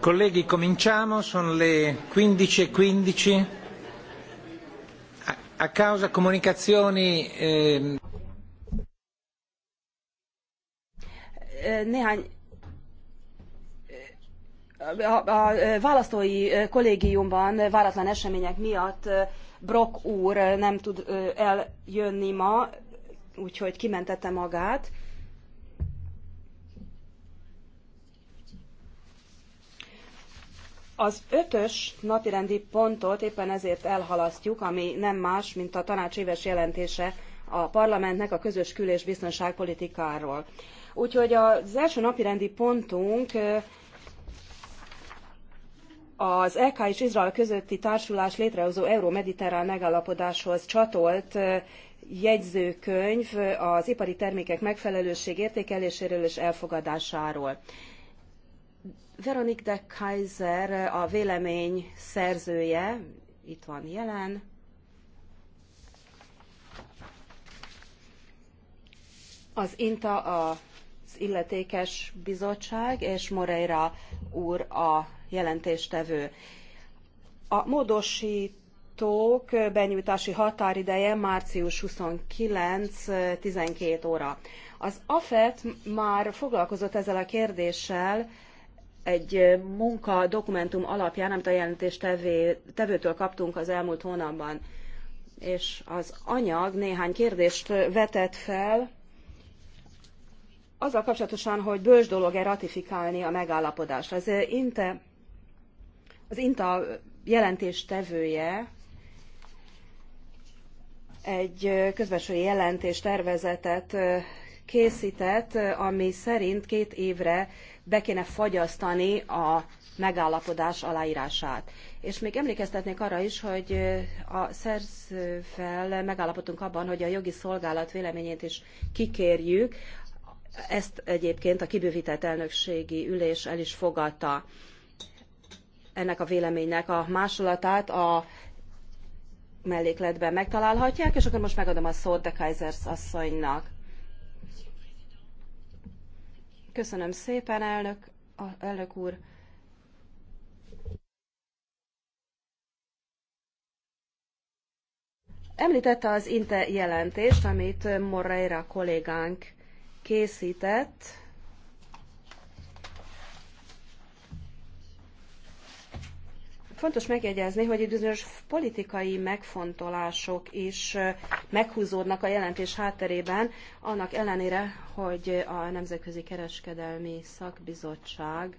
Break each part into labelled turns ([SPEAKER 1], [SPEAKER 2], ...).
[SPEAKER 1] Colleghi, cominciamo, sono le 15.15. 15. E a causa comunicazioni... Ehm,
[SPEAKER 2] eh, néhány eh, a, választói eh, kollégiumban váratlan események miatt Brok úr nem tud eljönni ma, úgyhogy kimentette magát. Az ötös napirendi pontot éppen ezért elhalasztjuk, ami nem más, mint a tanács éves jelentése a parlamentnek a közös kül- és biztonságpolitikáról. Úgyhogy az első napirendi pontunk az EK és Izrael közötti társulás létrehozó euró-mediterrán megállapodáshoz csatolt jegyzőkönyv az ipari termékek megfelelőség értékeléséről és elfogadásáról. Veronique de Kaiser a vélemény szerzője, itt van jelen. Az INTA az illetékes bizottság, és Moreira úr a jelentéstevő. A módosítók benyújtási határideje március 29-12 óra. Az AFET már foglalkozott ezzel a kérdéssel, egy munka dokumentum alapján, amit a tevőtől kaptunk az elmúlt hónapban. És az anyag néhány kérdést vetett fel, azzal kapcsolatosan, hogy bős dolog-e ratifikálni a megállapodást. Az, INTE, az INTA tevője egy közbenső jelentés tervezetet készített, ami szerint két évre be kéne fagyasztani a megállapodás aláírását. És még emlékeztetnék arra is, hogy a szerzővel megállapodtunk abban, hogy a jogi szolgálat véleményét is kikérjük. Ezt egyébként a kibővített elnökségi ülés el is fogadta ennek a véleménynek a másolatát a mellékletben megtalálhatják, és akkor most megadom a szót de Kaisers asszonynak. Köszönöm szépen, elnök, elnök úr. Említette az INTE jelentést, amit Moreira kollégánk készített. Fontos megjegyezni, hogy itt bizonyos politikai megfontolások is meghúzódnak a jelentés hátterében, annak ellenére, hogy a Nemzetközi Kereskedelmi Szakbizottság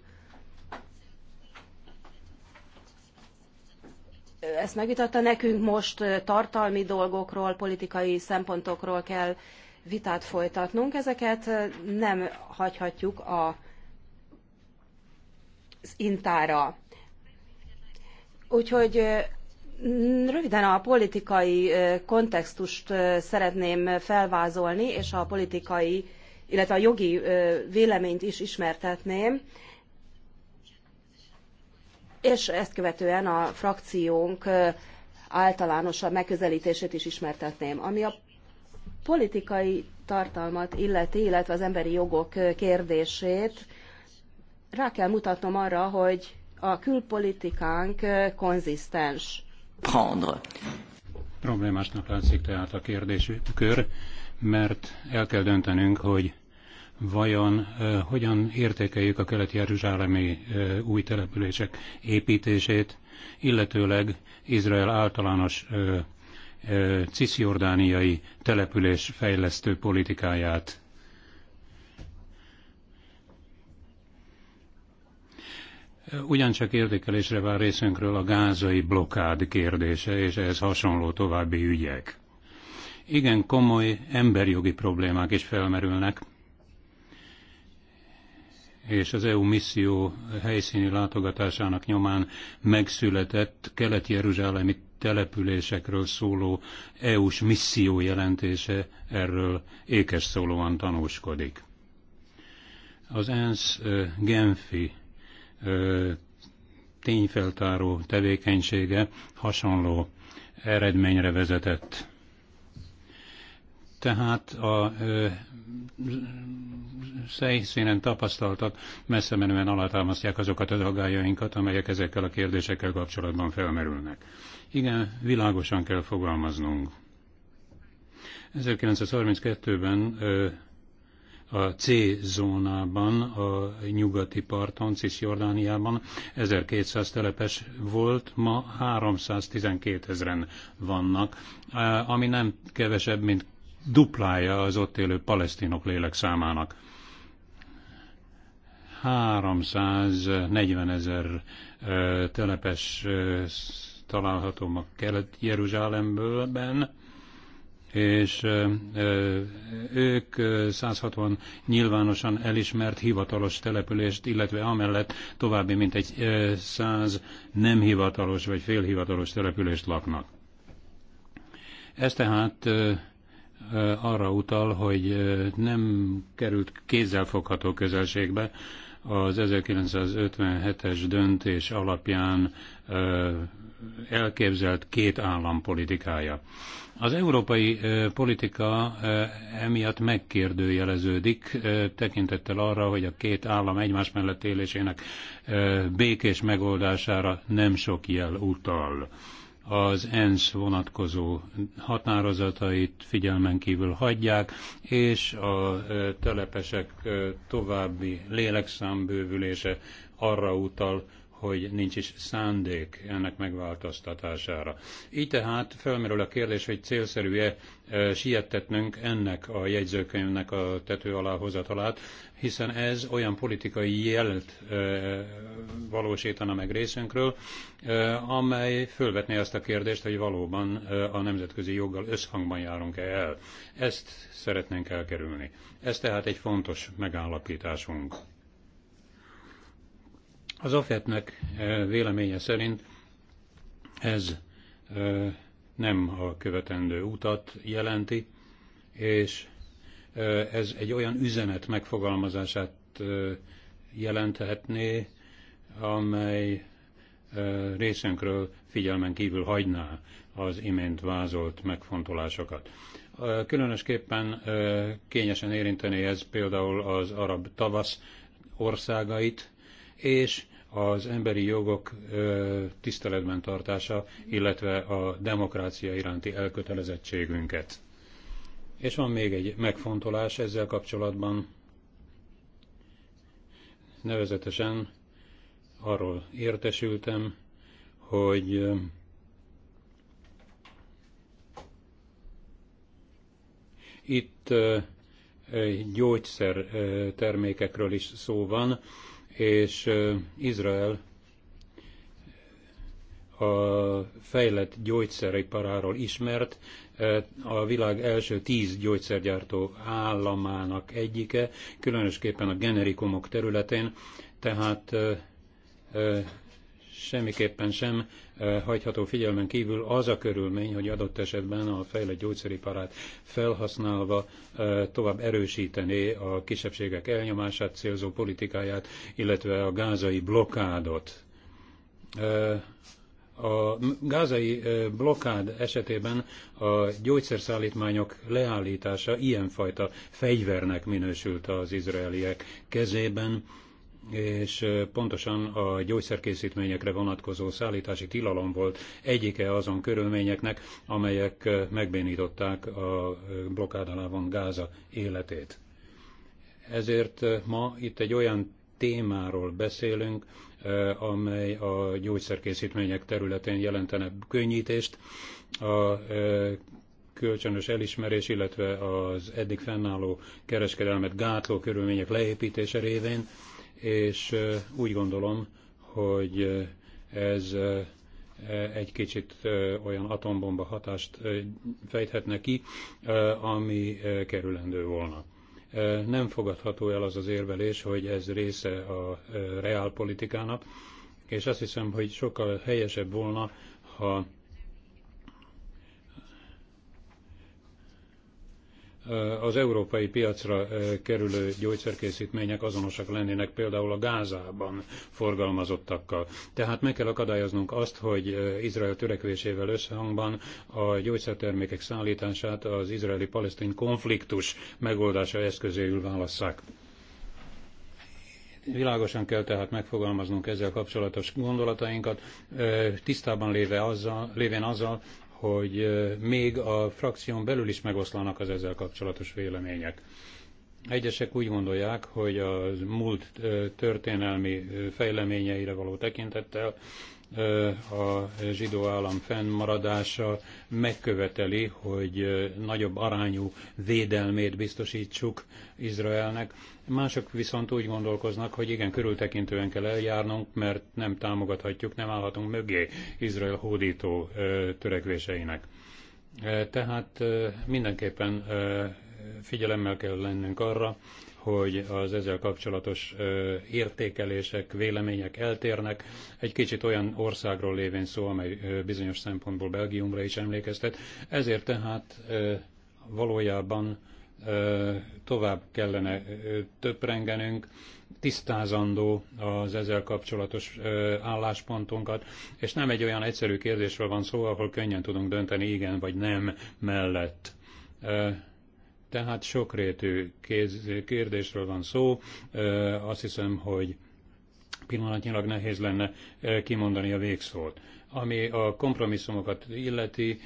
[SPEAKER 2] ezt megvitatta nekünk, most tartalmi dolgokról, politikai szempontokról kell vitát folytatnunk. Ezeket nem hagyhatjuk a, az intára. Úgyhogy röviden a politikai kontextust szeretném felvázolni, és a politikai, illetve a jogi véleményt is ismertetném. És ezt követően a frakciónk általánosabb megközelítését is ismertetném. Ami a politikai tartalmat illeti, illetve az emberi jogok kérdését, rá kell mutatnom arra, hogy a külpolitikánk konzisztens.
[SPEAKER 3] Prendre. Problémásnak látszik tehát a kérdéskör, mert el kell döntenünk, hogy vajon hogyan értékeljük a keleti jeruzsálemi új települések építését, illetőleg Izrael általános cisziordániai település fejlesztő politikáját Ugyancsak érdekelésre vár részünkről a gázai blokád kérdése és ehhez hasonló további ügyek. Igen komoly emberjogi problémák is felmerülnek, és az EU misszió helyszíni látogatásának nyomán megszületett kelet-jeruzsálemi településekről szóló EU-s misszió jelentése erről ékes szólóan tanúskodik. Az ENSZ Genfi tényfeltáró tevékenysége hasonló eredményre vezetett. Tehát a szejszínen tapasztaltat messze menően alátámasztják azokat az aggájainkat, amelyek ezekkel a kérdésekkel kapcsolatban felmerülnek. Igen, világosan kell fogalmaznunk. 1932-ben a C zónában, a nyugati parton, Cisjordániában 1200 telepes volt, ma 312 ezeren vannak, ami nem kevesebb, mint duplája az ott élő palesztinok lélekszámának. 340 ezer telepes található ma Kelet-Jeruzsálemből, és ők 160 nyilvánosan elismert hivatalos települést, illetve amellett további mint egy 100 nem hivatalos vagy félhivatalos települést laknak. Ez tehát arra utal, hogy nem került kézzelfogható közelségbe az 1957-es döntés alapján elképzelt két állam politikája. Az európai politika emiatt megkérdőjeleződik tekintettel arra, hogy a két állam egymás mellett élésének békés megoldására nem sok jel utal az ENSZ vonatkozó határozatait figyelmen kívül hagyják, és a telepesek további lélekszámbővülése arra utal, hogy nincs is szándék ennek megváltoztatására. Így tehát felmerül a kérdés, hogy célszerű-e e, siettetnünk ennek a jegyzőkönyvnek a tető alá hozatalát, hiszen ez olyan politikai jelet e, valósítana meg részünkről, e, amely fölvetné azt a kérdést, hogy valóban a nemzetközi joggal összhangban járunk-e el. Ezt szeretnénk elkerülni. Ez tehát egy fontos megállapításunk. Az afet véleménye szerint ez nem a követendő utat jelenti, és ez egy olyan üzenet megfogalmazását jelenthetné, amely részünkről figyelmen kívül hagyná az imént vázolt megfontolásokat. Különösképpen kényesen érinteni ez például az arab tavasz országait, és az emberi jogok tiszteletben tartása, illetve a demokrácia iránti elkötelezettségünket. És van még egy megfontolás ezzel kapcsolatban, nevezetesen arról értesültem, hogy itt gyógyszer termékekről is szó van, és Izrael a fejlett gyógyszeriparáról ismert, a világ első tíz gyógyszergyártó államának egyike, különösképpen a generikumok területén, tehát semmiképpen sem hagyható figyelmen kívül az a körülmény, hogy adott esetben a fejlett gyógyszeriparát felhasználva tovább erősítené a kisebbségek elnyomását célzó politikáját, illetve a gázai blokádot. A gázai blokád esetében a gyógyszerszállítmányok leállítása ilyenfajta fegyvernek minősült az izraeliek kezében, és pontosan a gyógyszerkészítményekre vonatkozó szállítási tilalom volt egyike azon körülményeknek, amelyek megbénították a blokkád alá van Gáza életét. Ezért ma itt egy olyan témáról beszélünk, amely a gyógyszerkészítmények területén jelentene könnyítést, a kölcsönös elismerés, illetve az eddig fennálló kereskedelmet gátló körülmények leépítése révén, és úgy gondolom, hogy ez egy kicsit olyan atombomba hatást fejthetne ki, ami kerülendő volna. Nem fogadható el az az érvelés, hogy ez része a reálpolitikának, és azt hiszem, hogy sokkal helyesebb volna, ha az európai piacra kerülő gyógyszerkészítmények azonosak lennének például a Gázában forgalmazottakkal. Tehát meg kell akadályoznunk azt, hogy Izrael törekvésével összhangban a gyógyszertermékek szállítását az izraeli-palesztin konfliktus megoldása eszközéül válasszák. Világosan kell tehát megfogalmaznunk ezzel kapcsolatos gondolatainkat, tisztában léve azzal, lévén azzal, hogy még a frakción belül is megoszlanak az ezzel kapcsolatos vélemények. Egyesek úgy gondolják, hogy a múlt történelmi fejleményeire való tekintettel a zsidó állam fennmaradása megköveteli, hogy nagyobb arányú védelmét biztosítsuk Izraelnek. Mások viszont úgy gondolkoznak, hogy igen, körültekintően kell eljárnunk, mert nem támogathatjuk, nem állhatunk mögé Izrael hódító törekvéseinek. Tehát mindenképpen figyelemmel kell lennünk arra, hogy az ezzel kapcsolatos értékelések, vélemények eltérnek. Egy kicsit olyan országról lévén szó, amely bizonyos szempontból Belgiumra is emlékeztet. Ezért tehát valójában tovább kellene töprengenünk, tisztázandó az ezzel kapcsolatos álláspontunkat, és nem egy olyan egyszerű kérdésről van szó, ahol könnyen tudunk dönteni igen vagy nem mellett tehát sokrétű kérdésről van szó. Azt hiszem, hogy pillanatnyilag nehéz lenne kimondani a végszót. Ami a kompromisszumokat illeti,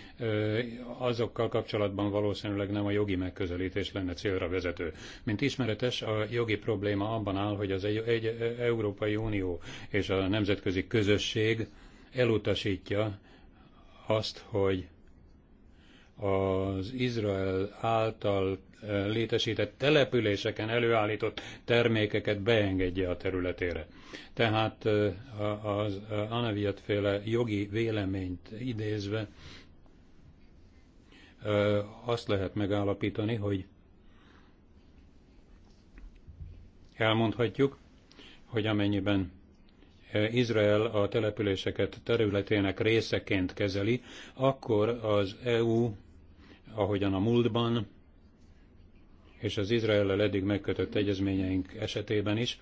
[SPEAKER 3] azokkal kapcsolatban valószínűleg nem a jogi megközelítés lenne célra vezető. Mint ismeretes, a jogi probléma abban áll, hogy az egy, egy Európai Unió és a nemzetközi közösség elutasítja azt, hogy az Izrael által eh, létesített településeken előállított termékeket beengedje a területére. Tehát eh, az eh, Anaviat féle jogi véleményt idézve azt lehet megállapítani, hogy elmondhatjuk, hogy amennyiben Izrael a településeket területének részeként kezeli, akkor az EU ahogyan a múltban, és az Izraellel eddig megkötött egyezményeink esetében is,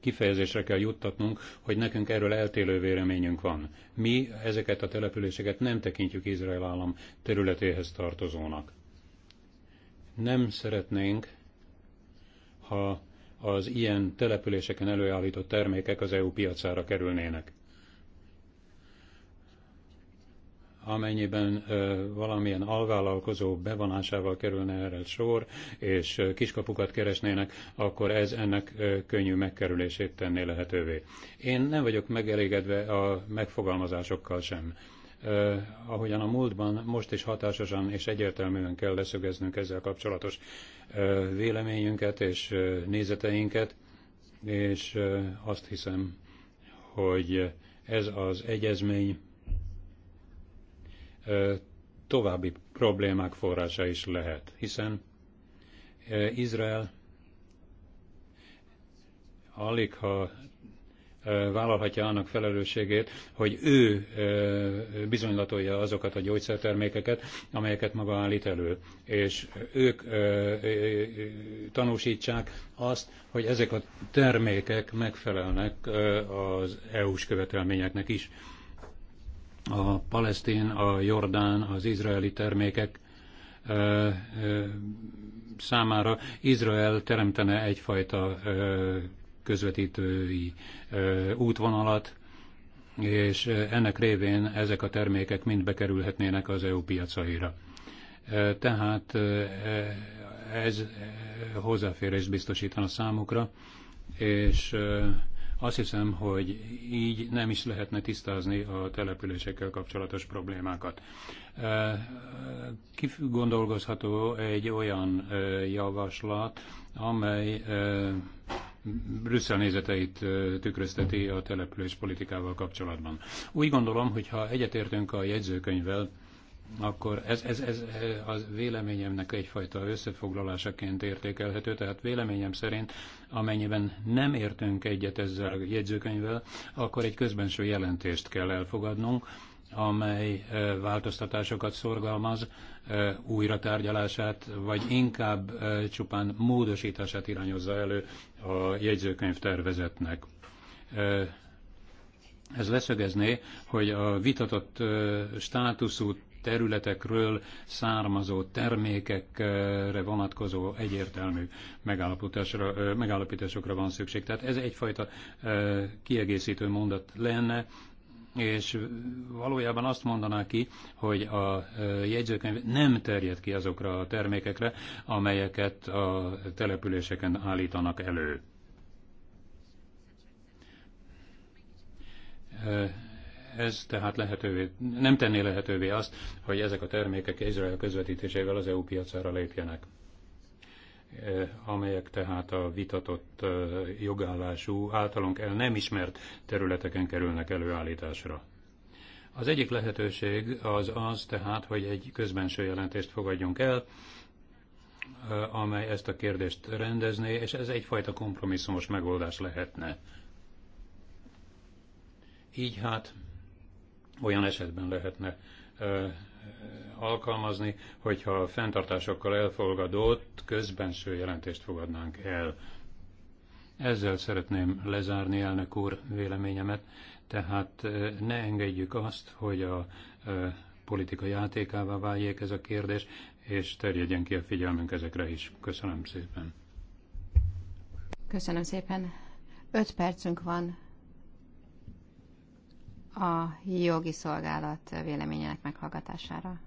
[SPEAKER 3] kifejezésre kell juttatnunk, hogy nekünk erről eltélő véleményünk van. Mi ezeket a településeket nem tekintjük Izrael állam területéhez tartozónak. Nem szeretnénk, ha az ilyen településeken előállított termékek az EU piacára kerülnének. amennyiben valamilyen alvállalkozó bevonásával kerülne erre sor, és kiskapukat keresnének, akkor ez ennek könnyű megkerülését tenné lehetővé. Én nem vagyok megelégedve a megfogalmazásokkal sem. Uh, ahogyan a múltban most is hatásosan és egyértelműen kell leszögeznünk ezzel kapcsolatos uh, véleményünket és uh, nézeteinket, és azt hiszem, hogy ez az egyezmény további problémák forrása is lehet, hiszen Izrael alig ha vállalhatja annak felelősségét, hogy ő bizonylatolja azokat a gyógyszertermékeket, amelyeket maga állít elő. És ők tanúsítsák azt, hogy ezek a termékek megfelelnek az EU-s követelményeknek is a palesztin, a jordán, az izraeli termékek számára Izrael teremtene egyfajta közvetítői útvonalat, és ennek révén ezek a termékek mind bekerülhetnének az EU piacaira. Tehát ez hozzáférést biztosítana számukra, és azt hiszem, hogy így nem is lehetne tisztázni a településekkel kapcsolatos problémákat. Kigondolgozható egy olyan javaslat, amely Brüsszel nézeteit tükrözteti a település politikával kapcsolatban. Úgy gondolom, hogy ha egyetértünk a jegyzőkönyvvel, akkor ez, ez, ez a véleményemnek egyfajta összefoglalásaként értékelhető, tehát véleményem szerint, amennyiben nem értünk egyet ezzel a jegyzőkönyvvel, akkor egy közbenső jelentést kell elfogadnunk, amely eh, változtatásokat szorgalmaz, eh, újra tárgyalását, vagy inkább eh, csupán módosítását irányozza elő a jegyzőkönyv tervezetnek. Ez leszögezné, hogy a vitatott státuszú területekről származó termékekre vonatkozó egyértelmű megállapításokra van szükség. Tehát ez egyfajta kiegészítő mondat lenne, és valójában azt mondaná ki, hogy a jegyzőkönyv nem terjed ki azokra a termékekre, amelyeket a településeken állítanak elő. Ez tehát lehetővé, nem tenné lehetővé azt, hogy ezek a termékek Izrael közvetítésével az EU piacára lépjenek eh, amelyek tehát a vitatott eh, jogállású, általunk el nem ismert területeken kerülnek előállításra. Az egyik lehetőség az az tehát, hogy egy közbenső jelentést fogadjunk el, eh, amely ezt a kérdést rendezné, és ez egyfajta kompromisszumos megoldás lehetne. Így hát olyan esetben lehetne alkalmazni, hogyha a fenntartásokkal elfogadott közbenső jelentést fogadnánk el. Ezzel szeretném lezárni elnök úr véleményemet, tehát ne engedjük azt, hogy a politika játékává váljék ez a kérdés, és terjedjen ki a figyelmünk ezekre is. Köszönöm szépen.
[SPEAKER 4] Köszönöm szépen. Öt percünk van a jogi szolgálat véleményének meghallgatására.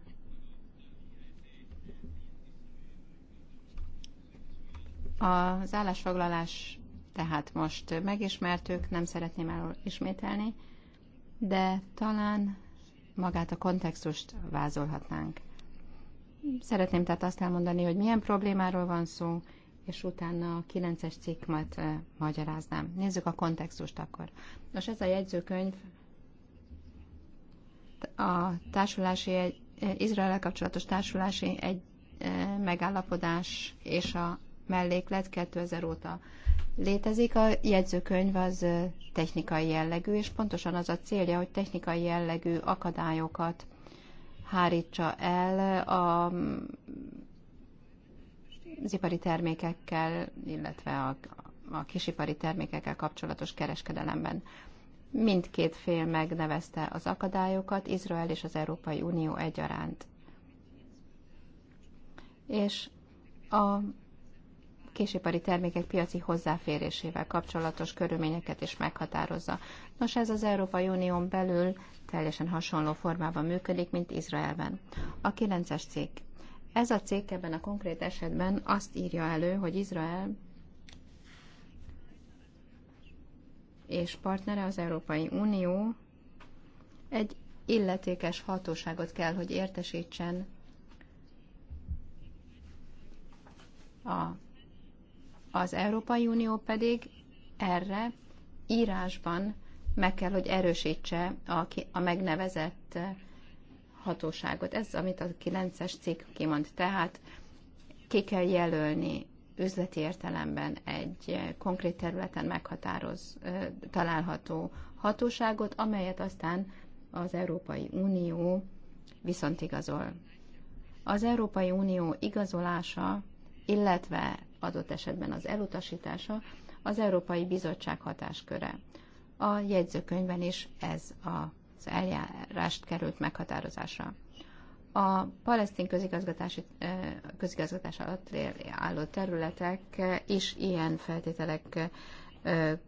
[SPEAKER 4] Az állásfoglalás tehát most megismertük, nem szeretném elismételni, de talán magát a kontextust vázolhatnánk. Szeretném tehát azt elmondani, hogy milyen problémáról van szó, és utána a 9-es cikket magyaráznám. Nézzük a kontextust akkor. Nos, ez a jegyzőkönyv a társulási egy, izrael kapcsolatos társulási egy eh, megállapodás és a melléklet 2000 óta létezik. A jegyzőkönyv az eh, technikai jellegű, és pontosan az a célja, hogy technikai jellegű akadályokat hárítsa el a, mm, az ipari termékekkel, illetve a, a kisipari termékekkel kapcsolatos kereskedelemben. Mindkét fél megnevezte az akadályokat, Izrael és az Európai Unió egyaránt. És a késipari termékek piaci hozzáférésével kapcsolatos körülményeket is meghatározza. Nos, ez az Európai Unión belül teljesen hasonló formában működik, mint Izraelben. A 9-es cikk. Ez a cikk ebben a konkrét esetben azt írja elő, hogy Izrael és partnere az Európai Unió egy illetékes hatóságot kell, hogy értesítsen a, az Európai Unió pedig erre írásban meg kell, hogy erősítse a, a megnevezett hatóságot. Ez, amit a 9-es cikk kimond. Tehát ki kell jelölni üzleti értelemben egy eh, konkrét területen meghatároz, eh, található hatóságot, amelyet aztán az Európai Unió viszont igazol. Az Európai Unió igazolása, illetve adott esetben az elutasítása az Európai Bizottság hatásköre. A jegyzőkönyvben is ez az eljárást került meghatározásra. A palesztin közigazgatási, közigazgatás alatt álló területek is ilyen feltételek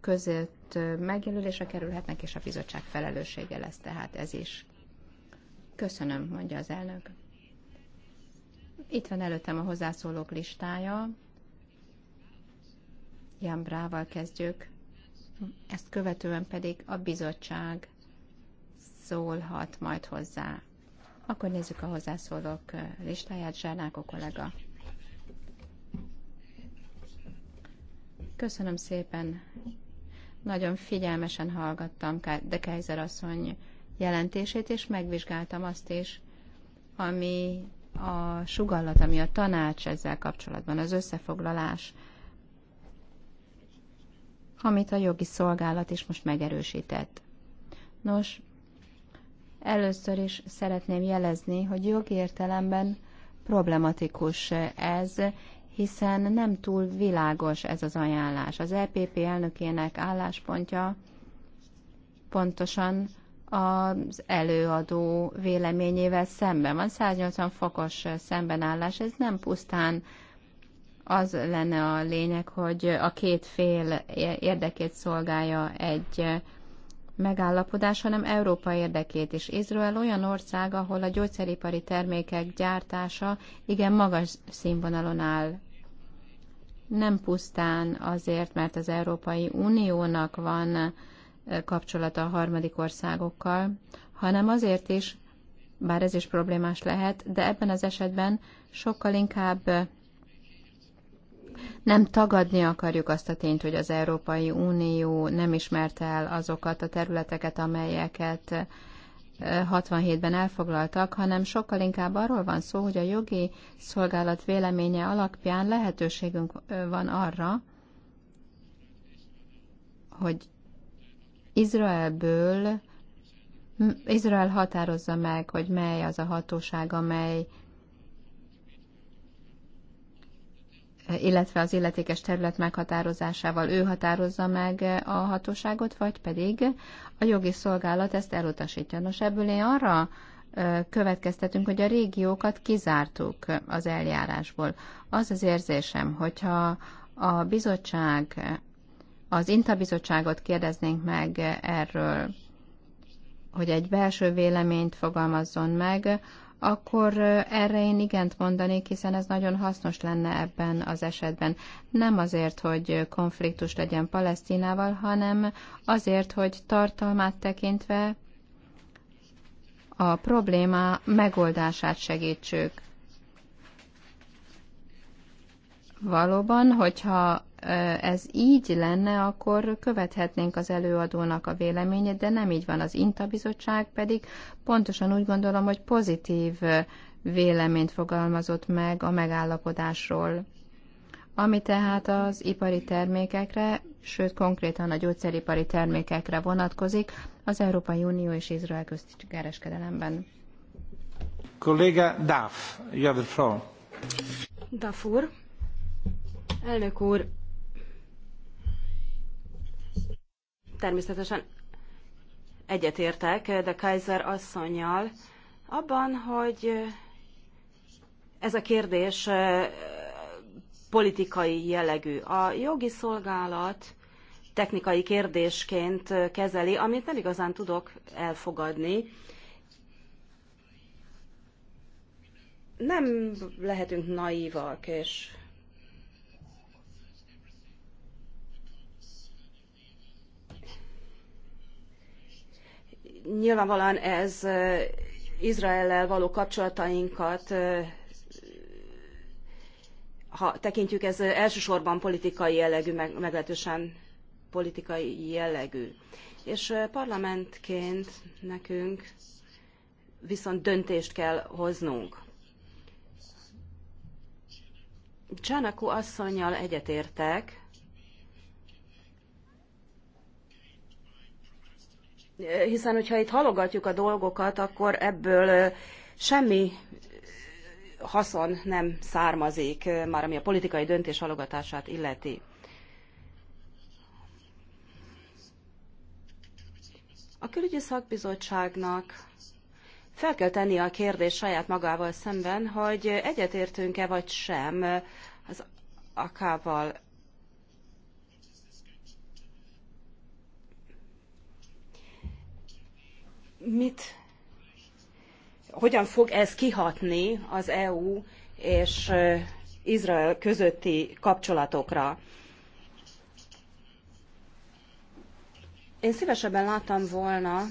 [SPEAKER 4] között megjelölésre kerülhetnek, és a bizottság felelőssége lesz tehát ez is. Köszönöm, mondja az elnök. Itt van előttem a hozzászólók listája. Jan Brával kezdjük. Ezt követően pedig a bizottság szólhat majd hozzá. Akkor nézzük a hozzászólók eh, listáját, Zsárnákó kollega. Köszönöm szépen. Nagyon figyelmesen hallgattam de Kaiser asszony jelentését, és megvizsgáltam azt is, ami a sugallat, ami a tanács ezzel kapcsolatban, az összefoglalás, amit a jogi szolgálat is most megerősített. Nos, Először is szeretném jelezni, hogy jogi értelemben problematikus ez, hiszen nem túl világos ez az ajánlás. Az EPP elnökének álláspontja pontosan az előadó véleményével szemben van. 180 fokos szembenállás, ez nem pusztán az lenne a lényeg, hogy a két fél érdekét szolgálja egy megállapodás, hanem Európa érdekét is. Izrael olyan ország, ahol a gyógyszeripari termékek gyártása igen magas színvonalon áll. Nem pusztán azért, mert az Európai Uniónak van kapcsolata a harmadik országokkal, hanem azért is, bár ez is problémás lehet, de ebben az esetben sokkal inkább nem tagadni akarjuk azt a tényt, hogy az Európai Unió nem ismerte el azokat a területeket, amelyeket 67-ben elfoglaltak, hanem sokkal inkább arról van szó, hogy a jogi szolgálat véleménye alapján lehetőségünk van arra, hogy Izraelből Izrael határozza meg, hogy mely az a hatóság, amely illetve az illetékes terület meghatározásával ő határozza meg a hatóságot, vagy pedig a jogi szolgálat ezt elutasítja. Nos, ebből én arra következtetünk, hogy a régiókat kizártuk az eljárásból. Az az érzésem, hogyha a bizottság, az interbizottságot kérdeznénk meg erről, hogy egy belső véleményt fogalmazzon meg, akkor erre én igent mondanék, hiszen ez nagyon hasznos lenne ebben az esetben. Nem azért, hogy konfliktus legyen Palesztinával, hanem azért, hogy tartalmát tekintve a probléma megoldását segítsük. Valóban, hogyha ez így lenne, akkor követhetnénk az előadónak a véleményét, de nem így van. Az INTA bizottság pedig pontosan úgy gondolom, hogy pozitív véleményt fogalmazott meg a megállapodásról, ami tehát az ipari termékekre, sőt konkrétan a gyógyszeripari termékekre vonatkozik az Európai Unió és Izrael közti kereskedelemben.
[SPEAKER 1] Kolléga Duff, you have the floor.
[SPEAKER 2] Duff úr, elnök úr, természetesen egyetértek de Kaiser asszonyjal abban, hogy ez a kérdés eh, politikai jellegű. A jogi szolgálat technikai kérdésként eh, kezeli, amit nem igazán tudok elfogadni. Nem lehetünk naívak, és Nyilvánvalóan ez Izraellel való kapcsolatainkat, ha tekintjük, ez elsősorban politikai jellegű, meg, meglehetősen politikai jellegű. És parlamentként nekünk viszont döntést kell hoznunk. Csanakó asszonynal egyetértek, hiszen hogyha itt halogatjuk a dolgokat, akkor ebből semmi haszon nem származik, már ami a politikai döntés halogatását illeti. A külügyi szakbizottságnak fel kell tenni a kérdés saját magával szemben, hogy egyetértünk-e vagy sem az akával. mit, hogyan fog ez kihatni az EU és Izrael közötti kapcsolatokra. Én szívesebben láttam volna,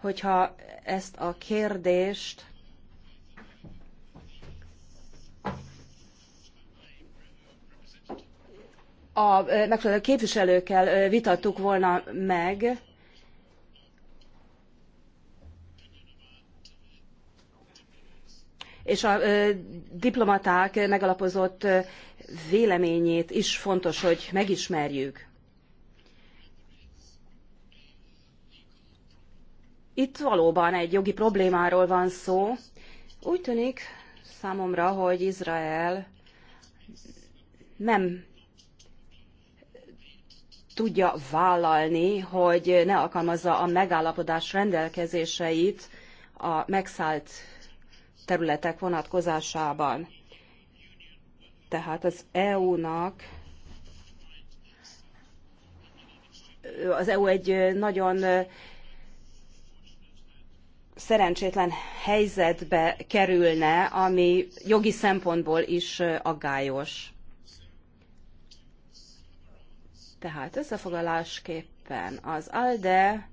[SPEAKER 2] hogyha ezt a kérdést a megfelelő képviselőkkel vitattuk volna meg, és a diplomaták megalapozott véleményét is fontos, hogy megismerjük. Itt valóban egy jogi problémáról van szó. Úgy tűnik számomra, hogy Izrael nem tudja vállalni, hogy ne alkalmazza a megállapodás rendelkezéseit a megszállt területek vonatkozásában. Tehát az EU-nak az EU egy nagyon szerencsétlen helyzetbe kerülne, ami jogi szempontból is aggályos. Tehát összefoglalásképpen az ALDE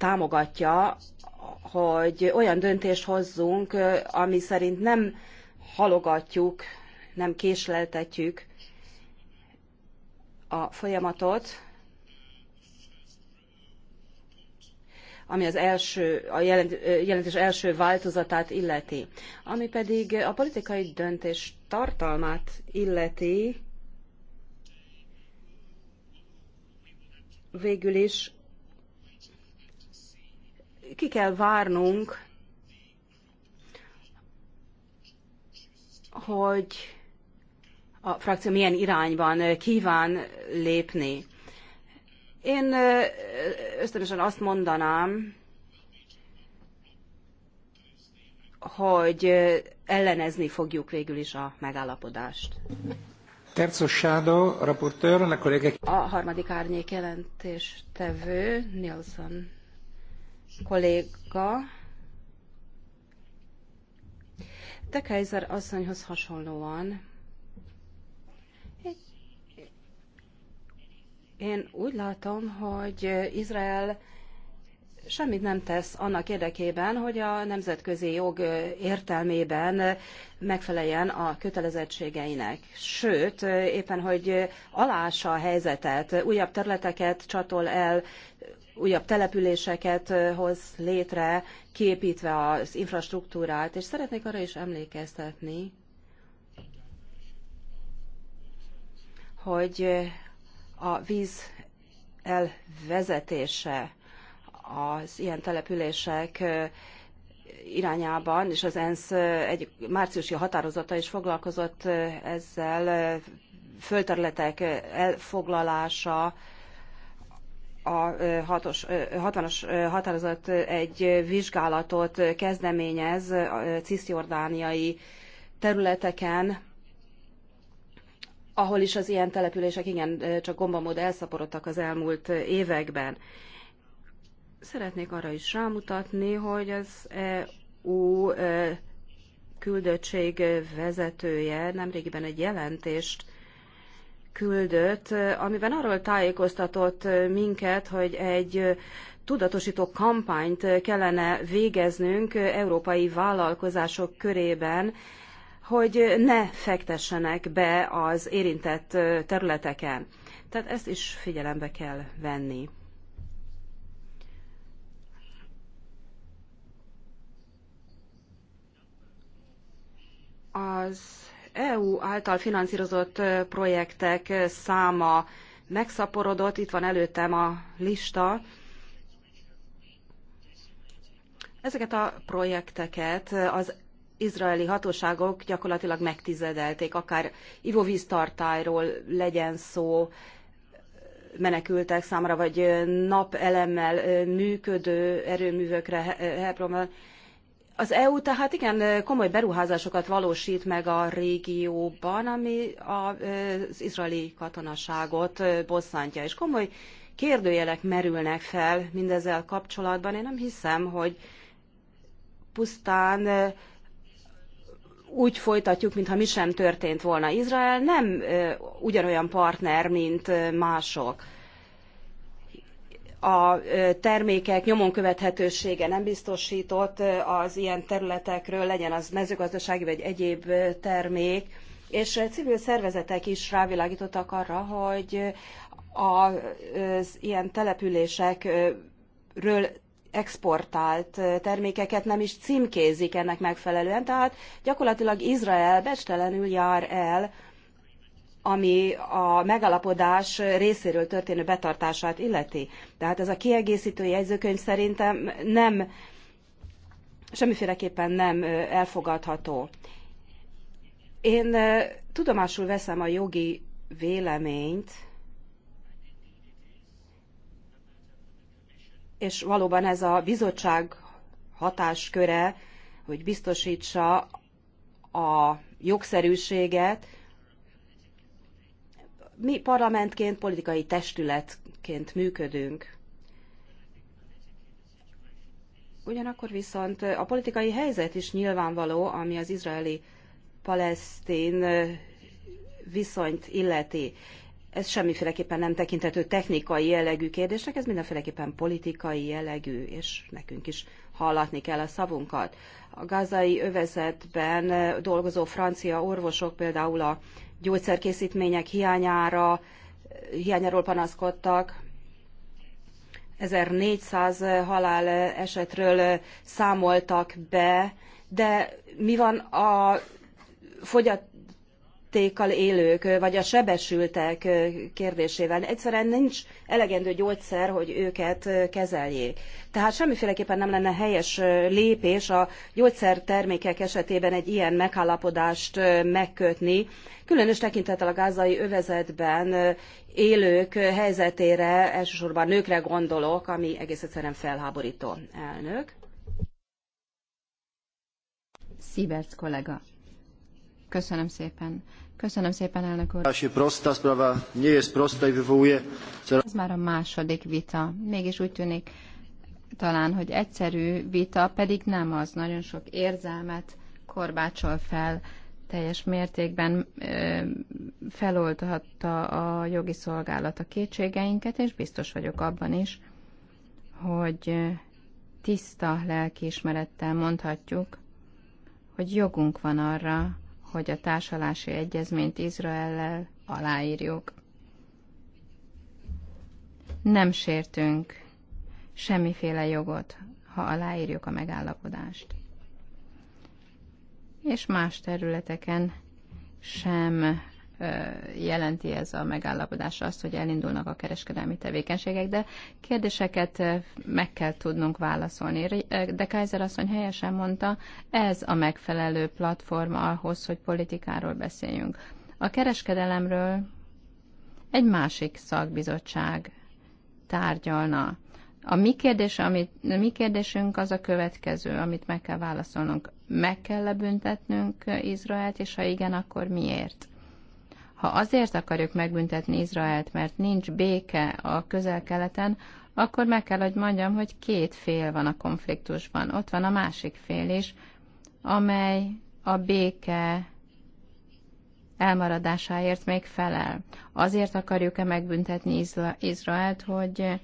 [SPEAKER 2] támogatja, hogy olyan döntést hozzunk, ami szerint nem halogatjuk, nem késleltetjük a folyamatot, ami az első, a jelentés első változatát illeti. Ami pedig a politikai döntés tartalmát illeti, végül is ki kell várnunk, hogy a frakció milyen irányban kíván lépni. Én ösztönösen azt mondanám, hogy ellenezni fogjuk végül is a megállapodást.
[SPEAKER 1] Terzo Shadow, raportőr, a kolléga... A
[SPEAKER 2] harmadik árnyék jelentéstevő, Nielsen kolléga de Kaiser asszonyhoz hasonlóan én úgy látom, hogy Izrael semmit nem tesz annak érdekében, hogy a nemzetközi jog értelmében megfeleljen a kötelezettségeinek. Sőt, éppen hogy alása a helyzetet, újabb területeket csatol el, újabb településeket hoz létre, képítve az infrastruktúrát, és szeretnék arra is emlékeztetni, hogy a víz elvezetése az ilyen települések irányában, és az ENSZ egy márciusi határozata is foglalkozott ezzel, földterületek elfoglalása, a 60-as határozat egy vizsgálatot kezdeményez ciszjordániai területeken, ahol is az ilyen települések igen csak gombamód elszaporodtak az elmúlt években. Szeretnék arra is rámutatni, hogy az EU küldöttség vezetője nemrégiben egy jelentést küldött, amiben arról tájékoztatott minket, hogy egy tudatosító kampányt kellene végeznünk európai vállalkozások körében, hogy ne fektessenek be az érintett területeken. Tehát ezt is figyelembe kell venni. Az EU által finanszírozott projektek száma megszaporodott, itt van előttem a lista. Ezeket a projekteket az izraeli hatóságok gyakorlatilag megtizedelték, akár ivóvíztartályról legyen szó, menekültek számára, vagy napelemmel működő erőművekre Hebronban. He- az EU tehát igen komoly beruházásokat valósít meg a régióban, ami az izraeli katonaságot bosszantja, és komoly kérdőjelek merülnek fel mindezzel kapcsolatban. Én nem hiszem, hogy pusztán úgy folytatjuk, mintha mi sem történt volna. Izrael nem ugyanolyan partner, mint mások a termékek nyomon követhetősége nem biztosított az ilyen területekről, legyen az mezőgazdasági vagy egyéb termék, és civil szervezetek is rávilágítottak arra, hogy az ilyen településekről exportált termékeket nem is címkézik ennek megfelelően, tehát gyakorlatilag Izrael becstelenül jár el ami a megalapodás részéről történő betartását illeti. Tehát ez a kiegészítő jegyzőkönyv szerintem nem, semmiféleképpen nem elfogadható. Én tudomásul veszem a jogi véleményt, és valóban ez a bizottság hatásköre, hogy biztosítsa a jogszerűséget, mi parlamentként, politikai testületként működünk. Ugyanakkor viszont a politikai helyzet is nyilvánvaló, ami az izraeli-palesztin viszonyt illeti. Ez semmiféleképpen nem tekintető technikai jellegű kérdésnek, ez mindenféleképpen politikai jellegű, és nekünk is hallatni kell a szavunkat. A gázai övezetben dolgozó francia orvosok például a gyógyszerkészítmények hiányára, hiányáról panaszkodtak. 1400 halál esetről számoltak be, de mi van a fogyat, fogyatékkal élők, vagy a sebesültek kérdésével. Egyszerűen nincs elegendő gyógyszer, hogy őket kezeljék. Tehát semmiféleképpen nem lenne helyes lépés a gyógyszertermékek esetében egy ilyen megállapodást megkötni, különös tekintettel a gázai övezetben élők helyzetére, elsősorban nőkre gondolok, ami egész egyszerűen felháborító
[SPEAKER 4] elnök. Sziberc kollega. Köszönöm szépen. Köszönöm szépen, elnök úr. Ez már a második vita. Mégis úgy tűnik talán, hogy egyszerű vita, pedig nem az. Nagyon sok érzelmet korbácsol fel, teljes mértékben feloldhatta a jogi szolgálat a kétségeinket, és biztos vagyok abban is, hogy tiszta lelkiismerettel mondhatjuk, hogy jogunk van arra, hogy a társalási egyezményt Izraellel aláírjuk. Nem sértünk semmiféle jogot, ha aláírjuk a megállapodást. És más területeken sem jelenti ez a megállapodás azt, hogy elindulnak a kereskedelmi tevékenységek, de kérdéseket meg kell tudnunk válaszolni. De Kaiser asszony helyesen mondta, ez a megfelelő platform ahhoz, hogy politikáról beszéljünk. A kereskedelemről egy másik szakbizottság tárgyalna. A mi, kérdés, amit, a mi kérdésünk az a következő, amit meg kell válaszolnunk. Meg kell lebüntetnünk Izraelt, és ha igen, akkor miért? Ha azért akarjuk megbüntetni Izraelt, mert nincs béke a közel-keleten, akkor meg kell, hogy mondjam, hogy két fél van a konfliktusban. Ott van a másik fél is, amely a béke elmaradásáért még felel. Azért akarjuk-e megbüntetni Izraelt, hogy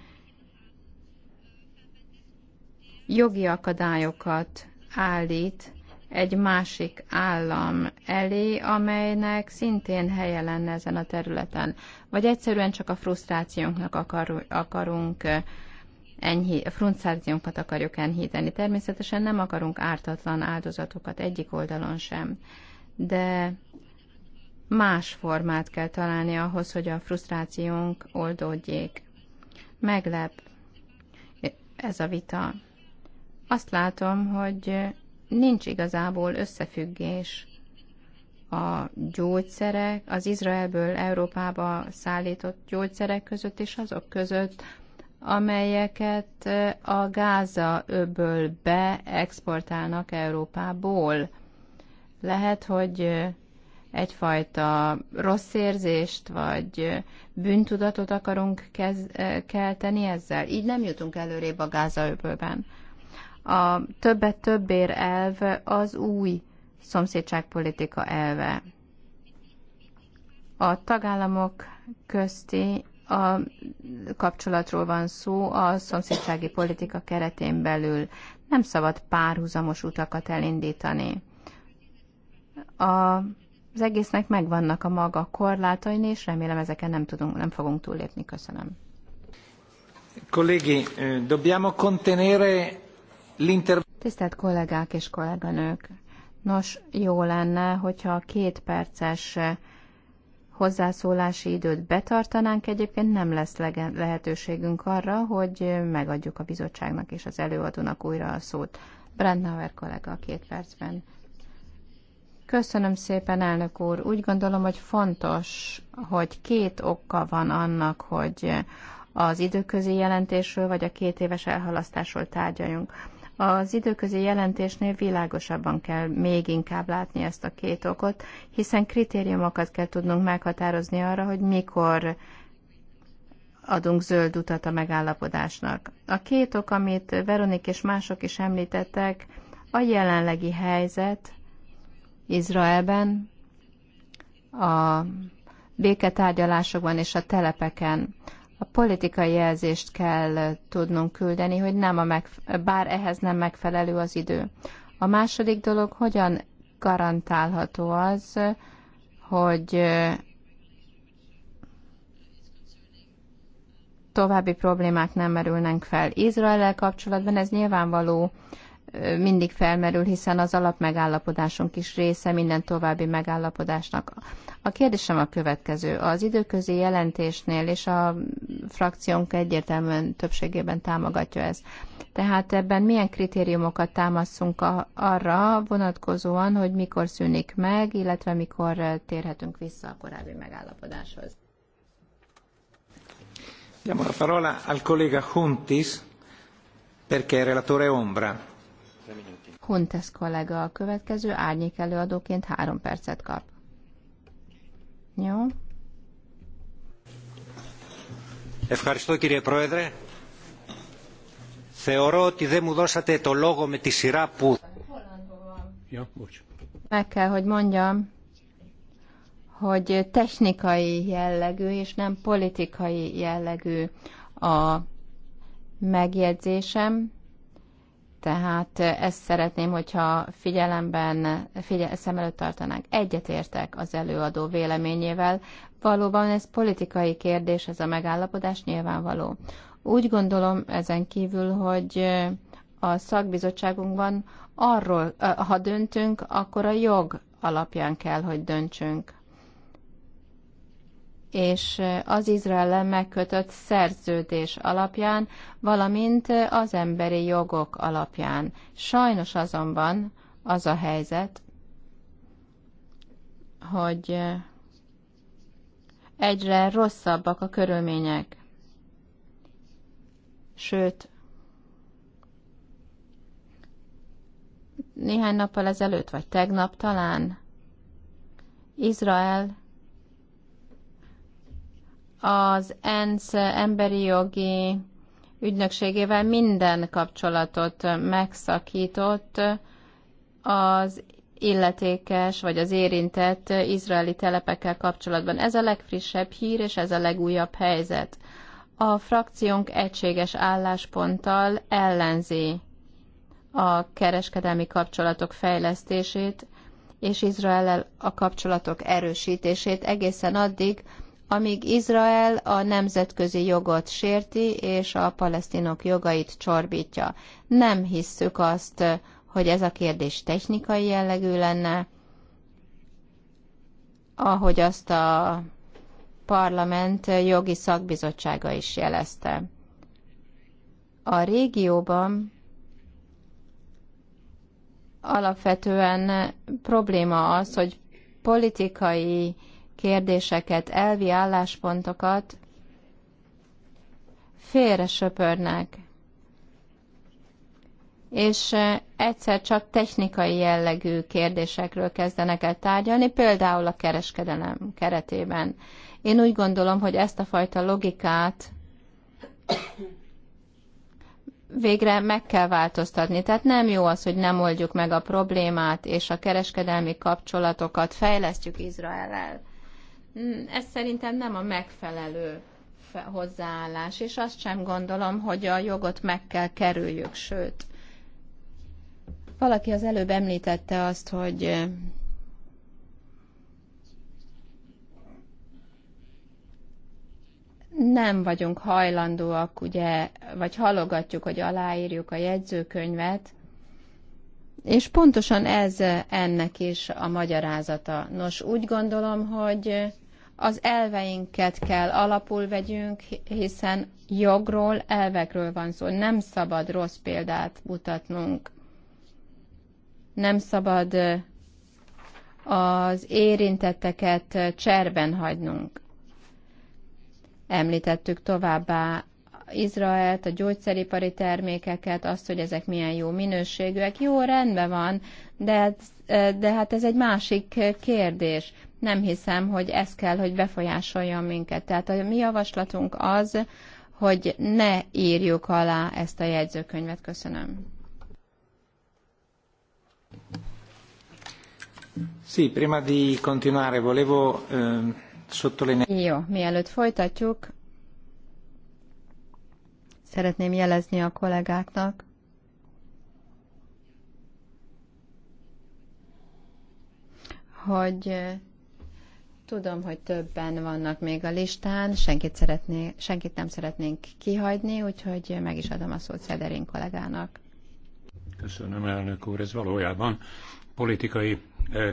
[SPEAKER 4] jogi akadályokat állít egy másik állam elé, amelynek szintén helye lenne ezen a területen. Vagy egyszerűen csak a frusztrációnknak akar, akarunk eh, enyhi, frusztrációnkat akarjuk enyhíteni. Természetesen nem akarunk ártatlan áldozatokat egyik oldalon sem, de más formát kell találni ahhoz, hogy a frusztrációnk oldódjék. Meglep eh, ez a vita. Azt látom, hogy nincs igazából összefüggés a gyógyszerek, az Izraelből Európába szállított gyógyszerek között és azok között, amelyeket a Gáza öböl beexportálnak Európából. Lehet, hogy egyfajta rossz érzést vagy bűntudatot akarunk kez, kelteni ezzel. Így nem jutunk előrébb a Gáza öbölben. A többet többér elv az új szomszédságpolitika elve. A tagállamok közti a kapcsolatról van szó a szomszédsági politika keretén belül. Nem szabad párhuzamos utakat elindítani. A, az egésznek megvannak a maga korlátain, és remélem ezeken nem, tudunk, nem fogunk túllépni. Köszönöm.
[SPEAKER 1] Kollégi, dobbiamo contenere
[SPEAKER 4] Tisztelt kollégák és kolléganők! Nos, jó lenne, hogyha a két perces hozzászólási időt betartanánk, egyébként nem lesz lehetőségünk arra, hogy megadjuk a bizottságnak és az előadónak újra a szót. Brandnauer kollega a két percben. Köszönöm szépen, elnök úr. Úgy gondolom, hogy fontos, hogy két oka van annak, hogy az időközi jelentésről vagy a két éves elhalasztásról tárgyaljunk. Az időközi jelentésnél világosabban kell még inkább látni ezt a két okot, hiszen kritériumokat kell tudnunk meghatározni arra, hogy mikor adunk zöld utat a megállapodásnak. A két ok, amit Veronik és mások is említettek, a jelenlegi helyzet Izraelben, a béketárgyalásokban és a telepeken a politikai jelzést kell tudnunk küldeni, hogy nem a megfe- bár ehhez nem megfelelő az idő. A második dolog, hogyan garantálható az, hogy további problémák nem merülnek fel. Izrael kapcsolatban ez nyilvánvaló, mindig felmerül, hiszen az alapmegállapodásunk is része minden további megállapodásnak. A kérdésem a következő. Az időközi jelentésnél és a frakciónk egyértelműen többségében támogatja ez. Tehát ebben milyen kritériumokat támaszunk arra vonatkozóan, hogy mikor szűnik meg, illetve mikor térhetünk vissza a korábbi megállapodáshoz?
[SPEAKER 1] Diamo la parola al collega Huntis perché è relatore ombra. Huntes
[SPEAKER 4] kollega a következő, árnyék előadóként három percet kap.
[SPEAKER 1] Jó. Ευχαριστώ κύριε Πρόεδρε. Θεωρώ ότι δεν μου δώσατε το λόγο με τη σειρά που...
[SPEAKER 4] Meg kell, hogy mondjam, hogy technikai jellegű és nem politikai jellegű a megjegyzésem, tehát ezt szeretném, hogyha figyelemben, figyel, szem előtt tartanánk. Egyetértek az előadó véleményével. Valóban ez politikai kérdés, ez a megállapodás nyilvánvaló. Úgy gondolom ezen kívül, hogy a szakbizottságunkban arról, ha döntünk, akkor a jog alapján kell, hogy döntsünk és az Izrael megkötött szerződés alapján, valamint az emberi jogok alapján. Sajnos azonban az a helyzet, hogy egyre rosszabbak a körülmények. Sőt, néhány nappal ezelőtt, vagy tegnap talán, Izrael az ENSZ emberi jogi ügynökségével minden kapcsolatot megszakított az illetékes vagy az érintett izraeli telepekkel kapcsolatban. Ez a legfrissebb hír és ez a legújabb helyzet. A frakciónk egységes állásponttal ellenzi a kereskedelmi kapcsolatok fejlesztését és Izrael a kapcsolatok erősítését egészen addig, amíg Izrael a nemzetközi jogot sérti és a palesztinok jogait csorbítja. Nem hisszük azt, hogy ez a kérdés technikai jellegű lenne, ahogy azt a parlament jogi szakbizottsága is jelezte. A régióban alapvetően probléma az, hogy politikai kérdéseket, elvi álláspontokat félre söpörnek, és egyszer csak technikai jellegű kérdésekről kezdenek el tárgyalni, például a kereskedelem keretében. Én úgy gondolom, hogy ezt a fajta logikát végre meg kell változtatni. Tehát nem jó az, hogy nem oldjuk meg a problémát, és a kereskedelmi kapcsolatokat fejlesztjük Izrael-el. Hmm, ez szerintem nem a megfelelő hozzáállás, és azt sem gondolom, hogy a jogot meg kell kerüljük, sőt. Valaki az előbb említette azt, hogy nem vagyunk hajlandóak, ugye, vagy halogatjuk, hogy aláírjuk a jegyzőkönyvet, és pontosan ez ennek is a magyarázata. Nos, úgy gondolom, hogy az elveinket kell alapul vegyünk, hiszen jogról, elvekről van szó. Nem szabad rossz példát mutatnunk. Nem szabad az érintetteket cserben hagynunk. Említettük továbbá Izraelt, a gyógyszeripari termékeket, azt, hogy ezek milyen jó minőségűek. Jó, rendben van, de, hát, de hát ez egy másik kérdés nem hiszem, hogy ez kell, hogy befolyásoljon minket. Tehát a mi javaslatunk az, hogy ne írjuk alá ezt a jegyzőkönyvet. Köszönöm.
[SPEAKER 1] Sì, prima di continuare volevo eh, sottolineare. Jó,
[SPEAKER 4] mielőtt folytatjuk, szeretném jelezni a kollégáknak, hogy Tudom, hogy többen vannak még a listán, senkit, szeretné, senkit nem szeretnénk kihagyni, úgyhogy meg is adom a szót Szederén kollégának.
[SPEAKER 3] Köszönöm, elnök úr, ez valójában politikai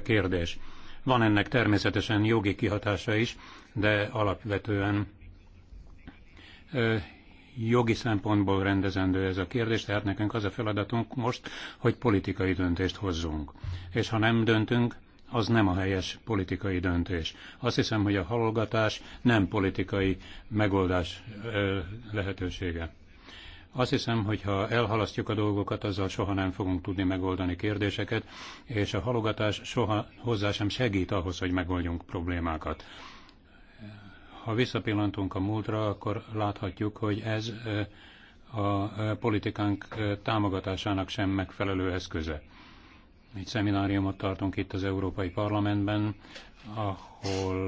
[SPEAKER 3] kérdés. Van ennek természetesen jogi kihatása is, de alapvetően jogi szempontból rendezendő ez a kérdés, tehát nekünk az a feladatunk most, hogy politikai döntést hozzunk. És ha nem döntünk, az nem a helyes politikai döntés. Azt hiszem, hogy a halogatás nem politikai megoldás lehetősége. Azt hiszem, hogy ha elhalasztjuk a dolgokat, azzal soha nem fogunk tudni megoldani kérdéseket, és a halogatás soha hozzá sem segít ahhoz, hogy megoldjunk problémákat. Ha visszapillantunk a múltra, akkor láthatjuk, hogy ez a politikánk támogatásának sem megfelelő eszköze egy szemináriumot tartunk itt az Európai Parlamentben, ahol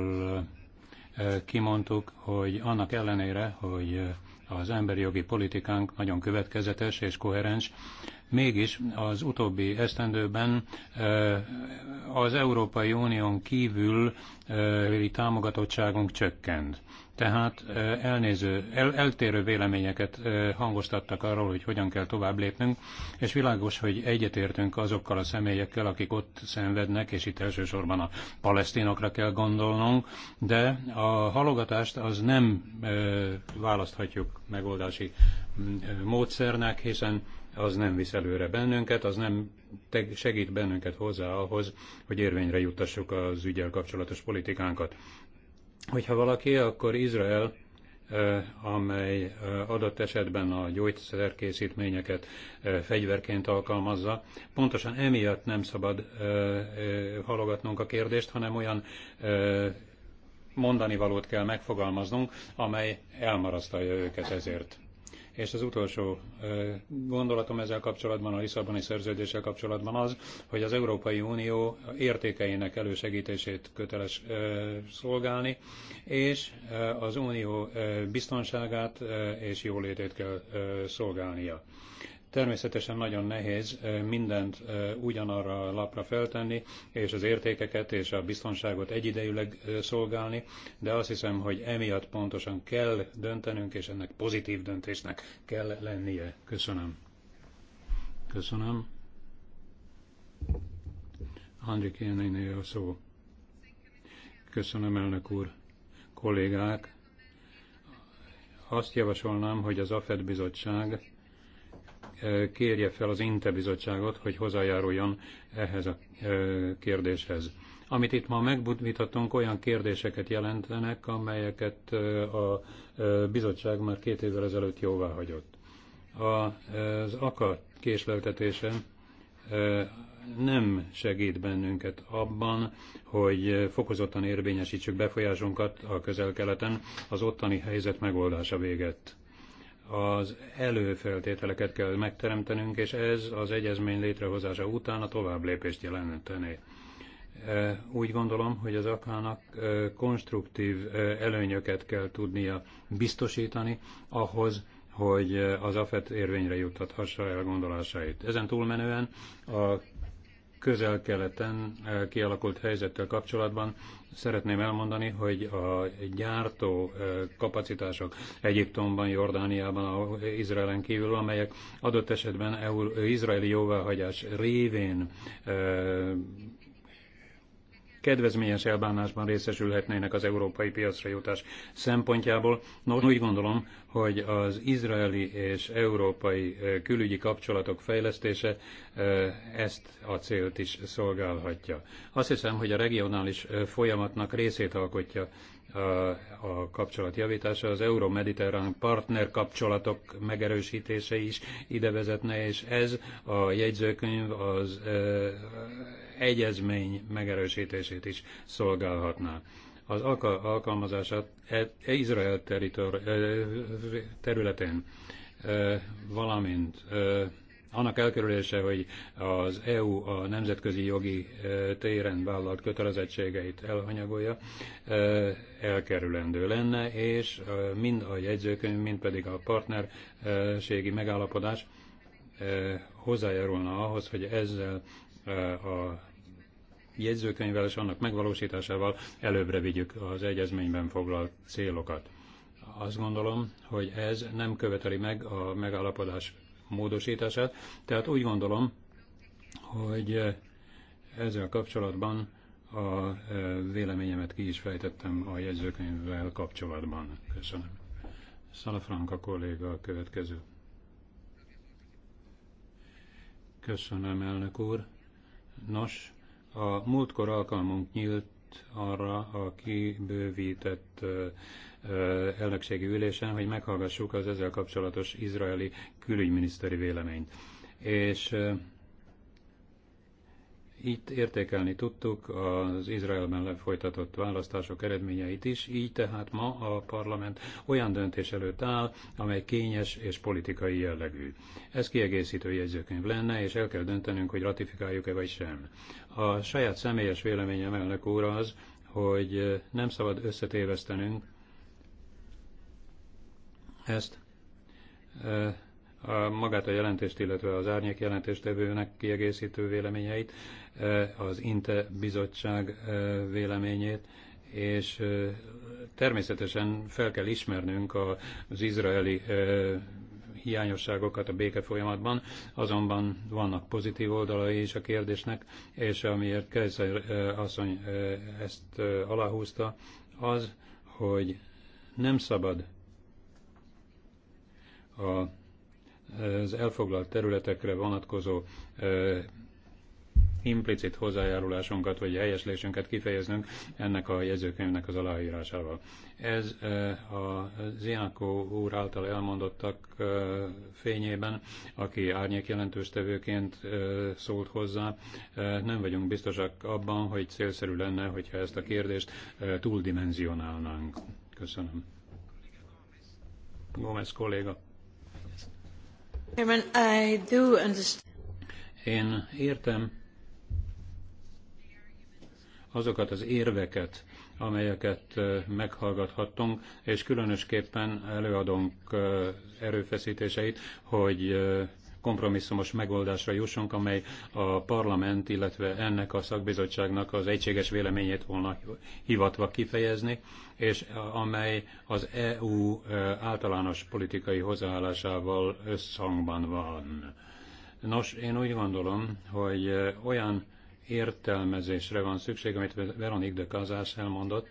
[SPEAKER 3] eh, kimondtuk, hogy annak ellenére, hogy eh, az emberi jogi politikánk nagyon következetes és koherens, mégis az utóbbi esztendőben eh, az Európai Unión kívül támogatottságunk csökkent. Tehát elnéző, el, eltérő véleményeket hangoztattak arról, hogy hogyan kell tovább lépnünk, és világos, hogy egyetértünk azokkal a személyekkel, akik ott szenvednek, és itt elsősorban a palesztinokra kell gondolnunk, de a halogatást az nem választhatjuk megoldási módszernek, hiszen az nem visz előre bennünket, az nem segít bennünket hozzá ahhoz, hogy érvényre juttassuk az ügyel kapcsolatos politikánkat hogyha valaki, akkor Izrael, amely adott esetben a gyógyszerkészítményeket fegyverként alkalmazza. Pontosan emiatt nem szabad halogatnunk a kérdést, hanem olyan mondani valót kell megfogalmaznunk, amely elmarasztalja őket ezért. És az utolsó gondolatom ezzel kapcsolatban, a Lisszaboni szerződéssel kapcsolatban az, hogy az Európai Unió értékeinek elősegítését köteles szolgálni, és az Unió biztonságát és jólétét kell szolgálnia. Természetesen nagyon nehéz mindent ugyanarra a lapra feltenni, és az értékeket és a biztonságot egyidejűleg szolgálni, de azt hiszem, hogy emiatt pontosan kell döntenünk, és ennek pozitív döntésnek kell lennie. Köszönöm. Köszönöm. Andrik a szó. Köszönöm, elnök úr. Kollégák, azt javasolnám, hogy az AFED bizottság kérje fel az INTE bizottságot, hogy hozzájáruljon ehhez a kérdéshez. Amit itt ma megvitatunk, olyan kérdéseket jelentenek, amelyeket a bizottság már két évvel ezelőtt jóvá hagyott. Az AKA késleltetése nem segít bennünket abban, hogy fokozottan érvényesítsük befolyásunkat a közel-keleten az ottani helyzet megoldása véget az előfeltételeket kell megteremtenünk, és ez az egyezmény létrehozása után a tovább lépést jelentené. Úgy gondolom, hogy az akának konstruktív előnyöket kell tudnia biztosítani ahhoz, hogy az AFET érvényre juttathassa el gondolásait. Ezen túlmenően a közel-keleten eh, kialakult helyzettel kapcsolatban szeretném elmondani, hogy a gyártó eh, kapacitások Egyiptomban, Jordániában, Izraelen kívül, amelyek adott esetben EU, izraeli jóváhagyás révén eh, kedvezményes elbánásban részesülhetnének az európai piacra jutás szempontjából. Nos, úgy gondolom, hogy az izraeli és európai külügyi kapcsolatok fejlesztése ezt a célt is szolgálhatja. Azt hiszem, hogy a regionális folyamatnak részét alkotja a kapcsolat javítása, az euró-mediterrán partner kapcsolatok megerősítése is ide vezetne, és ez a jegyzőkönyv az egyezmény megerősítését is szolgálhatná. Az alkalmazását e-, e-, Izrael e-, területén, valamint annak elkerülése, hogy az EU a nemzetközi jogi téren vállalt kötelezettségeit elhanyagolja, elkerülendő lenne, és mind a jegyzőkönyv, mind pedig a partnerségi megállapodás hozzájárulna ahhoz, hogy ezzel a jegyzőkönyvvel és annak megvalósításával előbbre vigyük az egyezményben foglalt célokat. Azt gondolom, hogy ez nem követeli meg a megállapodás módosítását, tehát úgy gondolom, hogy ezzel kapcsolatban a e, véleményemet ki is fejtettem a jegyzőkönyvvel kapcsolatban. Köszönöm. Szalafranka kolléga a következő. Köszönöm, elnök úr. Nos, a múltkor alkalmunk nyílt arra a kibővített elnökségi ülésen, hogy meghallgassuk az ezzel kapcsolatos izraeli külügyminiszteri véleményt. És itt értékelni tudtuk az Izrael mellett folytatott választások eredményeit is, így tehát ma a parlament olyan döntés előtt áll, amely kényes és politikai jellegű. Ez kiegészítő jegyzőkönyv lenne, és el kell döntenünk, hogy ratifikáljuk-e vagy sem. A saját személyes véleményem elnök úr az, hogy nem szabad összetévesztenünk ezt eh, magát a jelentést, illetve az árnyék jelentéstevőnek kiegészítő véleményeit, az INTE bizottság véleményét, és természetesen fel kell ismernünk az izraeli hiányosságokat a béke folyamatban, azonban vannak pozitív oldalai is a kérdésnek, és amiért Kejszer asszony ezt aláhúzta, az, hogy nem szabad a az elfoglalt területekre vonatkozó implicit hozzájárulásunkat vagy helyeslésünket kifejeznünk ennek a jegyzőkönyvnek az aláírásával. Ez a Zianakó úr által elmondottak fényében, aki árnyék jelentős tevőként szólt hozzá, nem vagyunk biztosak abban, hogy célszerű lenne, hogyha ezt a kérdést túldimenzionálnánk. Köszönöm. Gómez kolléga. Én értem azokat az érveket, amelyeket meghallgathattunk, és különösképpen előadunk erőfeszítéseit, hogy kompromisszumos megoldásra jussunk, amely a parlament, illetve ennek a szakbizottságnak az egységes véleményét volna hivatva kifejezni, és amely az EU általános politikai hozzáállásával összhangban van. Nos, én úgy gondolom, hogy olyan értelmezésre van szükség, amit Veronique de Kazás elmondott,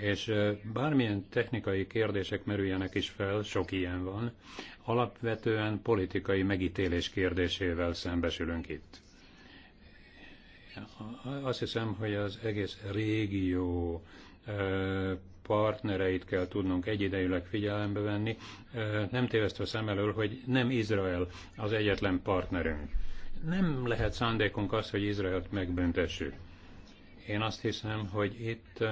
[SPEAKER 3] és bármilyen technikai kérdések merüljenek is fel, sok ilyen van, alapvetően politikai megítélés kérdésével szembesülünk itt. Azt hiszem, hogy az egész régió partnereit kell tudnunk egyidejűleg figyelembe venni, nem tévesztve szem elől, hogy nem Izrael az egyetlen partnerünk. Nem lehet szándékunk az, hogy Izraelt megbüntessük. Én azt hiszem, hogy itt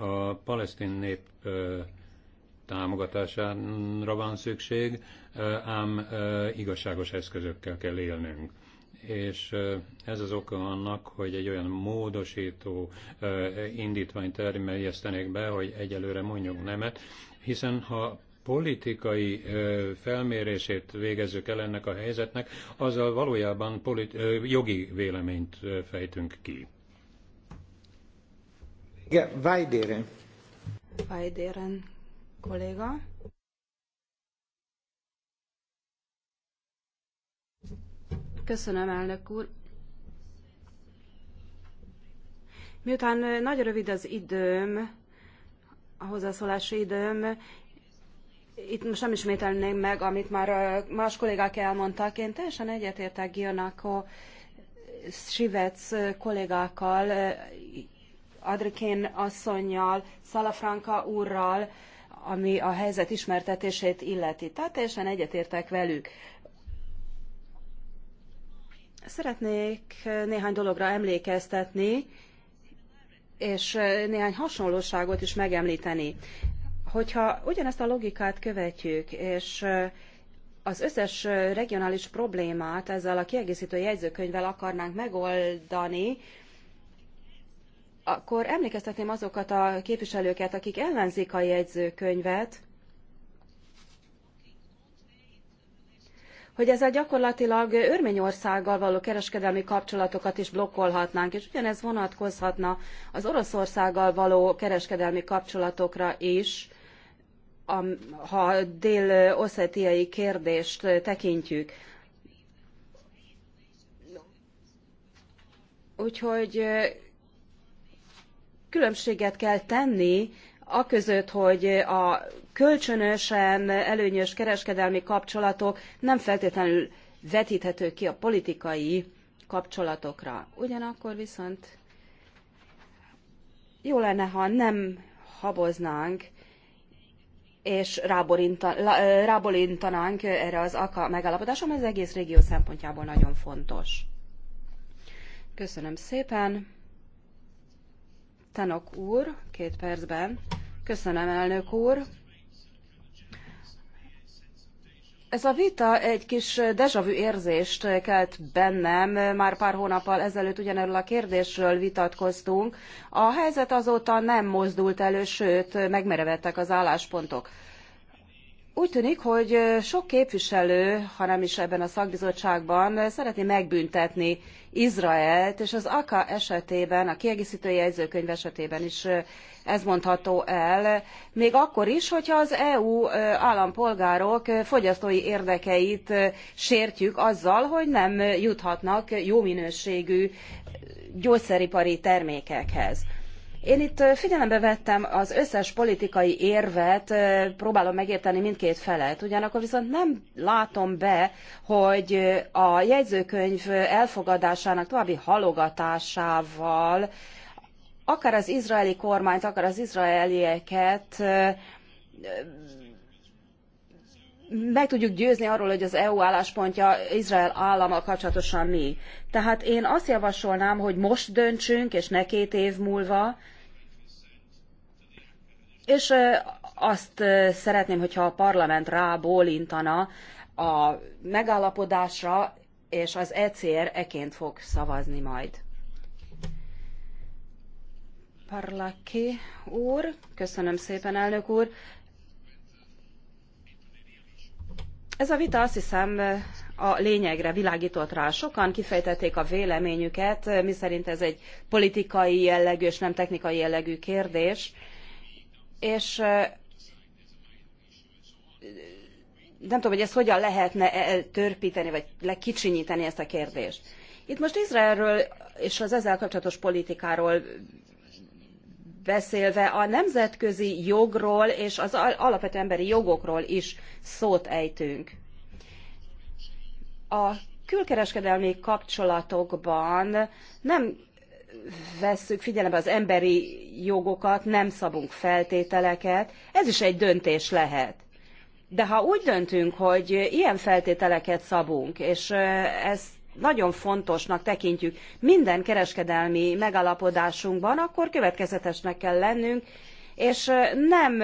[SPEAKER 3] a palesztin nép támogatására van szükség, ám igazságos eszközökkel kell élnünk. És ez az oka annak, hogy egy olyan módosító indítványt termeljesztenék be, hogy egyelőre mondjuk nemet, hiszen ha politikai felmérését végezzük el ennek a helyzetnek, azzal valójában jogi véleményt fejtünk ki.
[SPEAKER 1] Igen, Vajdéren.
[SPEAKER 2] Vajdéren kolléga. Köszönöm, elnök úr. Miután nagyon rövid az időm, a hozzászólási időm, itt most nem ismételném meg, amit már más kollégák elmondtak. Én teljesen egyetértek Gionako Sivec kollégákkal Adrikén asszonynal, Szalafranka úrral, ami a helyzet ismertetését illeti. Tehát teljesen egyetértek velük. Szeretnék néhány dologra emlékeztetni, és néhány hasonlóságot is megemlíteni. Hogyha ugyanezt a logikát követjük, és az összes regionális problémát ezzel a kiegészítő jegyzőkönyvvel akarnánk megoldani, akkor emlékeztetném azokat a képviselőket, akik ellenzik a jegyzőkönyvet, hogy ezzel gyakorlatilag Örményországgal való kereskedelmi kapcsolatokat is blokkolhatnánk, és ugyanez vonatkozhatna az Oroszországgal való kereskedelmi kapcsolatokra is, ha a dél-oszetiai kérdést tekintjük. Úgyhogy különbséget kell tenni a között, hogy a kölcsönösen előnyös kereskedelmi kapcsolatok nem feltétlenül vetíthetők ki a politikai kapcsolatokra. Ugyanakkor viszont jó lenne, ha nem haboznánk, és rábolintanánk erre az AKA megállapodásra, amely az egész régió szempontjából nagyon fontos. Köszönöm szépen! Tanok úr, két percben. Köszönöm, elnök úr. Ez a vita egy kis dejavű érzést kelt bennem. Már pár hónappal ezelőtt ugyanerről a kérdésről vitatkoztunk. A helyzet azóta nem mozdult elő, sőt, megmerevedtek az álláspontok. Úgy tűnik, hogy sok képviselő, hanem is ebben a szakbizottságban szeretné megbüntetni Izraelt, és az AKA esetében, a kiegészítő jegyzőkönyv esetében is ez mondható el, még akkor is, hogyha az EU állampolgárok fogyasztói érdekeit sértjük azzal, hogy nem juthatnak jó minőségű gyógyszeripari termékekhez. Én itt figyelembe vettem az összes politikai érvet, próbálom megérteni mindkét felet, ugyanakkor viszont nem látom be, hogy a jegyzőkönyv elfogadásának további halogatásával akár az izraeli kormányt, akár az izraelieket meg tudjuk győzni arról, hogy az EU álláspontja Izrael állama kapcsolatosan mi. Tehát én azt javasolnám, hogy most döntsünk, és ne két év múlva, és azt szeretném, hogyha a parlament rábólintana a megállapodásra, és az ECR eként fog szavazni majd. Parlaki úr, köszönöm szépen, elnök úr. Ez a vita azt hiszem a lényegre világított rá. Sokan kifejtették a véleményüket, miszerint ez egy politikai jellegű és nem technikai jellegű kérdés, és nem tudom, hogy ezt hogyan lehetne e-, törpíteni, vagy lekicsinyíteni ezt a kérdést. Itt most Izraelről és az ezzel kapcsolatos politikáról beszélve a nemzetközi jogról és az alapvető emberi jogokról is szót ejtünk. A külkereskedelmi kapcsolatokban nem vesszük figyelembe az emberi jogokat, nem szabunk feltételeket, ez is egy döntés lehet. De ha úgy döntünk, hogy ilyen feltételeket szabunk, és ezt nagyon fontosnak tekintjük minden kereskedelmi megállapodásunkban, akkor következetesnek kell lennünk, és nem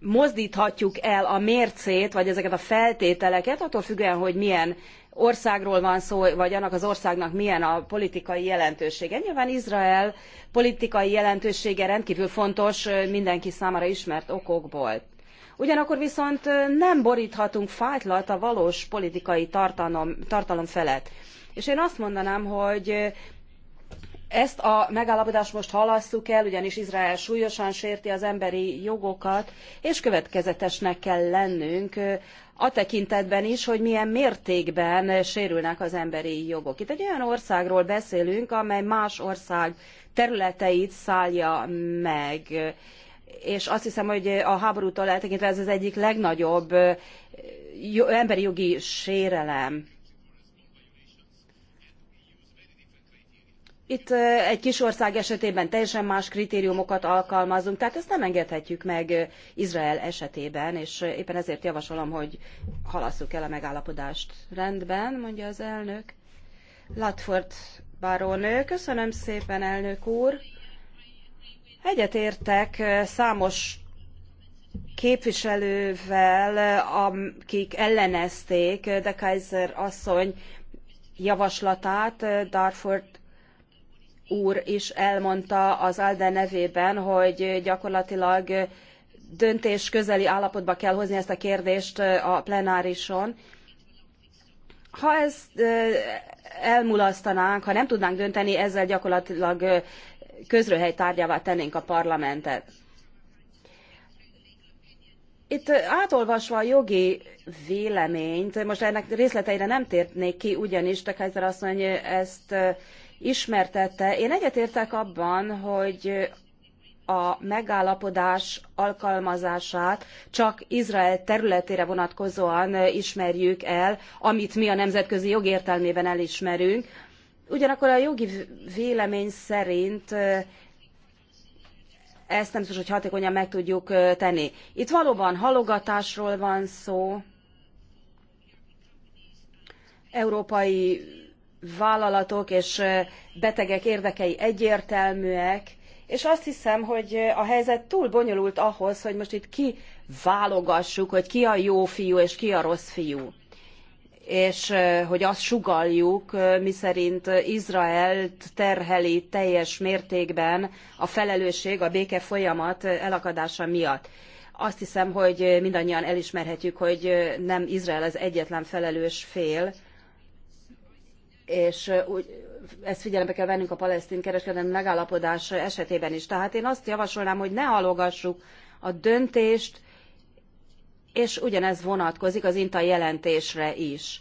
[SPEAKER 2] mozdíthatjuk el a mércét, vagy ezeket a feltételeket, attól függően, hogy milyen országról van szó, vagy annak az országnak milyen a politikai jelentősége. Nyilván Izrael politikai jelentősége rendkívül fontos mindenki számára ismert okokból. Ugyanakkor viszont nem boríthatunk fájtlat a valós politikai tartalom, tartalom felett. És én azt mondanám, hogy ezt a megállapodást most halasszuk el, ugyanis Izrael súlyosan sérti az emberi jogokat, és következetesnek kell lennünk a tekintetben is, hogy milyen mértékben sérülnek az emberi jogok. Itt egy olyan országról beszélünk, amely más ország területeit szállja meg, és azt hiszem, hogy a háborútól eltekintve ez az egyik legnagyobb emberi jogi sérelem. Itt egy kis ország esetében teljesen más kritériumokat alkalmazunk, tehát ezt nem engedhetjük meg Izrael esetében, és éppen ezért javasolom, hogy halasszuk el a megállapodást. Rendben, mondja az elnök. Latford nő, köszönöm szépen, elnök úr. Egyetértek számos képviselővel, akik ellenezték de Kaiser asszony javaslatát, Darford úr is elmondta az ALDE nevében, hogy gyakorlatilag döntés közeli állapotba kell hozni ezt a kérdést a plenárison. Ha ezt elmulasztanánk, ha nem tudnánk dönteni, ezzel gyakorlatilag közröhely tárgyává tennénk a parlamentet. Itt átolvasva a jogi véleményt, most ennek részleteire nem térnék ki, ugyanis de Kaiser asszony ezt ismertette. Én egyetértek abban, hogy a megállapodás alkalmazását csak Izrael területére vonatkozóan ismerjük el, amit mi a nemzetközi jog értelmében elismerünk, Ugyanakkor a jogi vélemény szerint ezt nem biztos, hogy hatékonyan meg tudjuk tenni. Itt valóban halogatásról van szó, európai vállalatok és betegek érdekei egyértelműek, és azt hiszem, hogy a helyzet túl bonyolult ahhoz, hogy most itt ki válogassuk, hogy ki a jó fiú és ki a rossz fiú és hogy azt sugaljuk, miszerint Izraelt terheli teljes mértékben a felelősség a béke folyamat elakadása miatt. Azt hiszem, hogy mindannyian elismerhetjük, hogy nem Izrael az egyetlen felelős fél, és úgy, ezt figyelembe kell vennünk a palesztin kereskedelmi megállapodás esetében is. Tehát én azt javasolnám, hogy ne halogassuk a döntést, és ugyanez vonatkozik az INTA jelentésre is.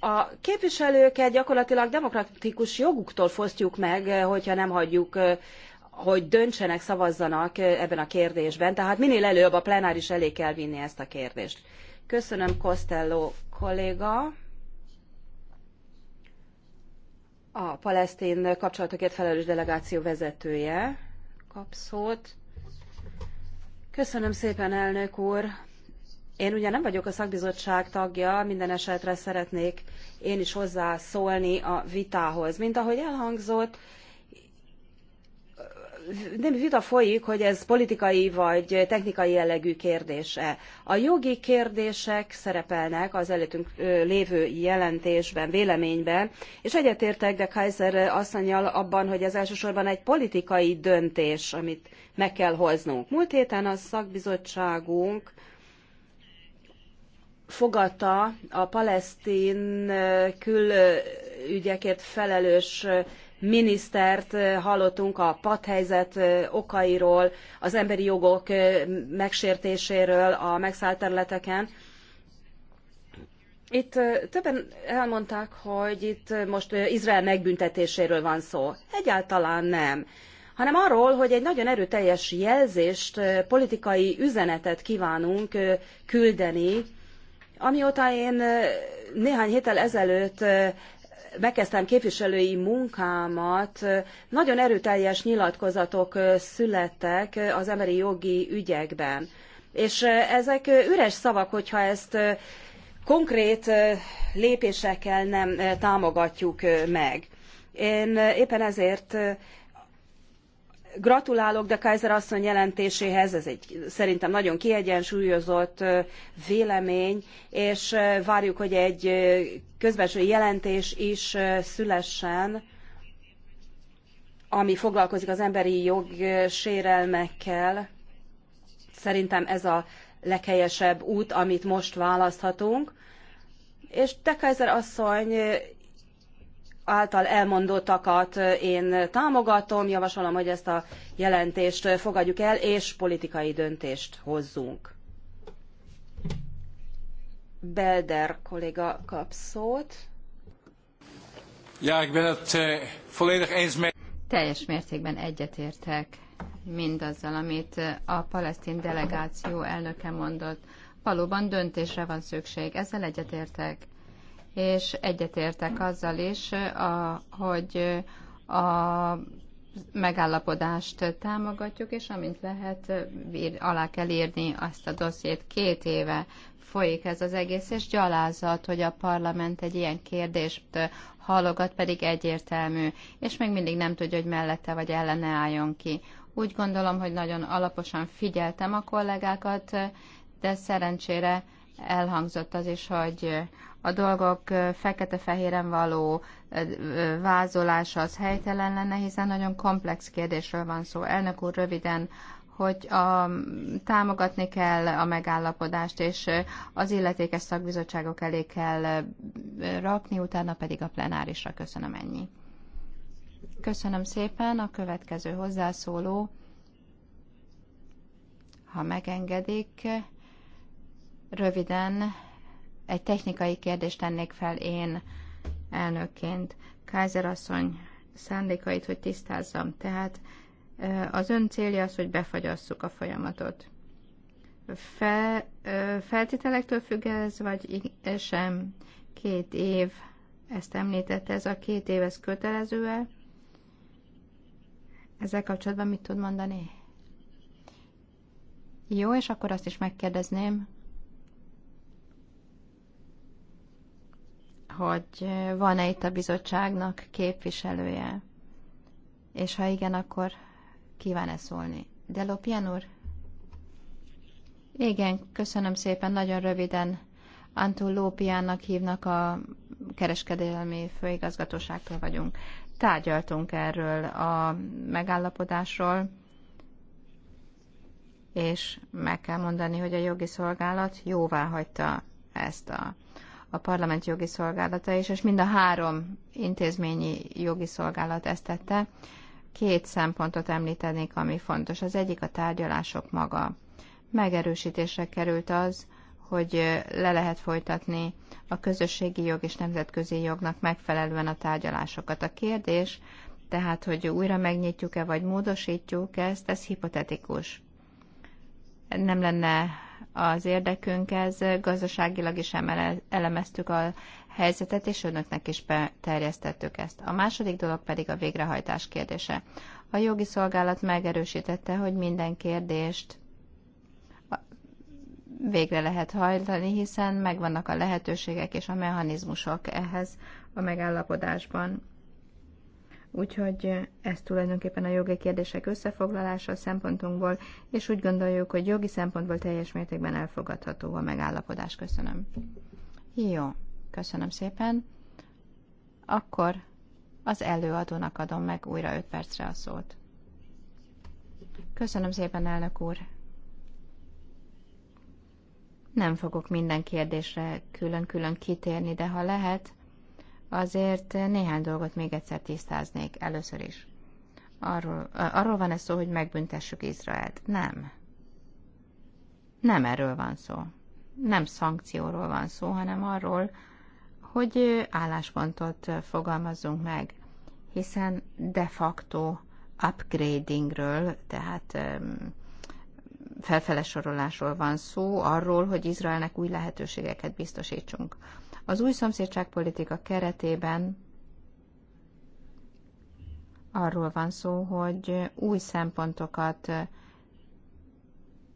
[SPEAKER 2] A képviselőket gyakorlatilag demokratikus joguktól fosztjuk meg, hogyha nem hagyjuk, hogy döntsenek, szavazzanak ebben a kérdésben. Tehát minél előbb a plenáris elé kell vinni ezt a kérdést. Köszönöm, Costello kolléga. A palesztin kapcsolatokért felelős delegáció vezetője kap szót. Köszönöm szépen, elnök úr. Én ugye nem vagyok a szakbizottság tagja, minden esetre szeretnék én is hozzászólni a vitához. Mint ahogy elhangzott, nem vita folyik, hogy ez politikai vagy technikai jellegű kérdése. A jogi kérdések szerepelnek az előttünk lévő jelentésben, véleményben, és egyetértek de Kaiser asszonyjal abban, hogy ez elsősorban egy politikai döntés, amit meg kell hoznunk. Múlt héten a szakbizottságunk fogadta a palesztin külügyekért felelős minisztert hallottunk a padhelyzet okairól, az emberi jogok megsértéséről a megszállt területeken. Itt többen elmondták, hogy itt most Izrael megbüntetéséről van szó. Egyáltalán nem hanem arról, hogy egy nagyon erőteljes jelzést, politikai üzenetet kívánunk küldeni. Amióta én néhány héttel ezelőtt megkezdtem képviselői munkámat, nagyon erőteljes nyilatkozatok születtek az emberi jogi ügyekben. És ezek üres szavak, hogyha ezt konkrét lépésekkel nem támogatjuk meg. Én éppen ezért Gratulálok de Kaiser asszony jelentéséhez, ez egy szerintem nagyon kiegyensúlyozott vélemény, és várjuk, hogy egy közbenső jelentés is szülessen, ami foglalkozik az emberi jog sérelmekkel. Szerintem ez a leghelyesebb út, amit most választhatunk. És de Kaiser asszony által elmondottakat eh, én támogatom, javasolom, hogy ezt a jelentést eh, fogadjuk el, és politikai döntést hozzunk.
[SPEAKER 4] Belder kolléga kap szót.
[SPEAKER 1] Ja, ik ben het eh, volledig eens met...
[SPEAKER 4] Teljes mértékben egyetértek mindazzal, amit a palesztin delegáció elnöke mondott. Valóban döntésre van szükség, ezzel egyetértek és egyetértek azzal is, a, hogy a megállapodást támogatjuk, és amint lehet, alá kell írni azt a dossziét. Két éve folyik ez az egész, és gyalázat, hogy a parlament egy ilyen kérdést halogat, pedig egyértelmű, és még mindig nem tudja, hogy mellette vagy ellene álljon ki. Úgy gondolom, hogy nagyon alaposan figyeltem a kollégákat, de szerencsére elhangzott az is, hogy a dolgok fekete-fehéren való vázolása az helytelen lenne, hiszen nagyon komplex kérdésről van szó. Elnök úr, röviden, hogy a, támogatni kell a megállapodást, és az illetékes szakbizottságok elé kell rakni, utána pedig a plenárisra. Köszönöm ennyi. Köszönöm szépen. A következő hozzászóló, ha megengedik, röviden egy technikai kérdést tennék fel én elnökként. Kaiser asszony szándékait, hogy tisztázzam. Tehát az ön célja az, hogy befagyasszuk a folyamatot. Fe, feltételektől függ ez, vagy sem? Két év, ezt említette, ez a két év, ez kötelező-e? Ezzel kapcsolatban mit tud mondani? Jó, és akkor azt is megkérdezném, hogy van-e itt a bizottságnak képviselője, és ha igen, akkor kíván-e szólni. De Lopien úr? Igen, köszönöm szépen, nagyon röviden. Antul Lópiánnak hívnak, a kereskedelmi főigazgatóságtól vagyunk. Tárgyaltunk erről a megállapodásról, és meg kell mondani, hogy a jogi szolgálat jóvá hagyta ezt a a parlament jogi szolgálata is, és mind a három intézményi jogi szolgálat ezt tette. Két szempontot említenék, ami fontos. Az egyik a tárgyalások maga. Megerősítésre került az, hogy le lehet folytatni a közösségi jog és nemzetközi jognak megfelelően a tárgyalásokat. A kérdés tehát, hogy újra megnyitjuk-e vagy módosítjuk ezt, ez hipotetikus. Nem lenne az ez gazdaságilag is elemeztük a helyzetet, és önöknek is beterjesztettük ezt. A második dolog pedig a végrehajtás kérdése. A jogi szolgálat megerősítette, hogy minden kérdést végre lehet hajtani, hiszen megvannak a lehetőségek és a mechanizmusok ehhez a megállapodásban. Úgyhogy ez tulajdonképpen a jogi kérdések összefoglalása a szempontunkból, és úgy gondoljuk, hogy jogi szempontból teljes mértékben elfogadható a megállapodás. Köszönöm. Jó, köszönöm szépen. Akkor az előadónak adom meg újra 5 percre a szót. Köszönöm szépen, elnök úr. Nem fogok minden kérdésre külön-külön kitérni, de ha lehet, azért néhány dolgot még egyszer tisztáznék először is. Arról, eh, arról van ez szó, hogy megbüntessük Izraelt. Nem. Nem erről van szó. Nem szankcióról van szó, hanem arról, hogy álláspontot fogalmazzunk meg, hiszen de facto upgradingről, tehát felfelesorolásról van szó, arról, hogy Izraelnek új lehetőségeket biztosítsunk. Az új szomszédságpolitika keretében arról van szó, hogy új szempontokat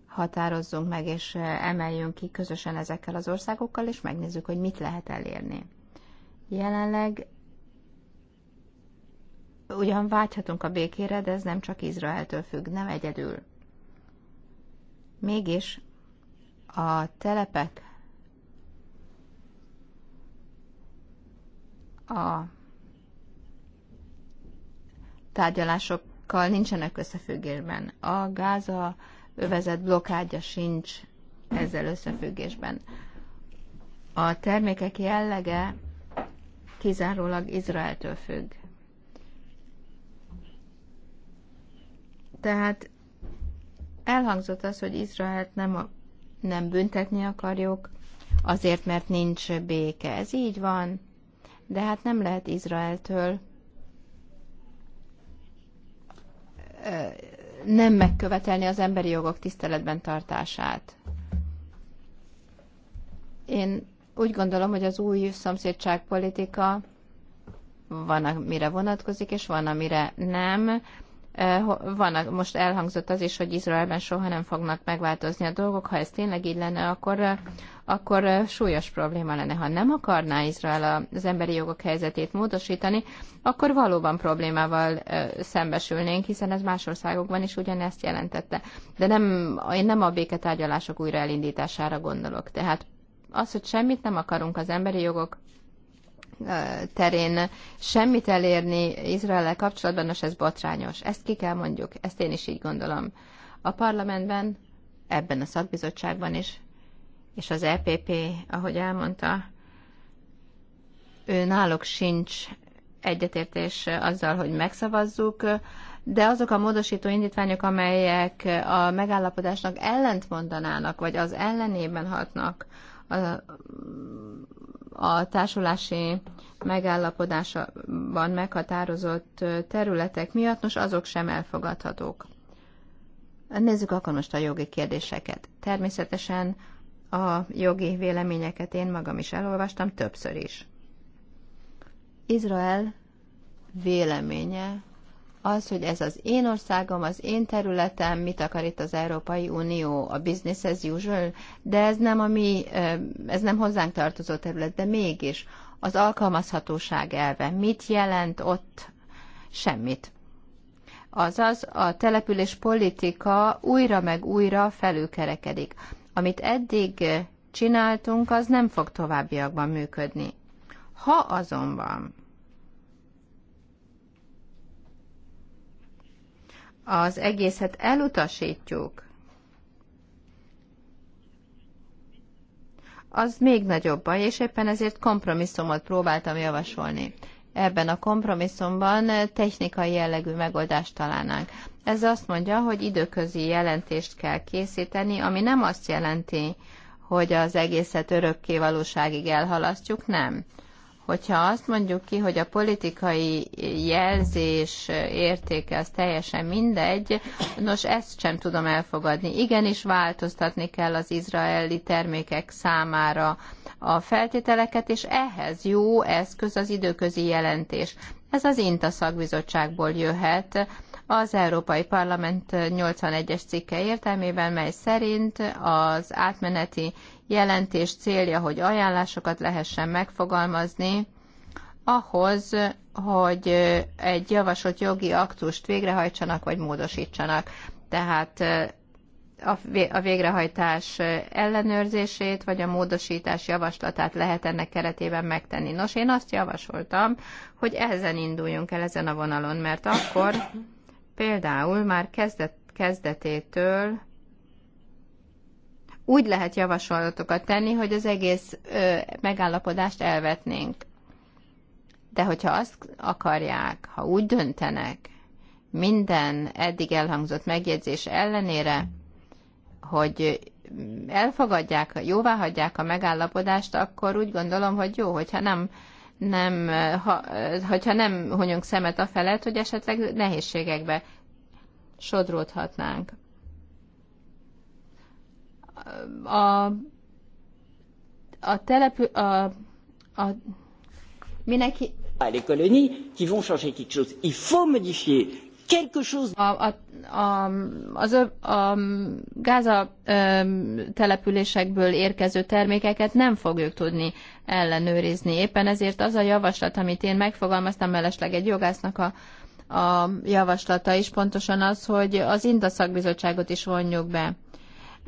[SPEAKER 4] határozzunk meg, és emeljünk ki közösen ezekkel az országokkal, és megnézzük, hogy mit lehet elérni. Jelenleg ugyan vágyhatunk a békére, de ez nem csak Izraeltől függ, nem egyedül. Mégis a telepek a tárgyalásokkal nincsenek összefüggésben. A Gáza övezet blokádja sincs ezzel összefüggésben. A termékek jellege kizárólag Izraeltől függ. Tehát elhangzott az, hogy Izraelt nem, a, nem büntetni akarjuk, azért, mert nincs béke. Ez így van, de hát nem lehet Izraeltől nem megkövetelni az emberi jogok tiszteletben tartását. Én úgy gondolom, hogy az új szomszédságpolitika van, amire vonatkozik, és van, amire nem. Eh, Van, most elhangzott az is, hogy Izraelben soha nem fognak megváltozni a dolgok. Ha ez tényleg így lenne, akkor, eh, akkor eh, súlyos probléma lenne. Ha nem akarná Izrael az emberi jogok helyzetét módosítani, akkor valóban problémával szembesülnénk, hiszen ez más országokban is ugyanezt jelentette. De nem, én nem a béketárgyalások újra elindítására gondolok. Tehát az, hogy semmit nem akarunk az emberi jogok terén semmit elérni Izrael kapcsolatban, nos ez botrányos. Ezt ki kell mondjuk, ezt én is így gondolom. A parlamentben, ebben a szakbizottságban is, és az EPP, ahogy elmondta, ő náluk sincs egyetértés azzal, hogy megszavazzuk, de azok a módosító indítványok, amelyek a megállapodásnak ellent mondanának, vagy az ellenében hatnak, a társulási megállapodásban meghatározott területek miatt, nos azok sem elfogadhatók. Nézzük akkor most a jogi kérdéseket. Természetesen a jogi véleményeket én magam is elolvastam többször is. Izrael véleménye az, hogy ez az én országom, az én területem, mit akar itt az Európai Unió, a business as usual, de ez nem, a mi, ez nem hozzánk tartozó terület, de mégis az alkalmazhatóság elve. Mit jelent ott? Semmit. Azaz a település politika újra meg újra felülkerekedik. Amit eddig csináltunk, az nem fog továbbiakban működni. Ha azonban az egészet elutasítjuk, az még nagyobb baj, és éppen ezért kompromisszumot próbáltam javasolni. Ebben a kompromisszumban technikai jellegű megoldást találnánk. Ez azt mondja, hogy időközi jelentést kell készíteni, ami nem azt jelenti, hogy az egészet örökké valóságig elhalasztjuk, nem hogyha azt mondjuk ki, hogy a politikai jelzés értéke az teljesen mindegy, nos, ezt sem tudom elfogadni. Igenis változtatni kell az izraeli termékek számára a feltételeket, és ehhez jó eszköz az időközi jelentés. Ez az INTA szakbizottságból jöhet, az Európai Parlament 81-es cikke értelmében, mely szerint az átmeneti jelentés célja, hogy ajánlásokat lehessen megfogalmazni, ahhoz, hogy egy javasolt jogi aktust végrehajtsanak vagy módosítsanak. Tehát a végrehajtás ellenőrzését, vagy a módosítás javaslatát lehet ennek keretében megtenni. Nos, én azt javasoltam, hogy ezen induljunk el ezen a vonalon, mert akkor például már kezdet, kezdetétől úgy lehet javasolatokat tenni, hogy az egész ö, megállapodást elvetnénk. De hogyha azt akarják, ha úgy döntenek, minden eddig elhangzott megjegyzés ellenére, hogy elfogadják, jóvá hagyják a megállapodást, akkor úgy gondolom, hogy jó, hogyha nem, nem, ha, hogyha nem hunyunk szemet a felett, hogy esetleg nehézségekbe sodródhatnánk a, a telepő, a, a, mindenki...
[SPEAKER 2] Les colonies qui vont changer quelque chose. Il faut modifier
[SPEAKER 4] quelque chose. A, a, a, az a, a Gáza a, településekből érkező termékeket nem fogjuk tudni ellenőrizni. Éppen ezért az a javaslat, amit én megfogalmaztam, mellesleg egy jogásznak a, a javaslata is pontosan az, hogy az Inda szakbizottságot is vonjuk be.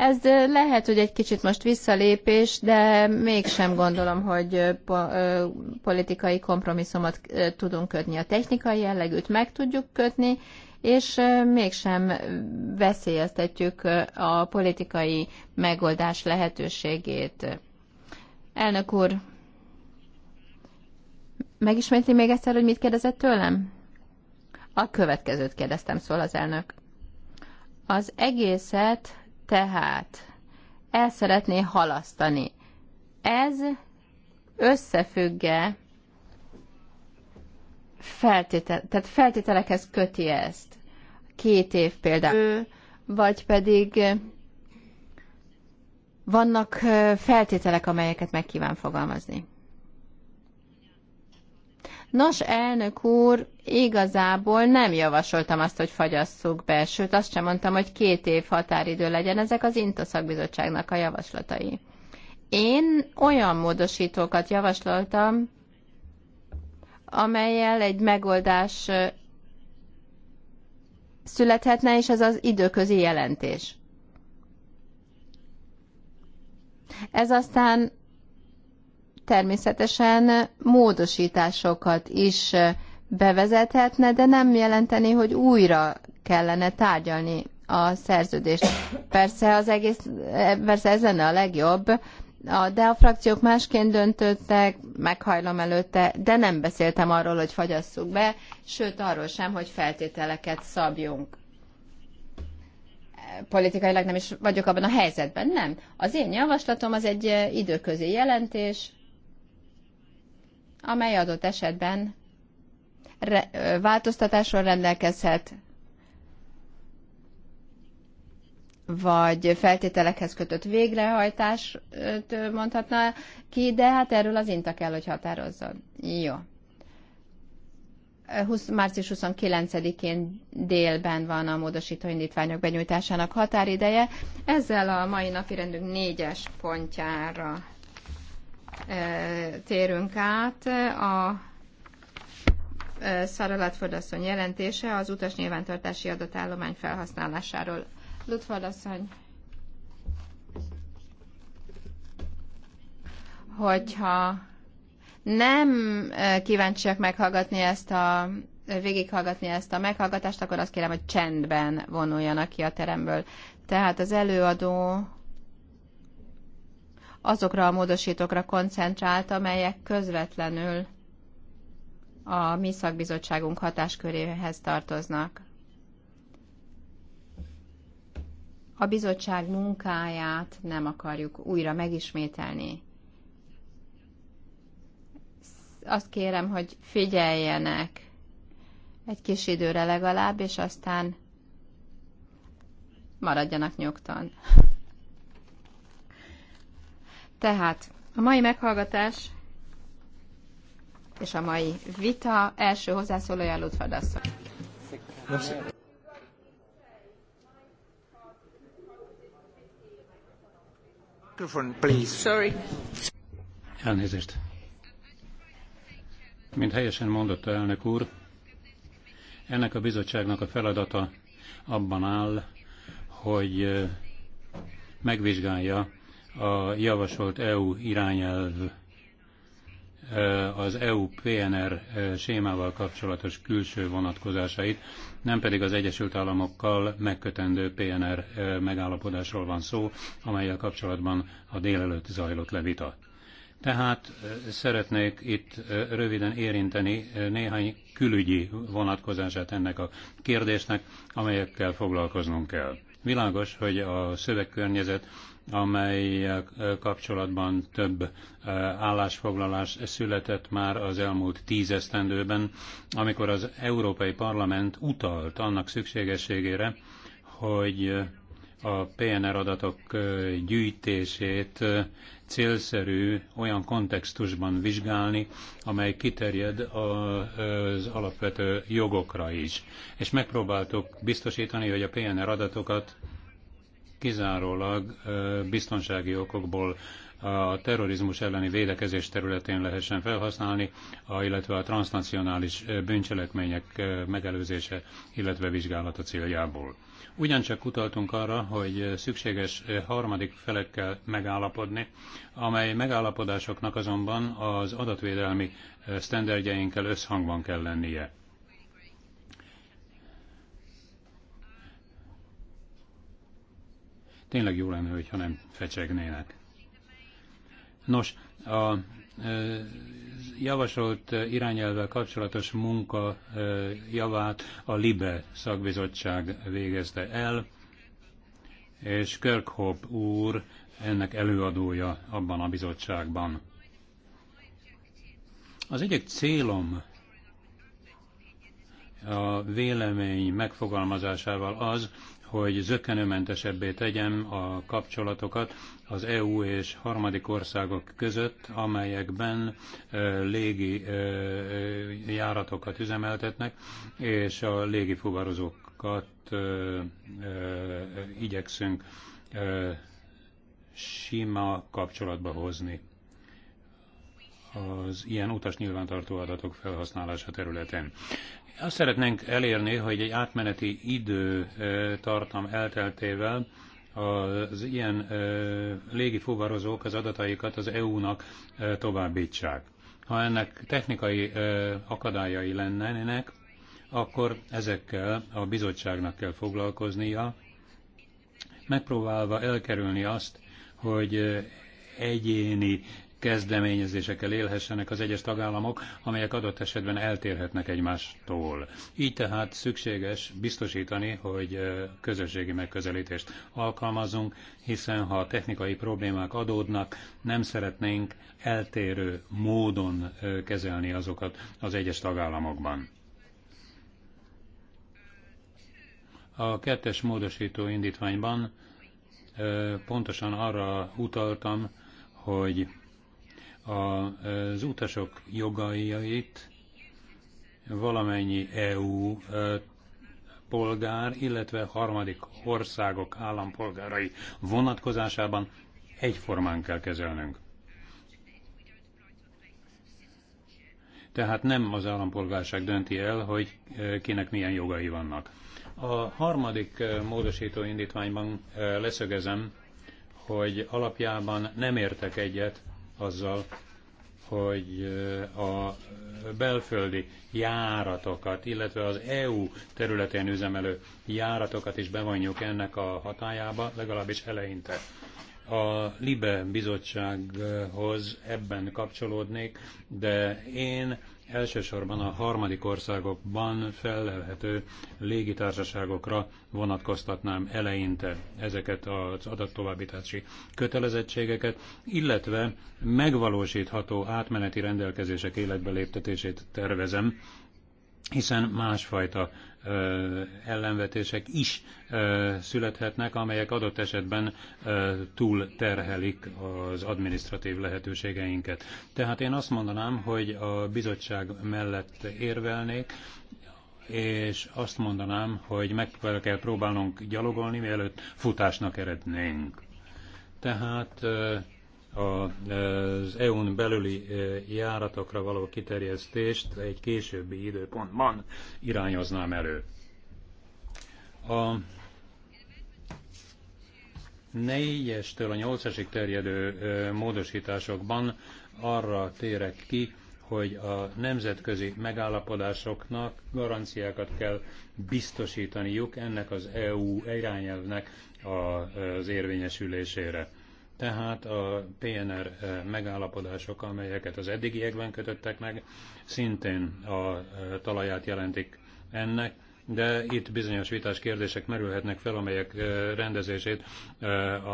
[SPEAKER 4] Ez lehet, hogy egy kicsit most visszalépés, de mégsem gondolom, hogy politikai kompromisszumot tudunk kötni. A technikai jellegűt meg tudjuk kötni, és mégsem veszélyeztetjük a politikai megoldás lehetőségét. Elnök úr, megismétli még egyszer, hogy mit kérdezett tőlem? A következőt kérdeztem, szól az elnök. Az egészet tehát el szeretné halasztani. Ez összefügge feltétel, tehát feltételekhez köti ezt. Két év például, vagy pedig vannak feltételek, amelyeket meg kíván fogalmazni. Nos, elnök úr, igazából nem javasoltam azt, hogy fagyasszuk be, sőt azt sem mondtam, hogy két év határidő legyen, ezek az INTA szakbizottságnak a javaslatai. Én olyan módosítókat javasoltam, amelyel egy megoldás születhetne, és ez az időközi jelentés. Ez aztán természetesen módosításokat is bevezethetne, de nem jelenteni, hogy újra kellene tárgyalni a szerződést. Persze, az egész, persze ez lenne a legjobb, de a frakciók másként döntöttek, meghajlom előtte, de nem beszéltem arról, hogy fagyasszuk be, sőt arról sem, hogy feltételeket szabjunk. Politikailag nem is vagyok abban a helyzetben, nem. Az én javaslatom az egy időközi jelentés, amely adott esetben re- változtatásról rendelkezhet, vagy feltételekhez kötött végrehajtást mondhatna ki, de hát erről az INTA kell, hogy határozzon. Jó. 20, március 29-én délben van a módosító indítványok benyújtásának határideje. Ezzel a mai napi rendünk négyes pontjára térünk át. A Szara Latfordasszony jelentése az utas nyilvántartási adatállomány felhasználásáról. Lutfordasszony, hogyha nem kíváncsiak meghallgatni ezt a végighallgatni ezt a meghallgatást, akkor azt kérem, hogy csendben vonuljanak ki a teremből. Tehát az előadó azokra a módosítókra koncentrált, amelyek közvetlenül a mi szakbizottságunk hatásköréhez tartoznak. A bizottság munkáját nem akarjuk újra megismételni. Azt kérem, hogy figyeljenek egy kis időre legalább, és aztán maradjanak nyugton. Tehát a mai meghallgatás és a mai vita első hozzászólója
[SPEAKER 1] Lutford asszony. Sorry.
[SPEAKER 3] Elnézést. Mint helyesen mondotta elnök úr, ennek a bizottságnak a feladata abban áll, hogy eh, megvizsgálja a javasolt EU irányelv e, az EU PNR e, sémával kapcsolatos külső vonatkozásait, nem pedig az Egyesült Államokkal megkötendő PNR e, megállapodásról van szó, amelyel kapcsolatban a délelőtt zajlott le vita. Tehát szeretnék itt röviden érinteni néhány külügyi vonatkozását ennek a kérdésnek, amelyekkel foglalkoznunk kell. Világos, hogy a szövegkörnyezet amely eh, kapcsolatban több eh, állásfoglalás született már az elmúlt tíz esztendőben, amikor az Európai Parlament utalt annak szükségességére, hogy eh, a PNR adatok gyűjtését célszerű olyan kontextusban vizsgálni, amely kiterjed az alapvető jogokra is. És megpróbáltuk biztosítani, hogy a PNR adatokat kizárólag biztonsági okokból a terrorizmus elleni védekezés területén lehessen felhasználni, illetve a transnacionális bűncselekmények megelőzése, illetve vizsgálata céljából. Ugyancsak utaltunk arra, hogy szükséges harmadik felekkel megállapodni, amely megállapodásoknak azonban az adatvédelmi sztenderdjeinkkel összhangban kell lennie. Tényleg jó lenne, hogyha nem fecsegnének. Nos, a javasolt irányelvvel kapcsolatos munka javát a LIBE szakbizottság végezte el, és Kirkhope úr ennek előadója abban a bizottságban. Az egyik célom a vélemény megfogalmazásával az, hogy zökkenőmentesebbé tegyem a kapcsolatokat az EU és harmadik országok között, amelyekben légi járatokat üzemeltetnek, és a légi fuvarozókat igyekszünk sima kapcsolatba hozni az ilyen utas nyilvántartó adatok felhasználása területén. Azt szeretnénk elérni, hogy egy átmeneti idő tartam elteltével az ilyen légi fuvarozók az adataikat az EU-nak továbbítsák. Ha ennek technikai akadályai lennének, akkor ezekkel a bizottságnak kell foglalkoznia, megpróbálva elkerülni azt, hogy egyéni kezdeményezésekkel élhessenek az egyes tagállamok, amelyek adott esetben eltérhetnek egymástól. Így tehát szükséges biztosítani, hogy közösségi megközelítést alkalmazunk, hiszen ha technikai problémák adódnak, nem szeretnénk eltérő módon kezelni azokat az egyes tagállamokban. A kettes módosító indítványban pontosan arra utaltam, hogy az utasok jogaiait valamennyi EU polgár, illetve harmadik országok állampolgárai vonatkozásában egyformán kell kezelnünk. Tehát nem az állampolgárság dönti el, hogy kinek milyen jogai vannak. A harmadik módosító indítványban leszögezem, hogy alapjában nem értek egyet azzal, hogy a belföldi járatokat, illetve az EU területén üzemelő járatokat is bevonjuk ennek a hatájába, legalábbis eleinte. A LIBE bizottsághoz ebben kapcsolódnék, de én elsősorban a harmadik országokban fellelhető légitársaságokra vonatkoztatnám eleinte ezeket az adattovábbítási kötelezettségeket, illetve megvalósítható átmeneti rendelkezések léptetését tervezem, hiszen másfajta ellenvetések is születhetnek, amelyek adott esetben túl terhelik az administratív lehetőségeinket. Tehát én azt mondanám, hogy a bizottság mellett érvelnék, és azt mondanám, hogy meg kell próbálnunk gyalogolni, mielőtt futásnak erednénk. Tehát az EU-n belüli e, járatokra való kiterjesztést egy későbbi időpontban irányoznám elő. A négyestől a nyolcasig terjedő e, módosításokban arra térek ki, hogy a nemzetközi megállapodásoknak garanciákat kell biztosítaniuk ennek az EU irányelvnek az érvényesülésére. Tehát a PNR eh, megállapodások, amelyeket az eddigiekben kötöttek meg, szintén a eh, talaját jelentik ennek, de itt bizonyos vitás kérdések merülhetnek fel, amelyek rendezését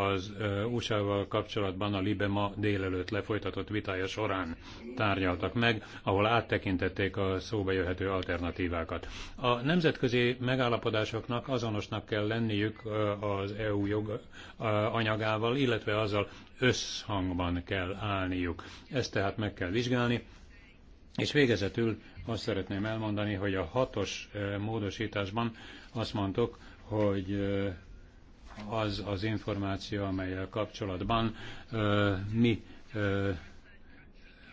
[SPEAKER 3] az USA-val kapcsolatban a Libe ma délelőtt lefolytatott vitája során tárgyaltak meg, ahol áttekintették a szóba jöhető alternatívákat. A nemzetközi megállapodásoknak azonosnak kell lenniük az EU jog anyagával, illetve azzal összhangban kell állniuk. Ezt tehát meg kell vizsgálni, és végezetül azt szeretném elmondani, hogy a hatos módosításban azt mondtuk, hogy az az információ, amelyel kapcsolatban mi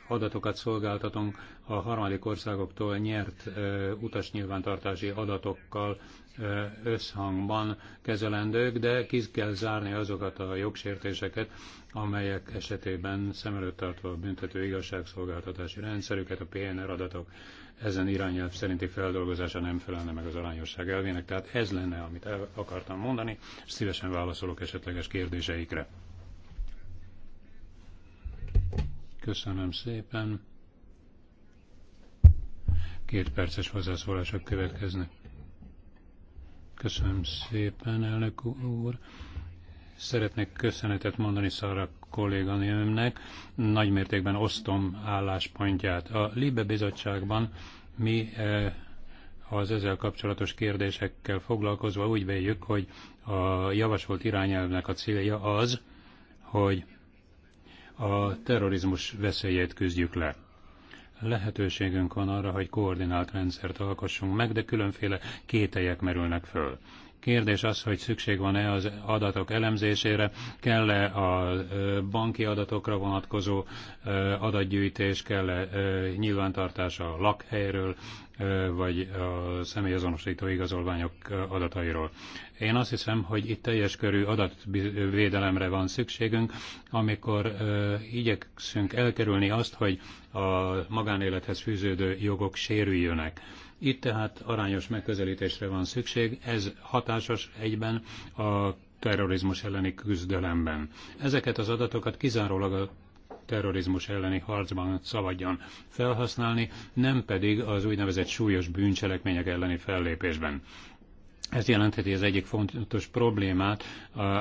[SPEAKER 3] adatokat szolgáltatunk a harmadik országoktól nyert utasnyilvántartási adatokkal összhangban kezelendők, de ki kell zárni azokat a jogsértéseket, amelyek esetében szem előtt tartva a büntető igazságszolgáltatási rendszerüket, a PNR adatok ezen irányelv szerinti feldolgozása nem felelne meg az arányosság elvének. Tehát ez lenne, amit el akartam mondani, és szívesen válaszolok esetleges kérdéseikre. Köszönöm szépen. Két perces hozzászólások következnek. Köszönöm szépen, elnök úr. Szeretnék köszönetet mondani Szarra kolléganőmnek. Nagy mértékben osztom álláspontját. A Libe Bizottságban mi e, az ezzel kapcsolatos kérdésekkel foglalkozva úgy véljük, hogy a javasolt irányelvnek a célja az, hogy a terrorizmus veszélyét küzdjük le lehetőségünk van arra, hogy koordinált rendszert alkossunk meg, de különféle kételyek merülnek föl. Kérdés az, hogy szükség van-e az adatok elemzésére, kell-e a banki adatokra vonatkozó adatgyűjtés, kell-e nyilvántartása a lakhelyről, vagy a személyazonosító igazolványok adatairól. Én azt hiszem, hogy itt teljes körű adatvédelemre van szükségünk, amikor igyekszünk elkerülni azt, hogy a magánélethez fűződő jogok sérüljönek itt tehát arányos megközelítésre van szükség, ez hatásos egyben a terrorizmus elleni küzdelemben. Ezeket az adatokat kizárólag a terrorizmus elleni harcban szabadjon felhasználni, nem pedig az úgynevezett súlyos bűncselekmények elleni fellépésben. Ez jelentheti az egyik fontos problémát,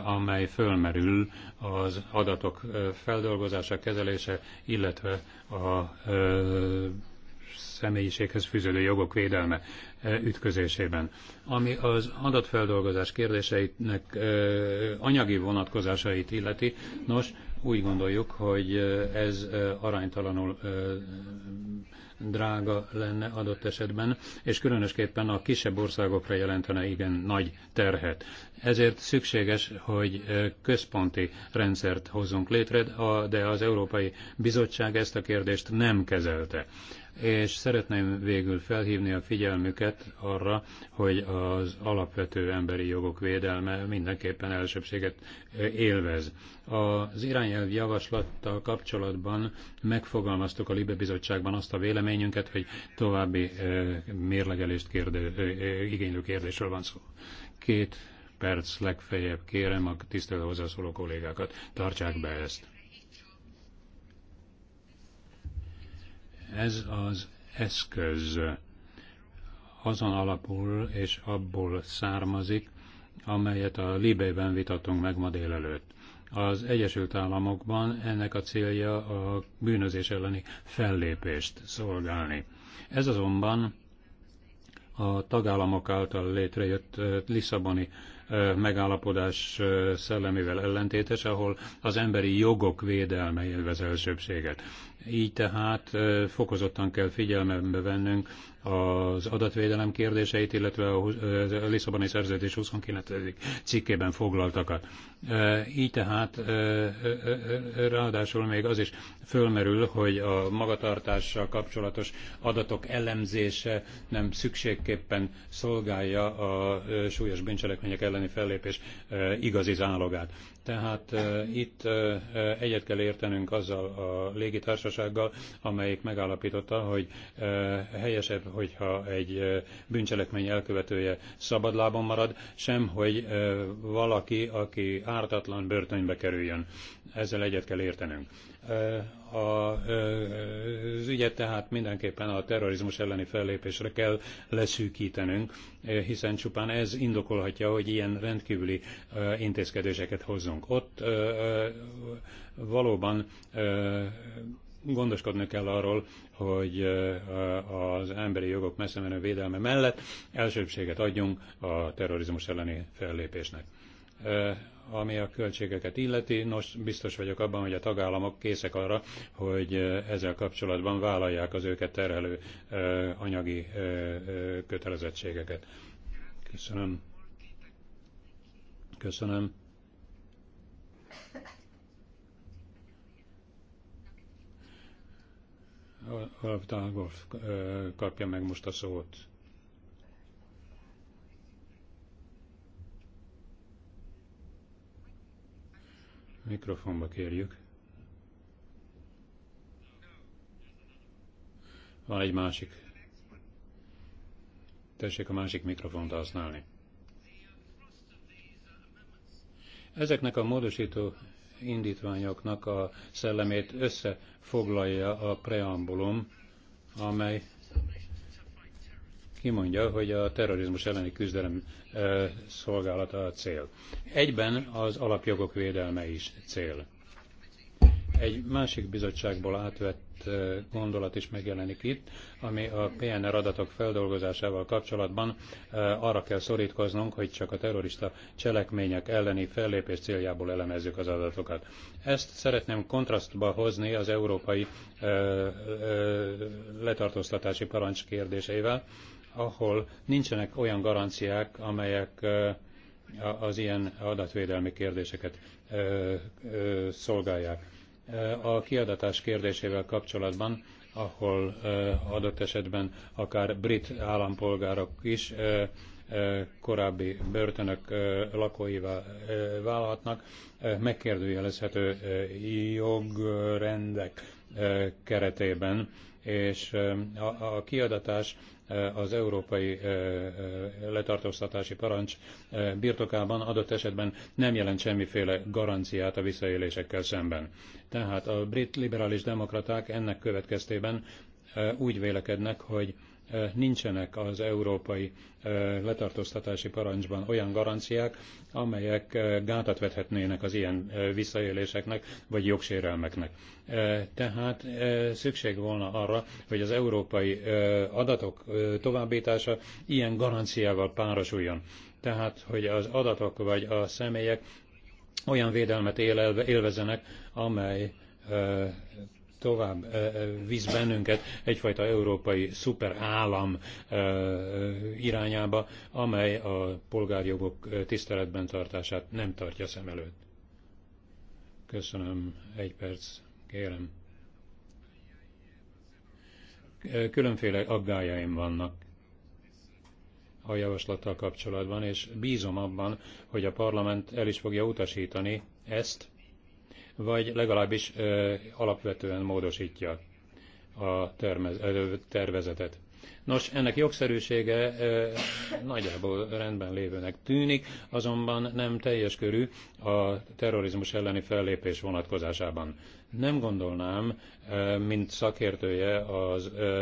[SPEAKER 3] amely fölmerül az adatok feldolgozása, kezelése, illetve a személyiséghez fűződő jogok védelme e, ütközésében. Ami az adatfeldolgozás kérdéseinek e, anyagi vonatkozásait illeti, nos, úgy gondoljuk, hogy e, ez aránytalanul drága lenne adott esetben, és különösképpen a kisebb országokra jelentene igen nagy terhet. Ezért szükséges, hogy központi rendszert hozzunk létre, de az Európai Bizottság ezt a kérdést nem kezelte és szeretném végül felhívni a figyelmüket arra, hogy az alapvető emberi jogok védelme mindenképpen elsőbséget élvez. Az irányelv javaslattal kapcsolatban megfogalmaztuk a Libe Bizottságban azt a véleményünket, hogy további mérlegelést kérdő, igénylő kérdésről van szó. Két perc legfeljebb kérem a tisztelő hozzászóló kollégákat, tartsák be ezt. Ez az eszköz azon alapul és abból származik, amelyet a Libében vitatunk meg ma délelőtt. Az Egyesült Államokban ennek a célja a bűnözés elleni fellépést szolgálni. Ez azonban a tagállamok által létrejött Lisszaboni megállapodás szellemével ellentétes, ahol az emberi jogok védelme élvez elsőbséget. Így tehát fokozottan kell figyelmembe vennünk az adatvédelem kérdéseit, illetve a Lisszaboni Szerződés 29. cikkében foglaltakat. Így tehát ráadásul még az is fölmerül, hogy a magatartással kapcsolatos adatok elemzése nem szükségképpen szolgálja a súlyos bűncselekmények elleni fellépés igazi zálogát. Tehát itt egyet kell értenünk azzal a légitársasággal, amelyik megállapította, hogy helyesebb, hogyha egy bűncselekmény elkövetője szabadlábon marad, sem, hogy valaki, aki ártatlan börtönbe kerüljön. Ezzel egyet kell értenünk az ügyet tehát mindenképpen a terrorizmus elleni fellépésre kell leszűkítenünk, hiszen csupán ez indokolhatja, hogy ilyen rendkívüli intézkedéseket hozzunk. Ott valóban gondoskodni kell arról, hogy az emberi jogok messze menő védelme mellett elsőbséget adjunk a terrorizmus elleni fellépésnek ami a költségeket illeti, nos, biztos vagyok abban, hogy a tagállamok készek arra, hogy ezzel kapcsolatban vállalják az őket terhelő anyagi kötelezettségeket. Köszönöm. Köszönöm. Olaf kapja meg most a szót. Mikrofonba kérjük. Van egy másik. Tessék a másik mikrofont használni. Ezeknek a módosító indítványoknak a szellemét összefoglalja a preambulum, amely kimondja, hogy a terrorizmus elleni küzdelem szolgálata a cél. Egyben az alapjogok védelme is cél. Egy másik bizottságból átvett gondolat is megjelenik itt, ami a PNR adatok feldolgozásával kapcsolatban arra kell szorítkoznunk, hogy csak a terrorista cselekmények elleni fellépés céljából elemezzük az adatokat. Ezt szeretném kontrasztba hozni az európai letartóztatási parancs kérdéseivel, ahol nincsenek olyan garanciák, amelyek az ilyen adatvédelmi kérdéseket szolgálják. A kiadatás kérdésével kapcsolatban, ahol adott esetben akár brit állampolgárok is korábbi börtönök lakóivá válhatnak, megkérdőjelezhető jogrendek keretében, és a kiadatás Eh, az európai eh, eh, letartóztatási parancs birtokában adott esetben nem jelent semmiféle garanciát a visszaélésekkel szemben. Tehát a brit liberális demokraták ennek következtében úgy vélekednek, hogy nincsenek az európai letartóztatási parancsban olyan garanciák, amelyek gátat vethetnének az ilyen visszaéléseknek vagy jogsérelmeknek. Tehát szükség volna arra, hogy az európai adatok továbbítása ilyen garanciával párosuljon. Tehát, hogy az adatok vagy a személyek olyan védelmet élvezenek, amely tovább visz bennünket egyfajta európai szuperállam irányába, amely a polgárjogok tiszteletben tartását nem tartja szem előtt. Köszönöm, egy perc, kérem. Különféle aggájaim vannak a javaslattal kapcsolatban, és bízom abban, hogy a parlament el is fogja utasítani ezt, vagy legalábbis alapvetően módosítja a tervezetet. Nos, ennek jogszerűsége nagyjából rendben lévőnek tűnik, azonban nem teljes körű a terrorizmus elleni fellépés vonatkozásában. Nem gondolnám, mint szakértője a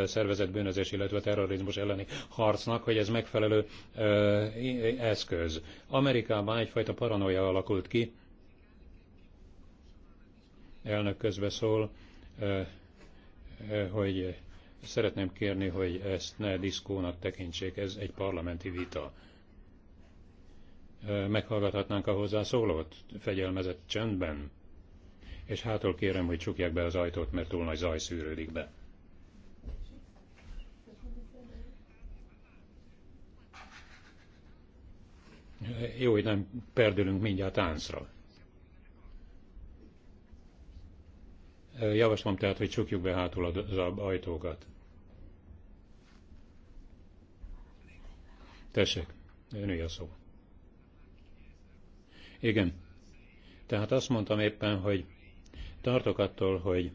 [SPEAKER 3] szervezett bűnözés, illetve terrorizmus elleni harcnak, hogy ez megfelelő eszköz. Amerikában egyfajta paranoia alakult ki, elnök szól, hogy szeretném kérni, hogy ezt ne diszkónak tekintsék, ez egy parlamenti vita. Meghallgathatnánk a hozzászólót fegyelmezett csendben, és hátul kérem, hogy csukják be az ajtót, mert túl nagy zaj szűrődik be. Jó, hogy nem perdülünk mindjárt táncra. Javaslom tehát, hogy csukjuk be hátul az ajtókat. Tessék, női a szó. Igen. Tehát azt mondtam éppen, hogy tartok attól, hogy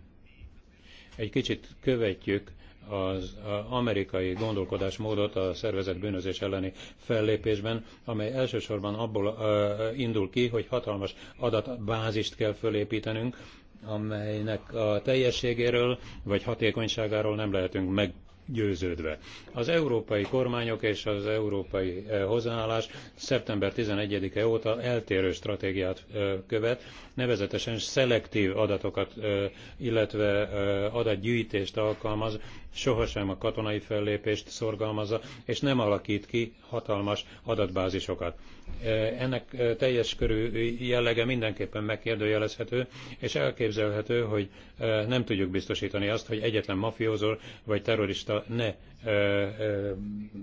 [SPEAKER 3] egy kicsit követjük az amerikai gondolkodásmódot a szervezet bűnözés elleni fellépésben, amely elsősorban abból uh, indul ki, hogy hatalmas adatbázist kell fölépítenünk, amelynek a teljességéről vagy hatékonyságáról nem lehetünk meg győződve. Az európai kormányok és az európai eh, hozzáállás szeptember 11-e óta eltérő stratégiát eh, követ, nevezetesen szelektív adatokat, eh, illetve adatgyűjtést alkalmaz sohasem a katonai fellépést szorgalmazza, és nem alakít ki hatalmas adatbázisokat. E, ennek e, teljes körű jellege mindenképpen megkérdőjelezhető, és elképzelhető, hogy e, nem tudjuk biztosítani azt, hogy egyetlen mafiózó vagy terrorista ne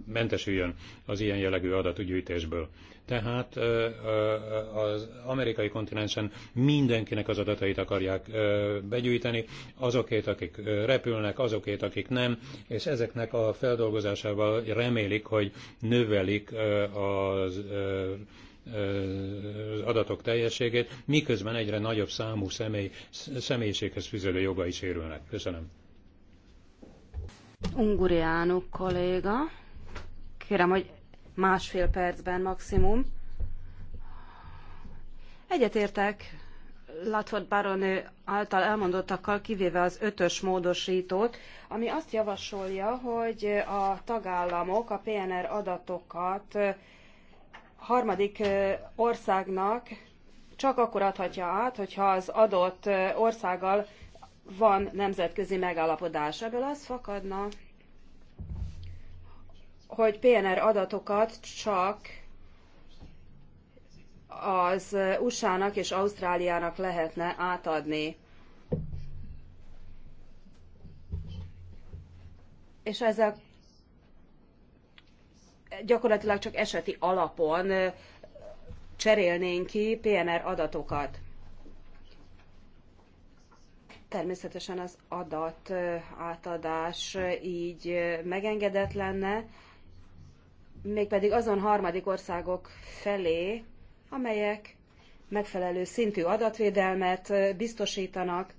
[SPEAKER 3] mentesüljön az ilyen jellegű adatgyűjtésből. Tehát az amerikai kontinensen mindenkinek az adatait akarják begyűjteni, azokét, akik repülnek, azokét, akik nem, és ezeknek a feldolgozásával remélik, hogy növelik az az adatok teljességét, miközben egyre nagyobb számú személy, személyiséghez fűződő jogai sérülnek. Köszönöm.
[SPEAKER 2] Unguriánu kolléga, kérem, hogy másfél percben maximum. Egyetértek Latford Baronő által elmondottakkal, kivéve az ötös módosítót, ami azt javasolja, hogy a tagállamok a PNR adatokat harmadik országnak csak akkor adhatja át, hogyha az adott országgal van nemzetközi megállapodás. Ebből az fakadna, hogy PNR adatokat csak az USA-nak és Ausztráliának lehetne átadni. És ezzel gyakorlatilag csak eseti alapon cserélnénk ki PNR adatokat. Természetesen az adat átadás így megengedett lenne, mégpedig azon harmadik országok felé, amelyek megfelelő szintű adatvédelmet biztosítanak,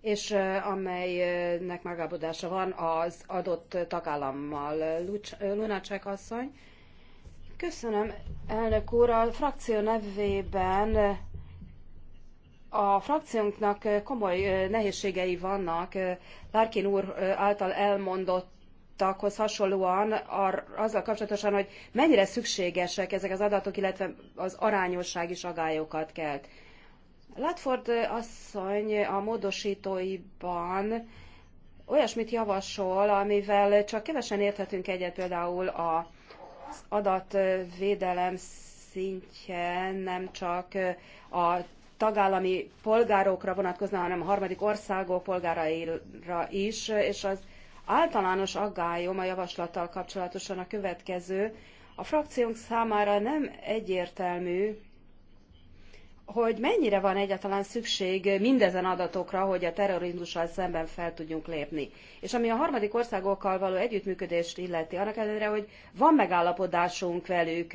[SPEAKER 2] és amelynek megállapodása van az adott tagállammal. Lunacek asszony. Köszönöm, elnök úr. A frakció nevében a frakciónknak komoly nehézségei vannak Larkin úr által elmondott takhoz hasonlóan ar, azzal kapcsolatosan, hogy mennyire szükségesek ezek az adatok, illetve az arányosság is agályokat kelt. Latford eh, asszony a módosítóiban olyasmit javasol, amivel csak kevesen érthetünk egyet, például az adatvédelem szintje nem csak eh, a tagállami polgárokra vonatkozna, hanem a harmadik országok polgáraira is, eh, és az Általános aggályom a javaslattal kapcsolatosan a következő. A frakciónk számára nem egyértelmű, hogy mennyire van egyáltalán szükség mindezen adatokra, hogy a terrorizmussal szemben fel tudjunk lépni. És ami a harmadik országokkal való együttműködést illeti, annak ellenére, hogy van megállapodásunk velük,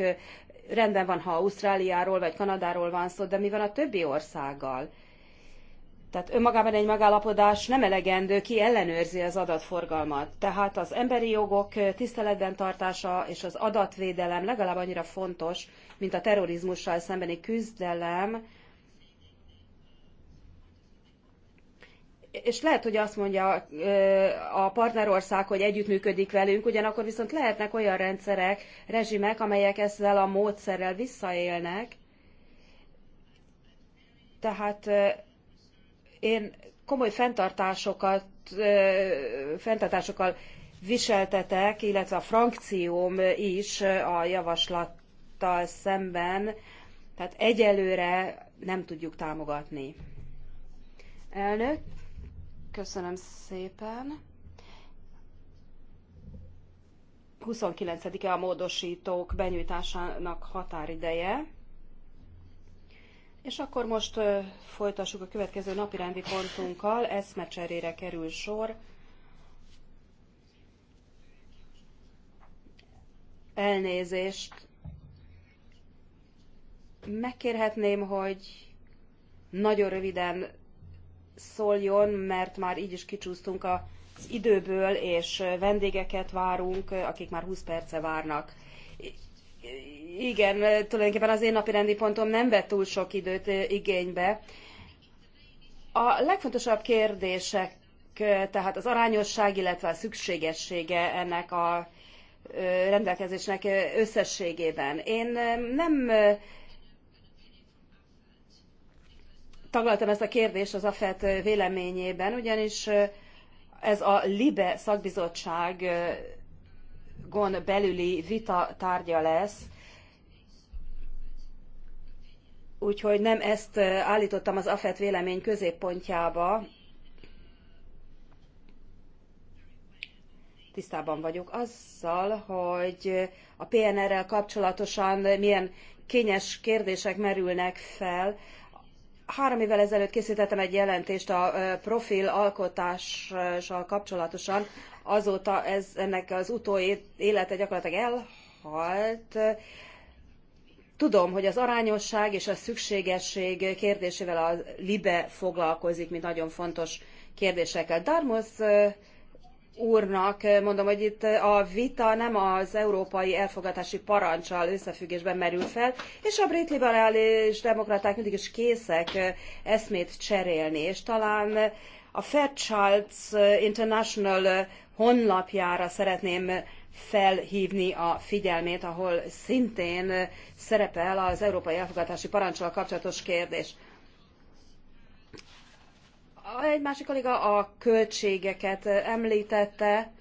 [SPEAKER 2] rendben van, ha Ausztráliáról vagy Kanadáról van szó, de mi van a többi országgal? Tehát önmagában egy megállapodás nem elegendő, ki ellenőrzi az adatforgalmat. Tehát az emberi jogok tiszteletben tartása és az adatvédelem legalább annyira fontos, mint a terrorizmussal szembeni küzdelem. És lehet, hogy azt mondja a partnerország, hogy együttműködik velünk, ugyanakkor viszont lehetnek olyan rendszerek, rezsimek, amelyek ezzel a módszerrel visszaélnek. Tehát én komoly fenntartásokat, fenntartásokkal viseltetek, illetve a frankcióm is a javaslattal szemben, tehát egyelőre nem tudjuk támogatni. Elnök, köszönöm szépen. 29-e a módosítók benyújtásának határideje. És akkor most folytassuk a következő napirendi pontunkkal, eszmecserére kerül sor. Elnézést. Megkérhetném, hogy nagyon röviden szóljon, mert már így is kicsúsztunk az időből, és vendégeket várunk, akik már 20 perce várnak igen, tulajdonképpen az én napi rendi pontom nem vett túl sok időt igénybe. A legfontosabb kérdések, tehát az arányosság, illetve a szükségessége ennek a rendelkezésnek összességében. Én nem taglaltam ezt a kérdést az AFET véleményében, ugyanis ez a LIBE szakbizottság gon belüli vita tárgya lesz, úgyhogy nem ezt állítottam az AFET vélemény középpontjába. Tisztában vagyok azzal, hogy a PNR-rel kapcsolatosan milyen kényes kérdések merülnek fel, Három évvel ezelőtt készítettem egy jelentést a profil alkotással kapcsolatosan, azóta ez, ennek az élete gyakorlatilag elhalt. Tudom, hogy az arányosság és a szükségesség kérdésével a LIBE foglalkozik, mint nagyon fontos kérdésekkel. Darmos, úrnak eh, mondom, hogy itt eh, a vita nem az európai elfogadási parancsal összefüggésben merül fel, és a brit liberális demokraták mindig is készek eh, eszmét cserélni, és talán a Fairchilds International honlapjára szeretném felhívni a figyelmét, ahol szintén szerepel az európai elfogadási parancsal kapcsolatos kérdés. Egy másik kolléga a költségeket említette,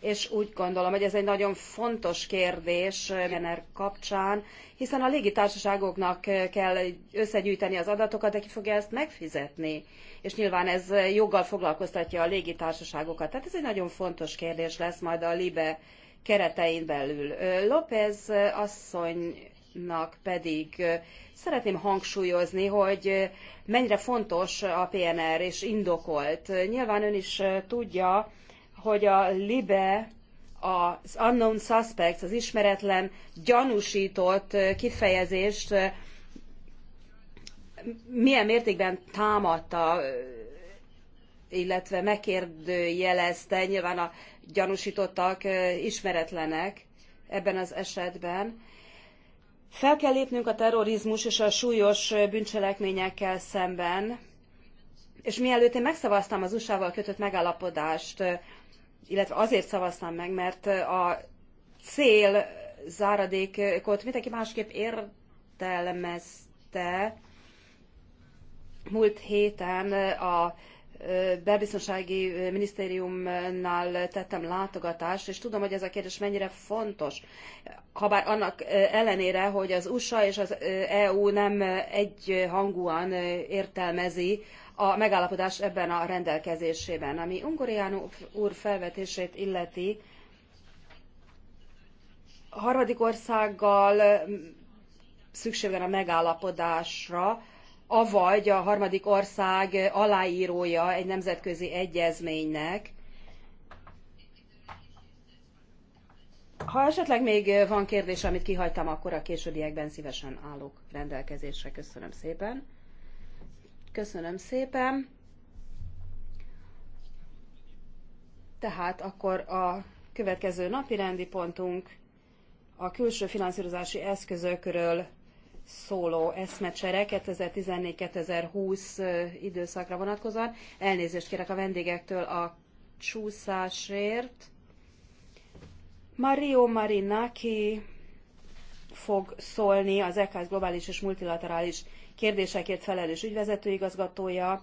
[SPEAKER 2] és úgy gondolom, hogy ez egy nagyon fontos kérdés Jenner kapcsán, hiszen a légitársaságoknak kell összegyűjteni az adatokat, de ki fogja ezt megfizetni. És nyilván ez joggal foglalkoztatja a légitársaságokat. Tehát ez egy nagyon fontos kérdés lesz majd a LIBE keretein belül. López asszony Bizottságnak pedig szeretném hangsúlyozni, hogy mennyire fontos a PNR és indokolt. Nyilván ön is tudja, hogy a LIBE az unknown suspects, az ismeretlen gyanúsított kifejezést milyen mértékben támadta, illetve megkérdőjelezte, nyilván a gyanúsítottak ismeretlenek ebben az esetben. Fel kell lépnünk a terrorizmus és a súlyos bűncselekményekkel szemben, és mielőtt én megszavaztam az USA-val kötött megállapodást, illetve azért szavaztam meg, mert a cél záradékot mindenki másképp értelmezte múlt héten a belbiztonsági minisztériumnál tettem látogatást, és tudom, hogy ez a kérdés mennyire fontos. Habár annak ellenére, hogy az USA és az EU nem egyhangúan értelmezi a megállapodás ebben a rendelkezésében. Ami Ungorián úr felvetését illeti, harmadik országgal szükség van a megállapodásra, avagy a harmadik ország aláírója egy nemzetközi egyezménynek. Ha esetleg még van kérdés, amit kihagytam, akkor a későbbiekben szívesen állok rendelkezésre. Köszönöm szépen. Köszönöm szépen. Tehát akkor a következő napi rendi pontunk a külső finanszírozási eszközökről szóló eszmecsere 2014-2020 időszakra vonatkozóan. Elnézést kérek a vendégektől a csúszásért. Mario Marinaki fog szólni az EKS globális és multilaterális kérdésekért felelős ügyvezető igazgatója,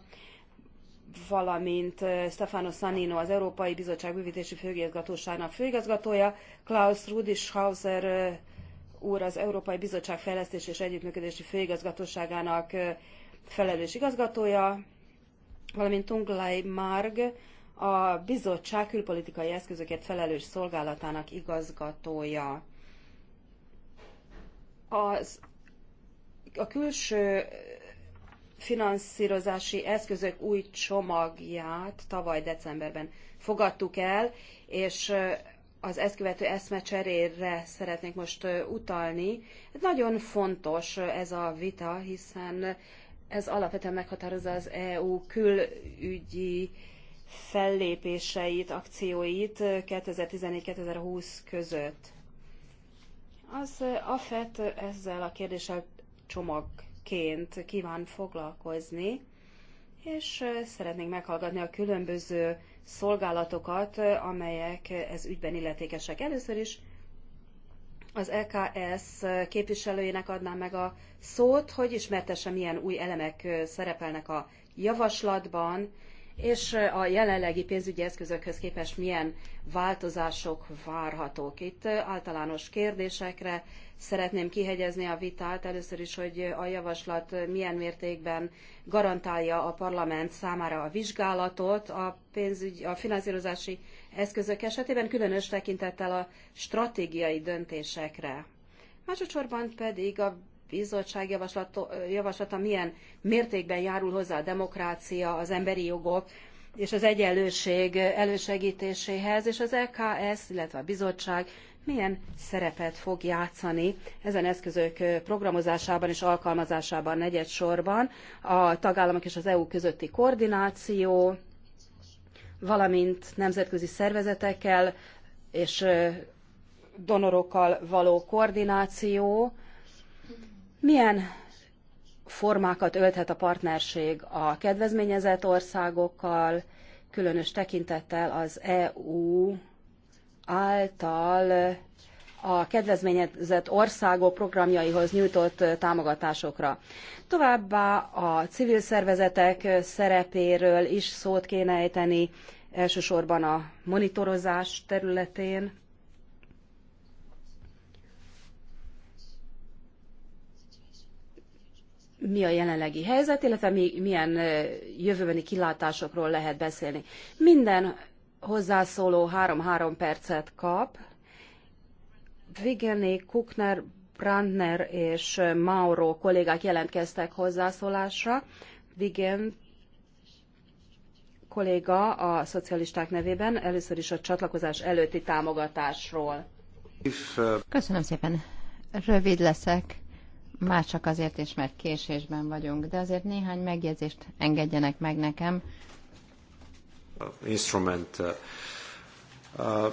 [SPEAKER 2] valamint Stefano Sanino, az Európai Bizottság bűvítési főigazgatóságának főigazgatója, Klaus Rudishauser úr az Európai Bizottság fejlesztési és Együttműködési Főigazgatóságának felelős igazgatója, valamint Tunglai Marg, a bizottság külpolitikai eszközöket felelős szolgálatának igazgatója. Az, a külső finanszírozási eszközök új csomagját tavaly decemberben fogadtuk el, és az ezt követő eszmecserére szeretnék most utalni. Nagyon fontos ez a vita, hiszen ez alapvetően meghatározza az EU külügyi fellépéseit, akcióit 2014-2020 között. Az AFET ezzel a kérdéssel csomagként kíván foglalkozni, és szeretnénk meghallgatni a különböző szolgálatokat, amelyek ez ügyben illetékesek. Először is az LKS képviselőjének adnám meg a szót, hogy ismertesse, milyen új elemek szerepelnek a javaslatban, és a jelenlegi pénzügyi eszközökhöz képest milyen változások várhatók. Itt általános kérdésekre szeretném kihegyezni a vitát. Először is, hogy a javaslat milyen mértékben garantálja a parlament számára a vizsgálatot a, pénzügy, a finanszírozási eszközök esetében, különös tekintettel a stratégiai döntésekre. Másodszorban pedig a bizottság javaslata milyen mértékben járul hozzá a demokrácia, az emberi jogok és az egyenlőség elősegítéséhez, és az EKS, illetve a bizottság milyen szerepet fog játszani ezen eszközök programozásában és alkalmazásában negyed sorban a tagállamok és az EU közötti koordináció, valamint nemzetközi szervezetekkel és donorokkal való koordináció, milyen formákat ölthet a partnerség a kedvezményezett országokkal, különös tekintettel az EU által a kedvezményezett országok programjaihoz nyújtott támogatásokra. Továbbá a civil szervezetek szerepéről is szót kéne ejteni, elsősorban a monitorozás területén. mi a jelenlegi helyzet, illetve mi, milyen jövőbeni kilátásokról lehet beszélni. Minden hozzászóló három-három percet kap. Vigené, Kukner, Brandner és Mauro kollégák jelentkeztek hozzászólásra. Vigen kolléga a szocialisták nevében először is a csatlakozás előtti támogatásról.
[SPEAKER 4] Köszönöm szépen. Rövid leszek már csak azért is, mert késésben vagyunk, de azért néhány megjegyzést engedjenek meg nekem.
[SPEAKER 1] Instrument. Uh, uh,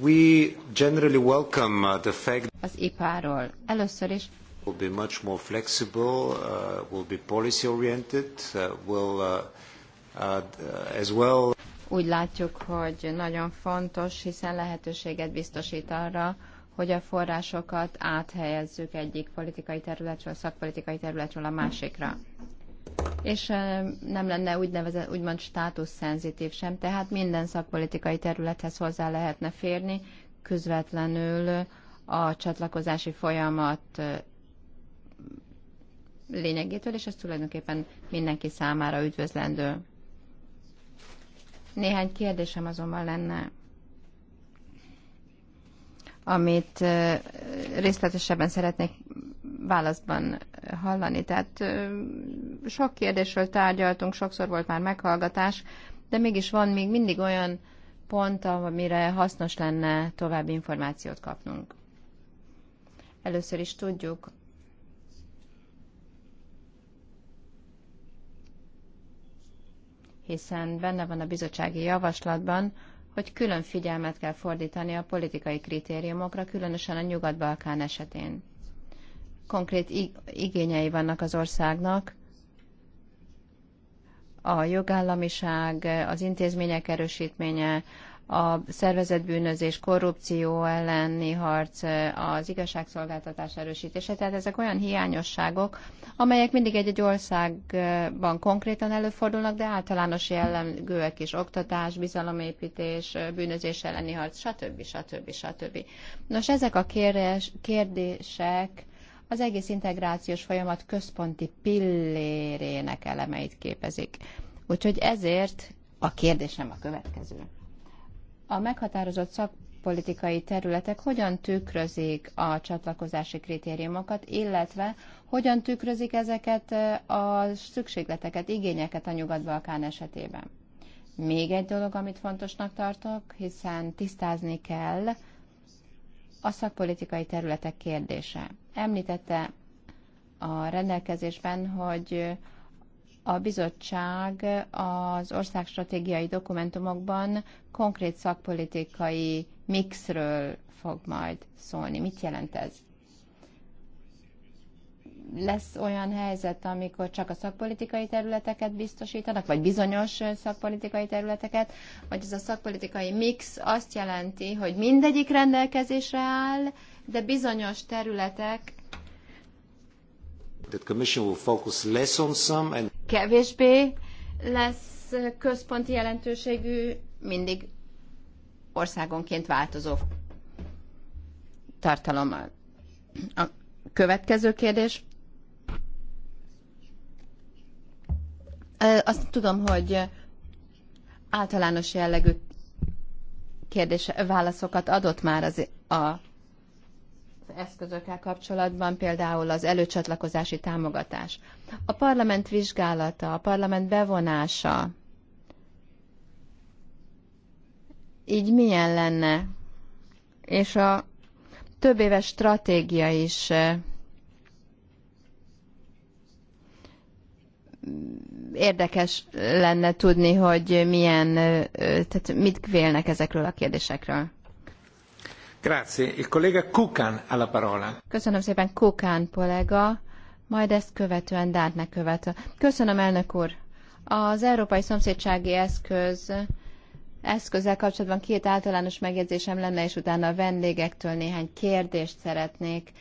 [SPEAKER 1] we generally welcome uh, the fact
[SPEAKER 4] az ipáról. Először is
[SPEAKER 1] will be much more flexible, uh, will be policy oriented, uh, will uh, uh, as well
[SPEAKER 4] úgy látjuk, hogy nagyon fontos, hiszen lehetőséget biztosít arra, hogy a forrásokat áthelyezzük egyik politikai területről, szakpolitikai területről a másikra. És nem lenne úgynevezett, úgymond státuszszenzitív sem, tehát minden szakpolitikai területhez hozzá lehetne férni, közvetlenül a csatlakozási folyamat lényegétől, és ez tulajdonképpen mindenki számára üdvözlendő. Néhány kérdésem azonban lenne amit részletesebben szeretnék válaszban hallani. Tehát sok kérdésről tárgyaltunk, sokszor volt már meghallgatás, de mégis van még mindig olyan pont, amire hasznos lenne további információt kapnunk. Először is tudjuk, hiszen benne van a bizottsági javaslatban, hogy külön figyelmet kell fordítani a politikai kritériumokra, különösen a Nyugat-Balkán esetén. Konkrét igényei vannak az országnak, a jogállamiság, az intézmények erősítménye, a szervezetbűnözés, korrupció elleni harc, az igazságszolgáltatás erősítése. Tehát ezek olyan hiányosságok, amelyek mindig egy-egy országban konkrétan előfordulnak, de általános jellegűek is, oktatás, bizalomépítés, bűnözés elleni harc, stb. stb. stb. Nos, ezek a kérdés, kérdések az egész integrációs folyamat központi pillérének elemeit képezik. Úgyhogy ezért a kérdésem a következő a meghatározott szakpolitikai területek hogyan tükrözik a csatlakozási kritériumokat, illetve hogyan tükrözik ezeket e, a szükségleteket, igényeket a Nyugat-Balkán esetében. Még egy dolog, amit fontosnak tartok, hiszen tisztázni kell a szakpolitikai területek kérdése. Említette a rendelkezésben, hogy a bizottság az országstratégiai dokumentumokban konkrét szakpolitikai mixről fog majd szólni. Mit jelent ez? Lesz olyan helyzet, amikor csak a szakpolitikai területeket biztosítanak, vagy bizonyos szakpolitikai területeket, vagy ez a szakpolitikai mix azt jelenti, hogy mindegyik rendelkezésre áll, de bizonyos területek
[SPEAKER 1] The commission will focus less on some and
[SPEAKER 4] kevésbé lesz központi jelentőségű, mindig országonként változó tartalommal. A következő kérdés. Azt tudom, hogy általános jellegű kérdés, válaszokat adott már az, a, az eszközökkel kapcsolatban, például az előcsatlakozási támogatás. A parlament vizsgálata, a parlament bevonása, így milyen lenne? És a több éves stratégia is érdekes lenne tudni, hogy milyen, tehát mit vélnek ezekről a kérdésekről.
[SPEAKER 1] Grazie. Il collega Kukan alla parola.
[SPEAKER 4] Köszönöm szépen, Kukan kollega majd ezt követően Dántnek követő. Köszönöm, elnök úr! Az Európai Szomszédsági Eszköz eszközzel kapcsolatban két általános megjegyzésem lenne, és utána a vendégektől néhány kérdést szeretnék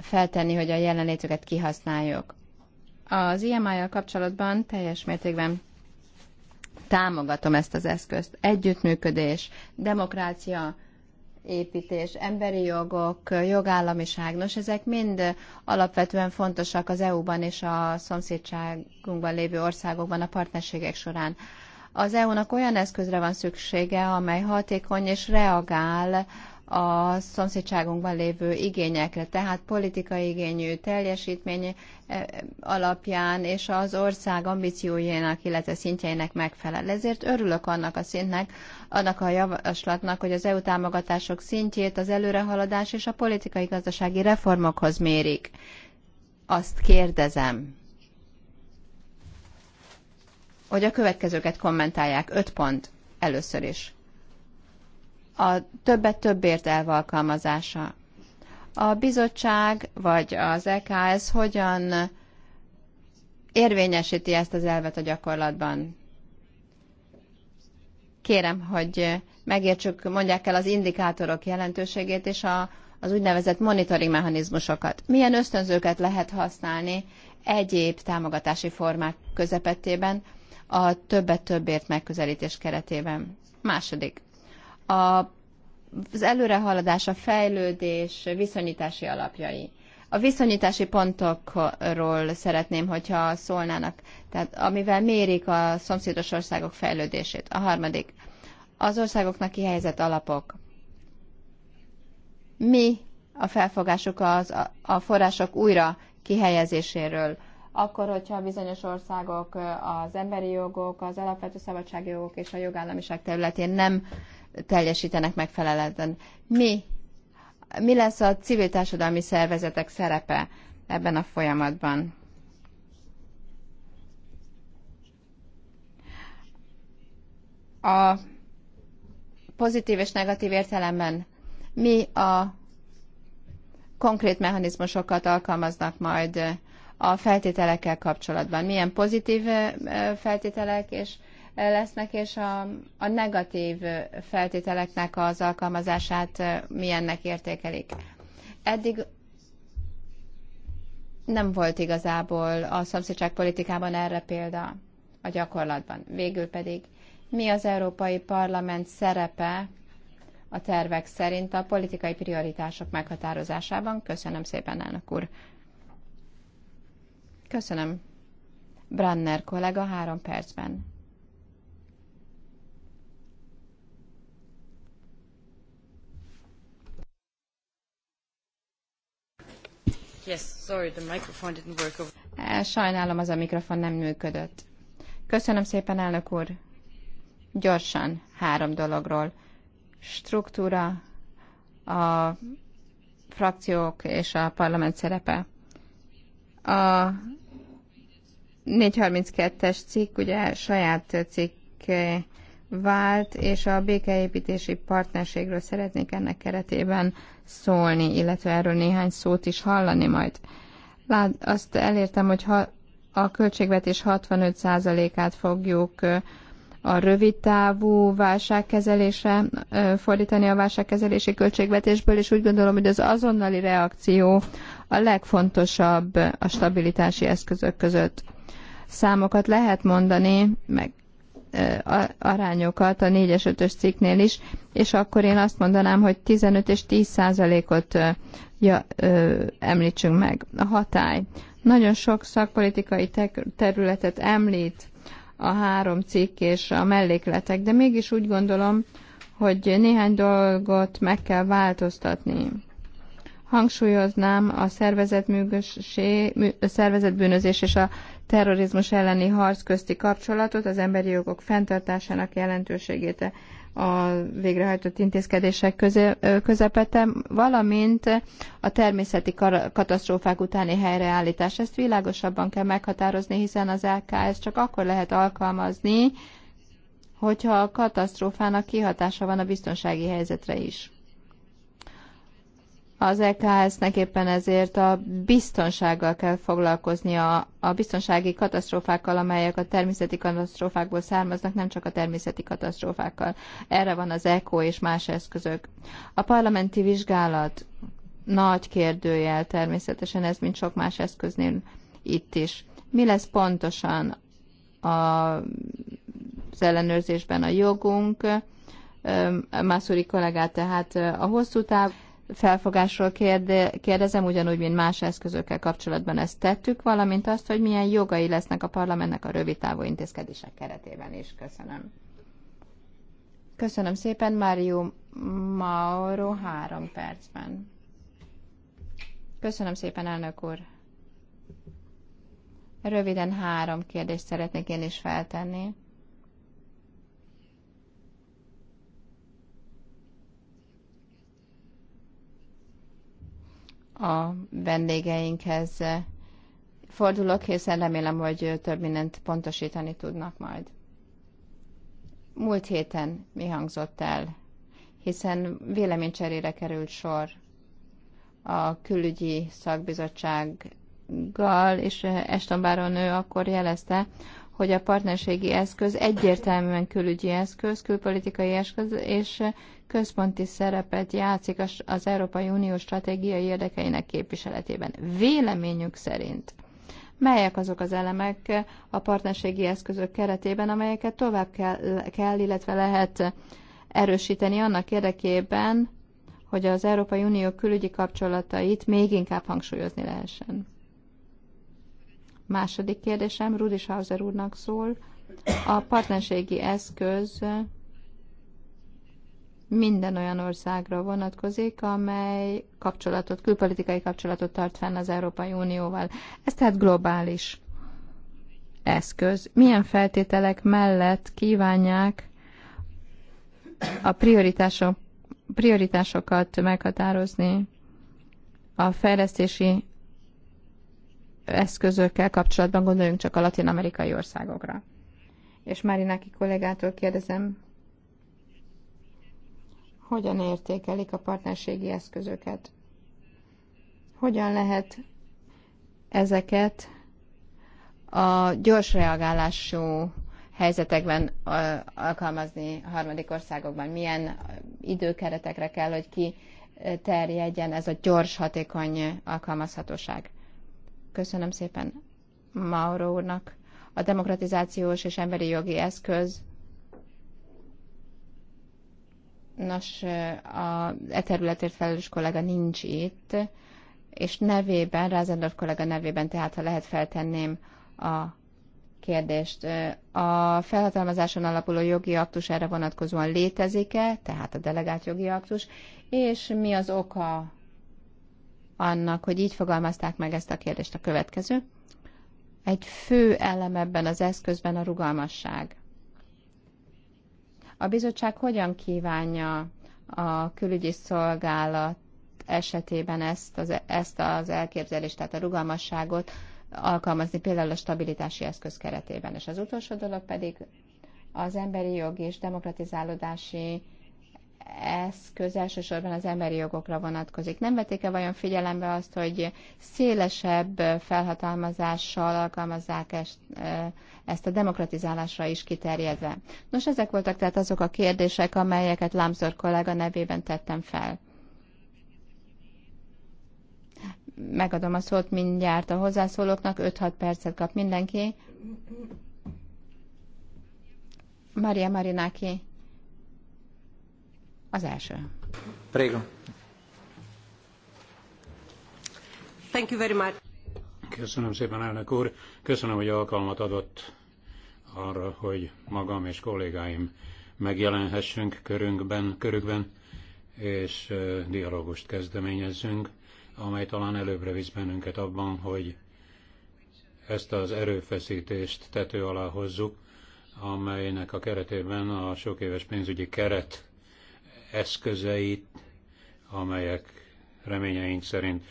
[SPEAKER 4] feltenni, hogy a jelenlétüket kihasználjuk. Az IMI-jal kapcsolatban teljes mértékben támogatom ezt az eszközt. Együttműködés, demokrácia, építés, emberi jogok, jogállamiság, nos, ezek mind alapvetően fontosak az EU-ban és a szomszédságunkban lévő országokban a partnerségek során. Az EU-nak olyan eszközre van szüksége, amely hatékony és reagál a szomszédságunkban lévő igényekre, tehát politikai igényű teljesítmény eh, alapján és az ország ambíciójának, illetve szintjeinek megfelel. Ezért örülök annak a szintnek, annak a javaslatnak, hogy az EU támogatások szintjét az előrehaladás és a politikai-gazdasági reformokhoz mérik. Azt kérdezem, hogy a következőket kommentálják. Öt pont először is a többet többért elv alkalmazása. A bizottság vagy az EKS hogyan érvényesíti ezt az elvet a gyakorlatban? Kérem, hogy megértsük, mondják el az indikátorok jelentőségét és a, az úgynevezett monitoring mechanizmusokat. Milyen ösztönzőket lehet használni egyéb támogatási formák közepettében a többet többért megközelítés keretében? Második a, az előrehaladás, a fejlődés viszonyítási alapjai. A viszonyítási pontokról szeretném, hogyha szólnának, tehát amivel mérik a szomszédos országok fejlődését. A harmadik, az országoknak kihelyezett alapok. Mi a felfogásuk az, a források újra kihelyezéséről? Akkor, hogyha bizonyos országok az emberi jogok, az alapvető szabadságjogok és a jogállamiság területén nem teljesítenek megfelelően. Mi, mi lesz a civil társadalmi szervezetek szerepe ebben a folyamatban? A pozitív és negatív értelemben mi a konkrét mechanizmusokat alkalmaznak majd a feltételekkel kapcsolatban. Milyen pozitív feltételek és lesznek, és a, a negatív feltételeknek az alkalmazását milyennek értékelik. Eddig nem volt igazából a szomszédságpolitikában erre példa a gyakorlatban. Végül pedig mi az Európai Parlament szerepe a tervek szerint a politikai prioritások meghatározásában? Köszönöm szépen, elnök úr. Köszönöm. Branner kollega három percben.
[SPEAKER 3] Yes,
[SPEAKER 2] sorry, the microphone didn't work
[SPEAKER 4] e, Sajnálom, az a mikrofon nem működött. Köszönöm szépen, elnök úr. Gyorsan három dologról. Struktúra, a frakciók és a parlament szerepe. A 432-es cikk, ugye saját cikk vált, és a békeépítési partnerségről szeretnék ennek keretében szólni, illetve erről néhány szót is hallani majd. Lát, azt elértem, hogy ha a költségvetés 65%-át fogjuk a rövid távú válságkezelésre fordítani a válságkezelési költségvetésből, és úgy gondolom, hogy az azonnali reakció a legfontosabb a stabilitási eszközök között. Számokat lehet mondani, meg arányokat a 4-es 5-ös cikknél is, és akkor én azt mondanám, hogy 15 és 10 százalékot ja, említsünk meg. A hatály. Nagyon sok szakpolitikai területet említ a három cikk és a mellékletek, de mégis úgy gondolom, hogy néhány dolgot meg kell változtatni. Hangsúlyoznám a szervezetbűnözés és a terrorizmus elleni harc közti kapcsolatot, az emberi jogok fenntartásának jelentőségét a végrehajtott intézkedések közé, közepete, valamint a természeti katasztrófák utáni helyreállítás. Ezt világosabban kell meghatározni, hiszen az LKS csak akkor lehet alkalmazni, hogyha a katasztrófának kihatása van a biztonsági helyzetre is. Az EKS-nek éppen ezért a biztonsággal kell foglalkoznia, a biztonsági katasztrófákkal, amelyek a természeti katasztrófákból származnak, nem csak a természeti katasztrófákkal. Erre van az ECO és más eszközök. A parlamenti vizsgálat nagy kérdőjel természetesen ez, mint sok más eszköznél itt is. Mi lesz pontosan a, az ellenőrzésben a jogunk? Mászúri kollégát, tehát a hosszú táv felfogásról kérdezem, ugyanúgy, mint más eszközökkel kapcsolatban ezt tettük, valamint azt, hogy milyen jogai lesznek a parlamentnek a rövidtávú intézkedések keretében is. Köszönöm. Köszönöm szépen, Mário Mauro három percben. Köszönöm szépen, elnök úr. Röviden három kérdést szeretnék én is feltenni. a vendégeinkhez fordulok, hiszen remélem, hogy több mindent pontosítani tudnak majd. Múlt héten mi hangzott el, hiszen véleménycserére került sor a külügyi szakbizottsággal, és Eston ő akkor jelezte, hogy a partnerségi eszköz egyértelműen külügyi eszköz, külpolitikai eszköz, és központi szerepet játszik az Európai Unió stratégiai érdekeinek képviseletében. Véleményük szerint melyek azok az elemek a partnerségi eszközök keretében, amelyeket tovább kell, kell illetve lehet erősíteni annak érdekében, hogy az Európai Unió külügyi kapcsolatait még inkább hangsúlyozni lehessen. Második kérdésem Schauser úrnak szól. A partnerségi eszköz minden olyan országra vonatkozik, amely kapcsolatot, külpolitikai kapcsolatot tart fenn az Európai Unióval. Ez tehát globális eszköz. Milyen feltételek mellett kívánják a prioritások, prioritásokat meghatározni a fejlesztési eszközökkel kapcsolatban, gondoljunk csak a latin-amerikai országokra. És Márinaki kollégától kérdezem, hogyan értékelik a partnerségi eszközöket? Hogyan lehet ezeket a gyors reagálású helyzetekben alkalmazni a harmadik országokban? Milyen időkeretekre kell, hogy ki terjedjen ez a gyors, hatékony alkalmazhatóság? Köszönöm szépen Mauro úrnak. A demokratizációs és emberi jogi eszköz Nos, a e területért felelős kollega nincs itt, és nevében, Rázendorf kollega nevében, tehát ha lehet feltenném a kérdést. A felhatalmazáson alapuló jogi aktus erre vonatkozóan létezik-e, tehát a delegált jogi aktus, és mi az oka annak, hogy így fogalmazták meg ezt a kérdést a következő? Egy fő elem ebben az eszközben a rugalmasság. A bizottság hogyan kívánja a külügyi szolgálat esetében ezt az, ezt az elképzelést, tehát a rugalmasságot alkalmazni például a stabilitási eszköz keretében. És az utolsó dolog pedig az emberi jogi és demokratizálódási eszköz elsősorban az emberi jogokra vonatkozik. Nem vették-e vajon figyelembe azt, hogy szélesebb felhatalmazással alkalmazzák ezt, e, ezt a demokratizálásra is kiterjedve? Nos, ezek voltak tehát azok a kérdések, amelyeket Lámszor kollega nevében tettem fel. Megadom a szót mindjárt a hozzászólóknak, 5-6 percet kap mindenki. Maria Marináki az első. Prego. Thank
[SPEAKER 1] you very much.
[SPEAKER 3] Köszönöm szépen, elnök úr. Köszönöm, hogy alkalmat adott arra, hogy magam és kollégáim megjelenhessünk körünkben, körükben, és dialógust kezdeményezzünk, amely talán előbbre visz bennünket abban, hogy ezt az erőfeszítést tető alá hozzuk, amelynek a keretében a sok éves pénzügyi keret eszközeit, amelyek reményeink szerint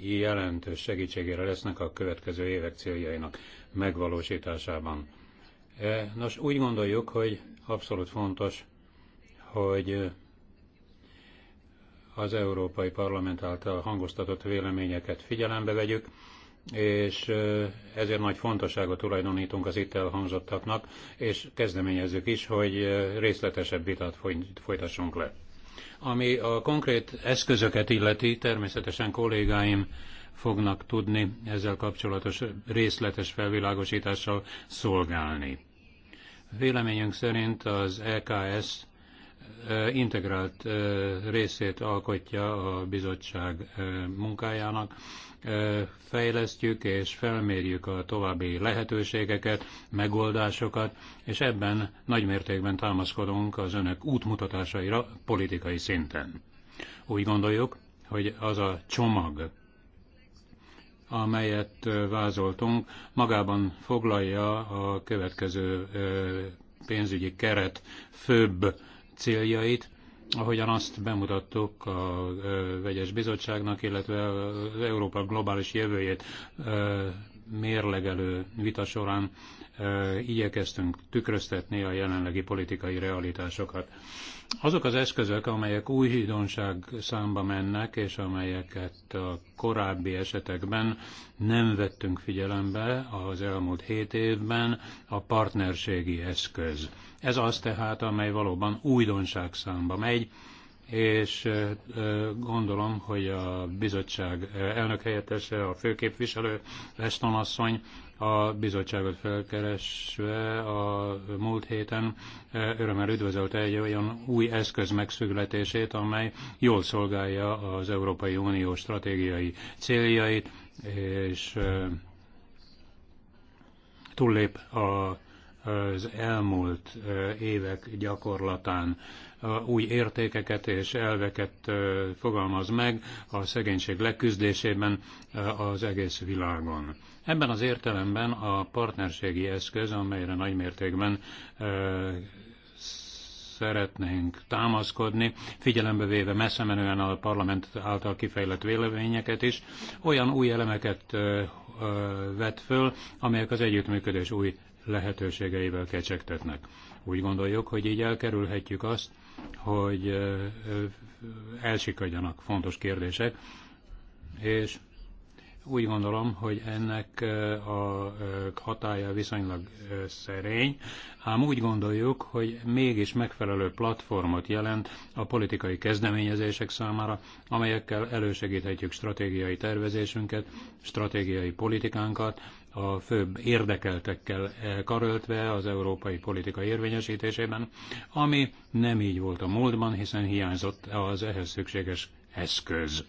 [SPEAKER 3] jelentős segítségére lesznek a következő évek céljainak megvalósításában. Nos, úgy gondoljuk, hogy abszolút fontos, hogy az Európai Parlament által hangoztatott véleményeket figyelembe vegyük, és ezért nagy fontosságot tulajdonítunk az itt elhangzottaknak, és kezdeményezzük is, hogy részletesebb vitát folytassunk le. Ami a konkrét eszközöket illeti, természetesen kollégáim fognak tudni ezzel kapcsolatos részletes felvilágosítással szolgálni. Véleményünk szerint az EKS integrált részét alkotja a bizottság munkájának. Fejlesztjük és felmérjük a további lehetőségeket, megoldásokat, és ebben nagymértékben támaszkodunk az önök útmutatásaira politikai szinten. Úgy gondoljuk, hogy az a csomag, amelyet vázoltunk, magában foglalja a következő pénzügyi keret főbb céljait, ahogyan azt bemutattuk a vegyes bizottságnak, illetve az Európa globális jövőjét mérlegelő vita során igyekeztünk tükröztetni a jelenlegi politikai realitásokat. Azok az eszközök, amelyek új hídonság számba mennek, és amelyeket a korábbi esetekben nem vettünk figyelembe az elmúlt hét évben, a partnerségi eszköz ez az tehát, amely valóban újdonság számba megy, és gondolom, hogy a bizottság elnök helyettese, a főképviselő Weston asszony a bizottságot felkeresve a múlt héten örömmel üdvözölte egy olyan új eszköz megszületését, amely jól szolgálja az Európai Unió stratégiai céljait, és túllép a az elmúlt évek gyakorlatán új értékeket és elveket fogalmaz meg a szegénység leküzdésében az egész világon. Ebben az értelemben a partnerségi eszköz, amelyre nagymértékben szeretnénk támaszkodni, figyelembe véve messze menően a parlament által kifejlett véleményeket is, olyan új elemeket vet föl, amelyek az együttműködés új lehetőségeivel kecsegtetnek. Úgy gondoljuk, hogy így elkerülhetjük azt, hogy elsikadjanak fontos kérdések, és úgy gondolom, hogy ennek a hatája viszonylag szerény, ám úgy gondoljuk, hogy mégis megfelelő platformot jelent a politikai kezdeményezések számára, amelyekkel elősegíthetjük stratégiai tervezésünket, stratégiai politikánkat, a főbb érdekeltekkel karöltve az európai politika érvényesítésében, ami nem így volt a múltban, hiszen hiányzott az ehhez szükséges eszköz.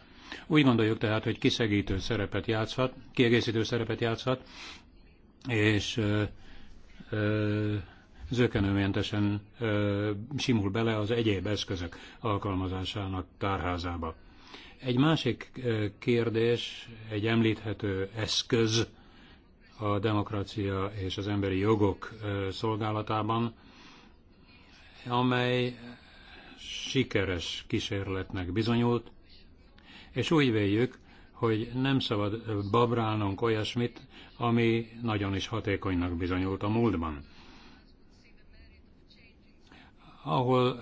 [SPEAKER 3] Úgy gondoljuk tehát, hogy kiszegítő szerepet játszhat, kiegészítő szerepet játszhat, és ö, ö, zökenőmentesen ö, simul bele az egyéb eszközök alkalmazásának tárházába. Egy másik kérdés, egy említhető eszköz, a demokrácia és az emberi jogok szolgálatában, amely sikeres kísérletnek bizonyult, és úgy véljük, hogy nem szabad babrálnunk olyasmit, ami nagyon is hatékonynak bizonyult a múltban. Ahol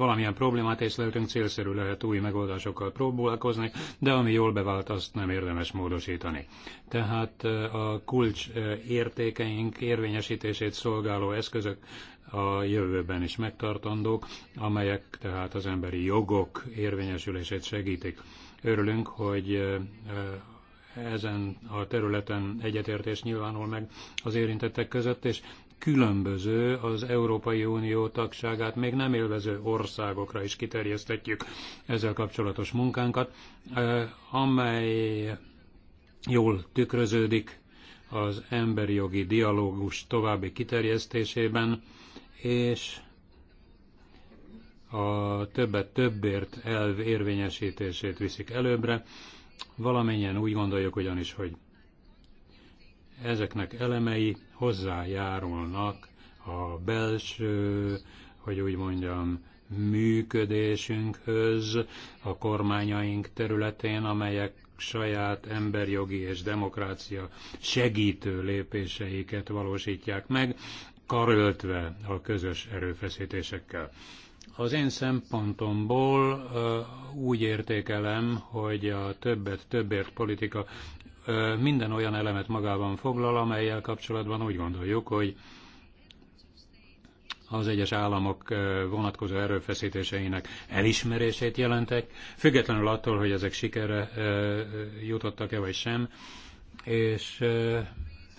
[SPEAKER 3] valamilyen problémát észleltünk, célszerű lehet új megoldásokkal próbálkozni, de ami jól bevált, azt nem érdemes módosítani. Tehát a kulcs értékeink érvényesítését szolgáló eszközök a jövőben is megtartandók, amelyek tehát az emberi jogok érvényesülését segítik. Örülünk, hogy ezen a területen egyetértés nyilvánul meg az érintettek között, és különböző az Európai Unió tagságát még nem élvező országokra is kiterjesztetjük ezzel kapcsolatos munkánkat, amely jól tükröződik az emberi jogi dialógus további kiterjesztésében, és a többet többért elv érvényesítését viszik előbbre. Valamennyien úgy gondoljuk ugyanis, hogy ezeknek elemei hozzájárulnak a belső, hogy úgy mondjam, működésünkhöz a kormányaink területén, amelyek saját emberjogi és demokrácia segítő lépéseiket valósítják meg, karöltve a közös erőfeszítésekkel. Az én szempontomból úgy értékelem, hogy a többet többért politika minden olyan elemet magában foglal, amelyel kapcsolatban úgy gondoljuk, hogy az egyes államok vonatkozó erőfeszítéseinek elismerését jelentek, függetlenül attól, hogy ezek sikerre jutottak-e vagy sem, és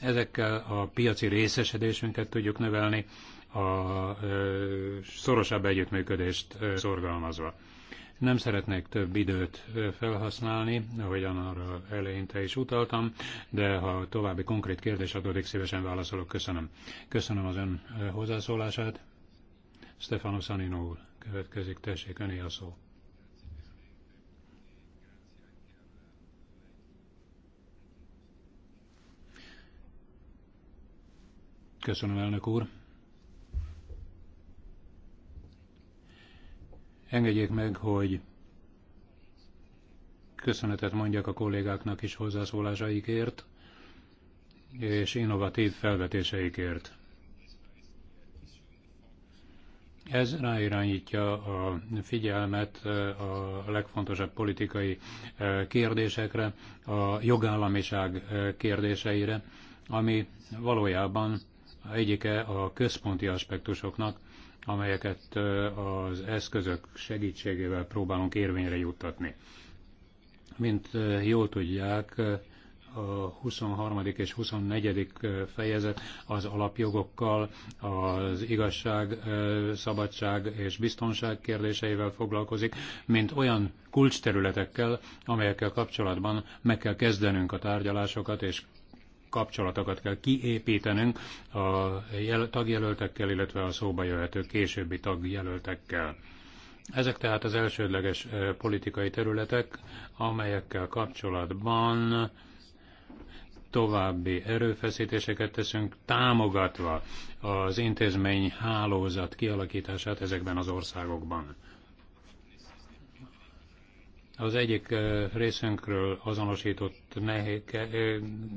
[SPEAKER 3] ezekkel a piaci részesedésünket tudjuk növelni, a szorosabb együttműködést szorgalmazva. Nem szeretnék több időt felhasználni, ahogyan arra eleinte is utaltam, de ha további konkrét kérdés adódik, szívesen válaszolok. Köszönöm. Köszönöm az ön hozzászólását. Stefano Sanino úr következik. Tessék, öné a szó. Köszönöm, elnök úr. Engedjék meg, hogy köszönetet mondjak a kollégáknak is hozzászólásaikért és innovatív felvetéseikért. Ez ráirányítja a figyelmet a legfontosabb politikai kérdésekre, a jogállamiság kérdéseire, ami valójában egyike a központi aspektusoknak, amelyeket az eszközök segítségével próbálunk érvényre juttatni. Mint jól tudják, a 23. és 24. fejezet az alapjogokkal, az igazság, szabadság és biztonság kérdéseivel foglalkozik, mint olyan kulcsterületekkel, amelyekkel kapcsolatban meg kell kezdenünk a tárgyalásokat, és kapcsolatokat kell kiépítenünk a tagjelöltekkel, illetve a szóba jöhető későbbi tagjelöltekkel. Ezek tehát az elsődleges politikai területek, amelyekkel kapcsolatban további erőfeszítéseket teszünk, támogatva az intézmény hálózat kialakítását ezekben az országokban. Az egyik részünkről azonosított nehéke,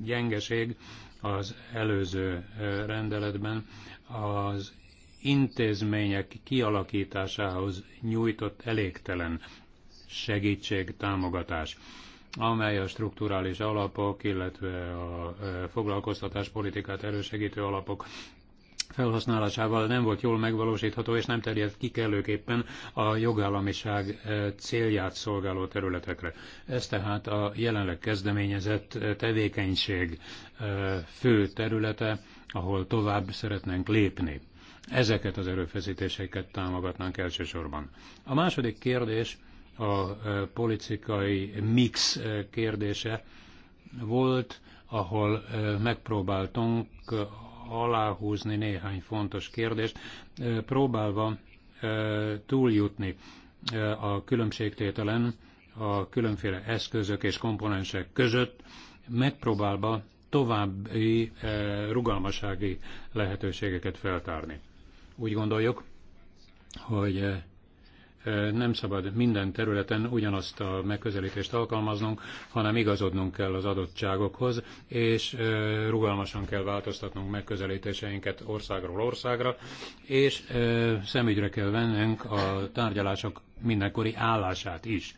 [SPEAKER 3] gyengeség az előző rendeletben az intézmények kialakításához nyújtott elégtelen segítség, támogatás, amely a strukturális alapok, illetve a foglalkoztatáspolitikát erősegítő alapok felhasználásával nem volt jól megvalósítható, és nem terjedt ki kellőképpen a jogállamiság eh, célját szolgáló területekre. Ez tehát a jelenleg kezdeményezett eh, tevékenység eh, fő területe, ahol tovább szeretnénk lépni. Ezeket az erőfeszítéseket támogatnánk elsősorban. A második kérdés a politikai mix kérdése volt, ahol megpróbáltunk aláhúzni néhány fontos kérdést, próbálva túljutni a különbségtételen a különféle eszközök és komponensek között, megpróbálva további rugalmasági lehetőségeket feltárni. Úgy gondoljuk, hogy nem szabad minden területen ugyanazt a megközelítést alkalmaznunk, hanem igazodnunk kell az adottságokhoz, és rugalmasan kell változtatnunk megközelítéseinket országról országra, és szemügyre kell vennünk a tárgyalások mindenkori állását is.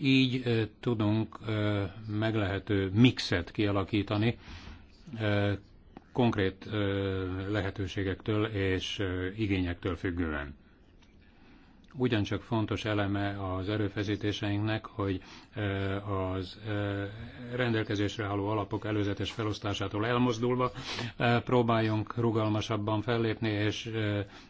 [SPEAKER 3] Így tudunk meglehető mixet kialakítani, konkrét lehetőségektől és igényektől függően ugyancsak fontos eleme az erőfeszítéseinknek, hogy az rendelkezésre álló alapok előzetes felosztásától elmozdulva próbáljunk rugalmasabban fellépni, és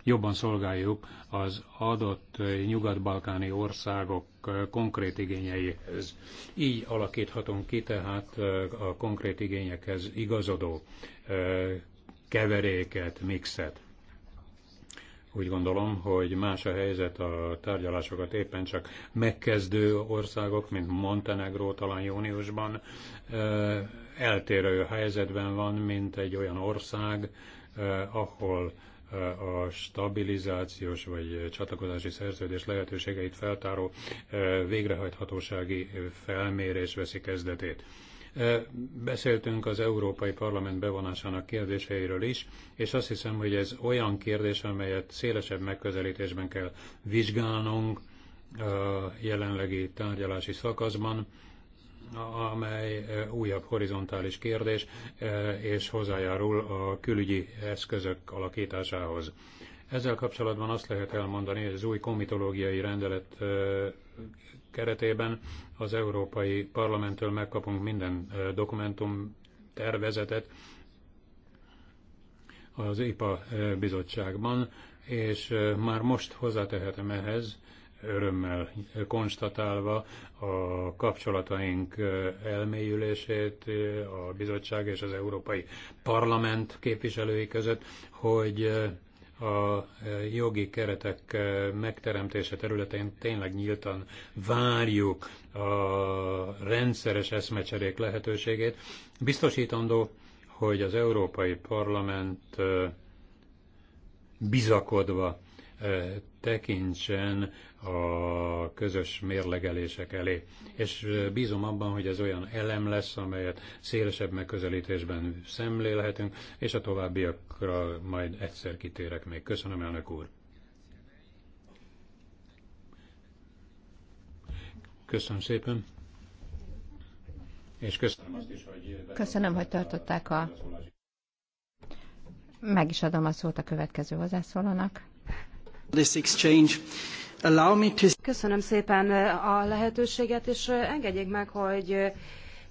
[SPEAKER 3] jobban szolgáljuk az adott nyugat-balkáni országok konkrét igényeihez. Így alakíthatunk ki tehát a konkrét igényekhez igazodó keveréket, mixet. Úgy gondolom, hogy más a helyzet a tárgyalásokat éppen csak megkezdő országok, mint Montenegró talán júniusban, eltérő helyzetben van, mint egy olyan ország, ahol a stabilizációs vagy csatlakozási szerződés lehetőségeit feltáró végrehajthatósági felmérés veszi kezdetét. Beszéltünk az Európai Parlament bevonásának kérdéseiről is, és azt hiszem, hogy ez olyan kérdés, amelyet szélesebb megközelítésben kell vizsgálnunk a jelenlegi tárgyalási szakaszban, amely újabb horizontális kérdés, és hozzájárul a külügyi eszközök alakításához. Ezzel kapcsolatban azt lehet elmondani, hogy az új komitológiai rendelet keretében az Európai Parlamenttől megkapunk minden dokumentum tervezetet az IPA bizottságban, és már most hozzátehetem ehhez, örömmel konstatálva a kapcsolataink elmélyülését a bizottság és az Európai Parlament képviselői között, hogy a e, jogi keretek e, megteremtése területén tényleg nyíltan várjuk a rendszeres eszmecserék lehetőségét. Biztosítandó, hogy az Európai Parlament e, bizakodva tekintsen a közös mérlegelések elé. És bízom abban, hogy ez olyan elem lesz, amelyet szélesebb megközelítésben szemlélhetünk, és a továbbiakra majd egyszer kitérek még. Köszönöm, elnök úr! Köszönöm szépen! És köszönöm azt is, hogy... Köszönöm, hogy tartották a...
[SPEAKER 4] Meg is adom a szót a következő hozzászólónak.
[SPEAKER 3] This exchange.
[SPEAKER 1] Allow me to...
[SPEAKER 2] Köszönöm szépen eh, a lehetőséget, és eh, engedjék meg, hogy eh,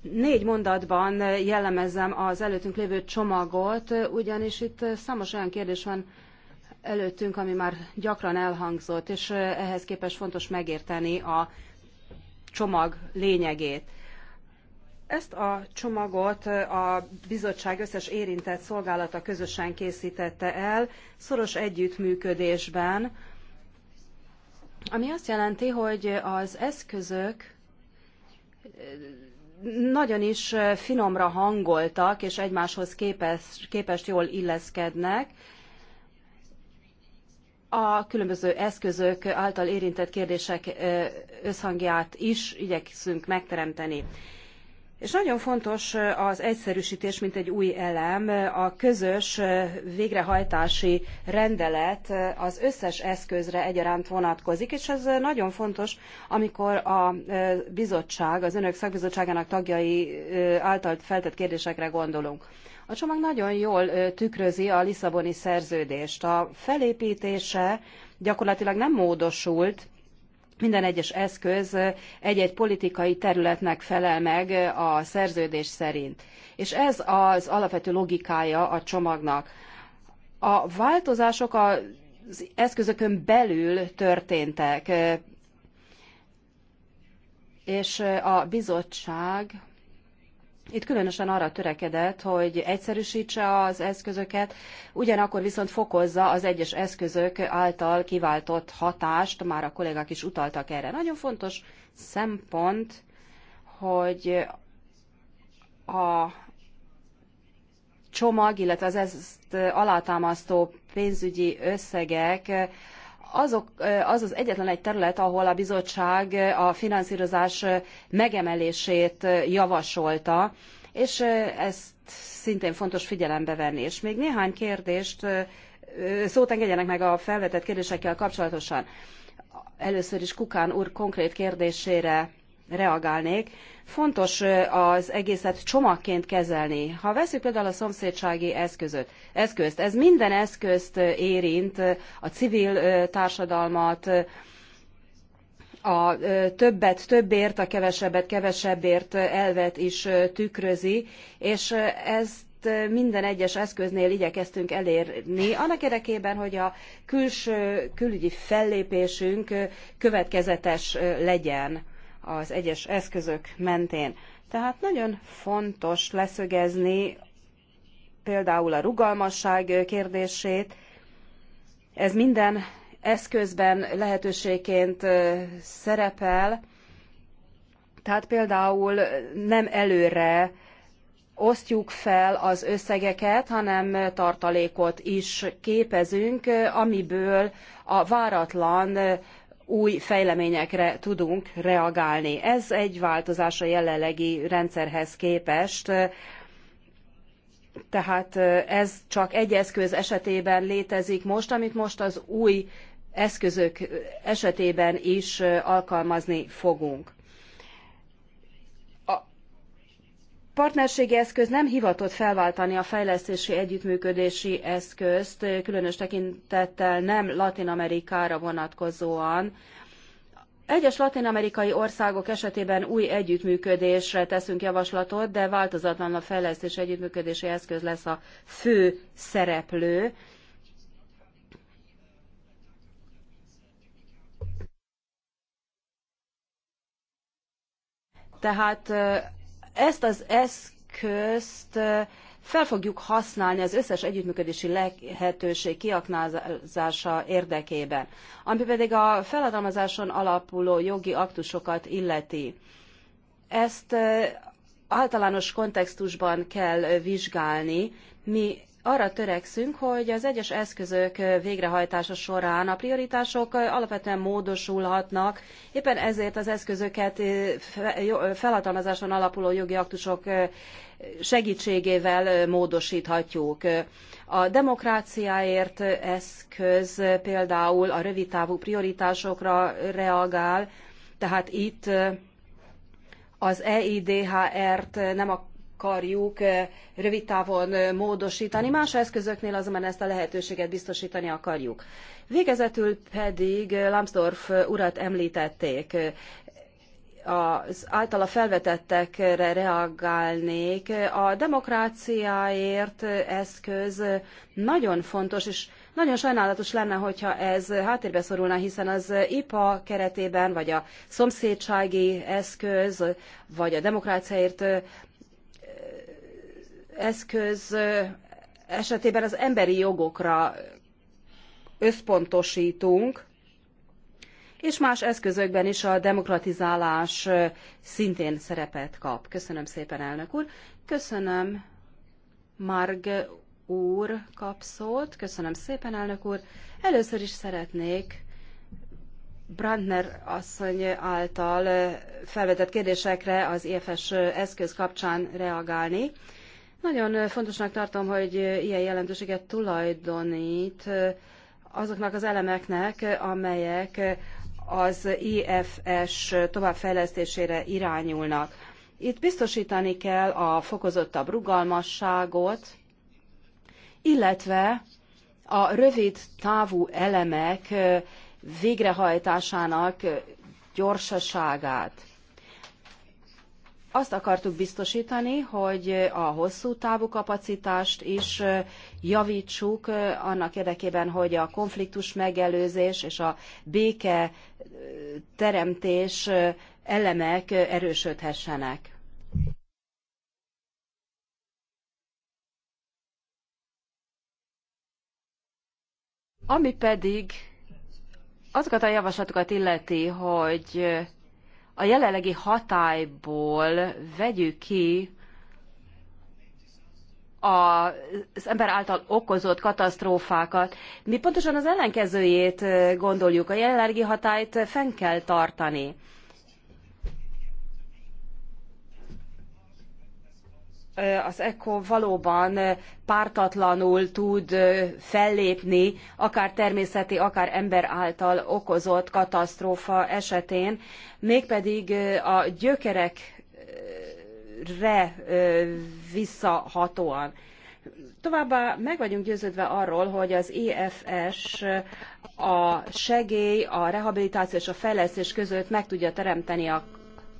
[SPEAKER 2] négy mondatban jellemezzem az előttünk lévő csomagot, ugyanis itt számos olyan kérdés van előttünk, ami már gyakran elhangzott, és ehhez képest fontos megérteni a csomag lényegét. Ezt a csomagot a bizottság összes érintett szolgálata közösen készítette el, szoros együttműködésben, ami azt jelenti, hogy az eszközök eh, nagyon is eh, finomra hangoltak, és egymáshoz képest, képest jól illeszkednek. A különböző eszközök által érintett kérdések eh, összhangját is igyekszünk megteremteni. És nagyon fontos az egyszerűsítés, mint egy új elem, a közös végrehajtási rendelet az összes eszközre egyaránt vonatkozik, és ez nagyon fontos, amikor a bizottság, az önök szakbizottságának tagjai által feltett kérdésekre gondolunk. A csomag nagyon jól tükrözi a Lisszaboni szerződést. A felépítése gyakorlatilag nem módosult, minden egyes eszköz egy-egy politikai területnek felel meg a szerződés szerint. És ez az alapvető logikája a csomagnak. A változások az eszközökön belül történtek, és a bizottság itt különösen arra törekedett, hogy egyszerűsítse az eszközöket, ugyanakkor viszont fokozza az egyes eszközök által kiváltott hatást, már a kollégák is utaltak erre. Nagyon fontos szempont, hogy a csomag, illetve az ezt alátámasztó pénzügyi összegek azok, az az egyetlen egy terület, ahol a bizottság a finanszírozás megemelését javasolta, és ezt szintén fontos figyelembe venni. És még néhány kérdést, szót engedjenek meg a felvetett kérdésekkel kapcsolatosan. Először is Kukán úr konkrét kérdésére reagálnék fontos az egészet csomagként kezelni. Ha veszük például a szomszédsági eszközöt, eszközt, ez minden eszközt érint, a civil társadalmat, a többet többért, a kevesebbet kevesebbért elvet is tükrözi, és ezt minden egyes eszköznél igyekeztünk elérni, annak érdekében, hogy a külső, külügyi fellépésünk következetes legyen az egyes eszközök mentén. Tehát nagyon fontos leszögezni például a rugalmasság kérdését. Ez minden eszközben lehetőségként szerepel, tehát például nem előre osztjuk fel az összegeket, hanem tartalékot is képezünk, amiből a váratlan új fejleményekre tudunk reagálni. Ez egy változás a jelenlegi rendszerhez képest, tehát ez csak egy eszköz esetében létezik most, amit most az új eszközök esetében is alkalmazni fogunk. partnerségi eszköz nem hivatott felváltani a fejlesztési együttműködési eszközt, különös tekintettel nem Latin Amerikára vonatkozóan. Egyes latin-amerikai országok esetében új együttműködésre teszünk javaslatot, de változatlan a fejlesztés együttműködési eszköz lesz a fő szereplő. Tehát ezt az eszközt fel fogjuk használni az összes együttműködési lehetőség kiaknázása érdekében, ami pedig a feladalmazáson alapuló jogi aktusokat illeti. Ezt általános kontextusban kell vizsgálni. Mi arra törekszünk, hogy az egyes eszközök végrehajtása során a prioritások alapvetően módosulhatnak, éppen ezért az eszközöket eh, eh, felhatalmazáson alapuló jogi aktusok eh, segítségével módosíthatjuk. A demokráciáért eszköz például a rövidtávú prioritásokra reagál, tehát itt az EIDHR-t nem a akarjuk eh, rövid távon eh, módosítani, más eszközöknél azonban ezt a lehetőséget biztosítani akarjuk. Végezetül pedig eh, Lambsdorff urat említették. Az általa felvetettekre reagálnék. A demokráciáért eszköz nagyon fontos, és nagyon sajnálatos lenne, hogyha ez háttérbe szorulna, hiszen az IPA keretében, vagy a szomszédsági eszköz, vagy a demokráciáért eszköz esetében az emberi jogokra összpontosítunk, és más eszközökben is a demokratizálás szintén szerepet kap. Köszönöm szépen, elnök úr. Köszönöm, Marg úr kap szót. Köszönöm szépen, elnök úr. Először is szeretnék Brandner asszony által felvetett kérdésekre az IFS eszköz kapcsán reagálni. Nagyon fontosnak tartom, hogy ilyen jelentőséget tulajdonít azoknak az elemeknek, amelyek az IFS továbbfejlesztésére irányulnak. Itt biztosítani kell a fokozottabb rugalmasságot, illetve a rövid távú elemek végrehajtásának gyorsaságát azt akartuk biztosítani, hogy a hosszú távú kapacitást is javítsuk annak érdekében, hogy a konfliktus megelőzés és a béke teremtés elemek erősödhessenek. Ami pedig azokat a javaslatokat illeti, hogy a jelenlegi hatályból vegyük ki az ember által okozott katasztrófákat. Mi pontosan az ellenkezőjét gondoljuk, a jelenlegi hatályt fenn kell tartani. az ECO valóban pártatlanul tud fellépni, akár természeti, akár ember által okozott katasztrófa esetén, mégpedig a gyökerekre visszahatóan. Továbbá meg vagyunk győződve arról, hogy az EFS a segély, a rehabilitáció és a fejlesztés között meg tudja teremteni a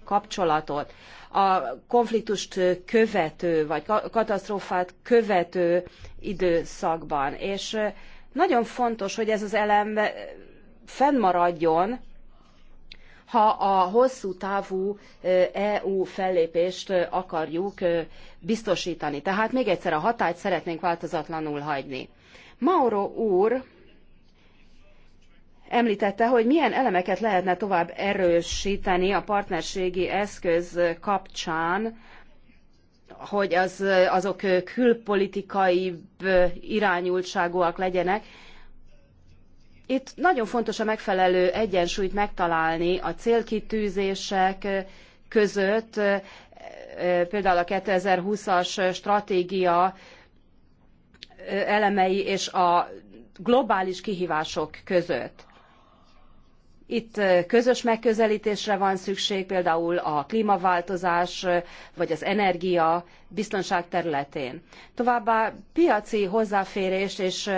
[SPEAKER 2] kapcsolatot a konfliktust követő, vagy katasztrófát követő időszakban. És nagyon fontos, hogy ez az elem fennmaradjon, ha a hosszú távú EU fellépést akarjuk biztosítani. Tehát még egyszer a hatályt szeretnénk változatlanul hagyni. Mauro úr említette, hogy milyen elemeket lehetne tovább erősíteni a partnerségi eszköz kapcsán, hogy az, azok külpolitikai irányultságúak legyenek. Itt nagyon fontos a megfelelő egyensúlyt megtalálni a célkitűzések között, például a 2020-as stratégia elemei és a globális kihívások között. Itt közös megközelítésre van szükség, például a klímaváltozás vagy az energia biztonság területén. Továbbá piaci hozzáférést és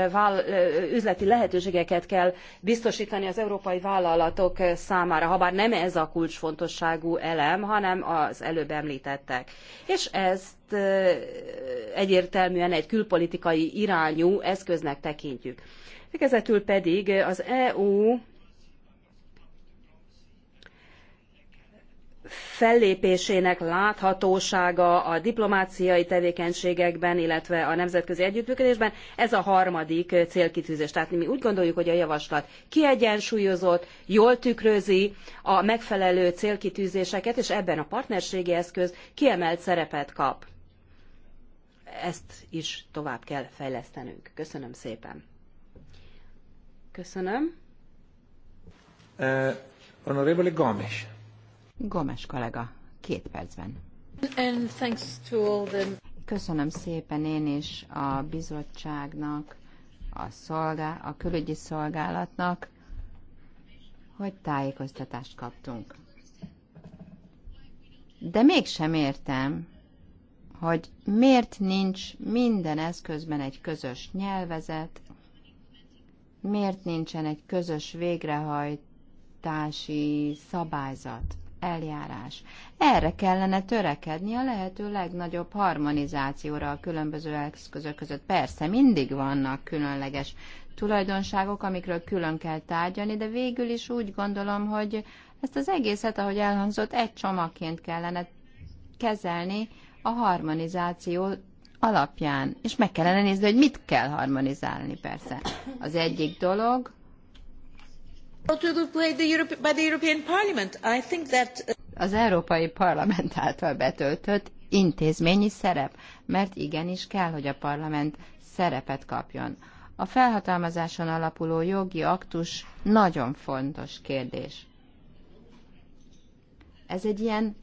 [SPEAKER 2] üzleti lehetőségeket kell biztosítani az európai vállalatok számára, habár nem ez a kulcsfontosságú elem, hanem az előbb említettek. És ezt egyértelműen egy külpolitikai irányú eszköznek tekintjük. Végezetül pedig az EU fellépésének láthatósága a diplomáciai tevékenységekben, illetve a nemzetközi együttműködésben. Ez a harmadik célkitűzés. Tehát mi úgy gondoljuk, hogy a javaslat kiegyensúlyozott, jól tükrözi a megfelelő célkitűzéseket, és ebben a partnerségi eszköz kiemelt szerepet kap. Ezt is tovább kell fejlesztenünk. Köszönöm szépen. Köszönöm.
[SPEAKER 4] Uh, Honorable Gomes. Gomes kollega, két percben. And thanks to all the... Köszönöm szépen én is a bizottságnak, a, szolgá, a külügyi szolgálatnak, hogy tájékoztatást kaptunk. De mégsem értem, hogy miért nincs minden eszközben egy közös nyelvezet, miért nincsen egy közös végrehajtási szabályzat eljárás. Erre kellene törekedni a lehető legnagyobb harmonizációra a különböző eszközök között. Persze, mindig vannak különleges tulajdonságok, amikről külön kell tárgyalni, de végül is úgy gondolom, hogy ezt az egészet, ahogy elhangzott, egy csomagként kellene kezelni a harmonizáció alapján. És meg kellene nézni, hogy mit kell harmonizálni, persze. Az egyik dolog, az Európai Parlament által betöltött intézményi szerep, mert igenis kell, hogy a parlament szerepet kapjon. A felhatalmazáson alapuló jogi aktus nagyon fontos kérdés. Ez egy ilyen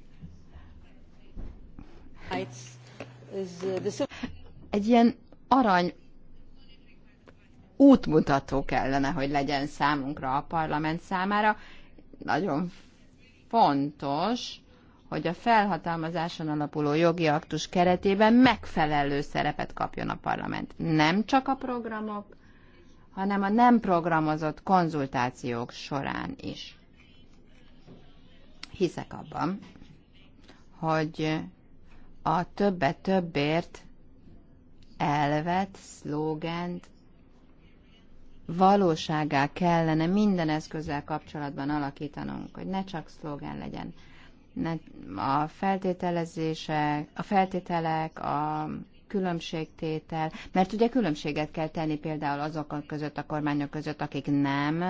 [SPEAKER 4] uh, egy ilyen arany útmutató kellene, hogy legyen számunkra a parlament számára. Nagyon fontos, hogy a felhatalmazáson alapuló jogi aktus keretében megfelelő szerepet kapjon a parlament. Nem csak a programok, hanem a nem programozott konzultációk során is. Hiszek abban, hogy a többet többért elvet, szlógent valóságá kellene minden eszközzel kapcsolatban alakítanunk, hogy ne csak szlogán legyen. Ne, a feltételezések, a feltételek, a különbségtétel, mert ugye különbséget kell tenni például azok között, a kormányok között, akik nem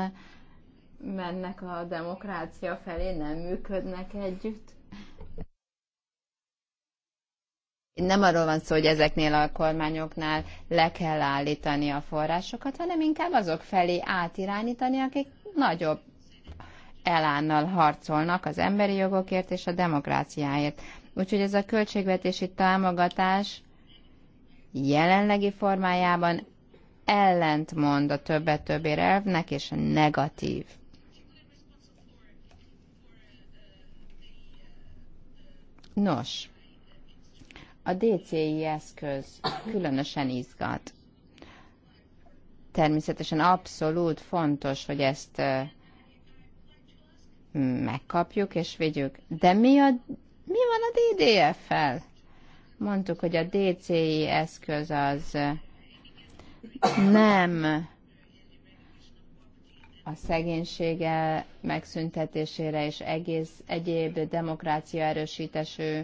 [SPEAKER 4] mennek a demokrácia felé, nem működnek együtt, nem arról van szó, hogy ezeknél a kormányoknál le kell állítani a forrásokat, hanem inkább azok felé átirányítani, akik nagyobb elánnal harcolnak az emberi jogokért és a demokráciáért. Úgyhogy ez a költségvetési támogatás jelenlegi formájában ellentmond a többet többér elvnek, és negatív. Nos, a DCI eszköz különösen izgat. Természetesen abszolút fontos, hogy ezt megkapjuk és vigyük. De mi, a, mi van a DDF-fel? Mondtuk, hogy a DCI eszköz az nem a szegénysége megszüntetésére és egész egyéb demokrácia erősítésű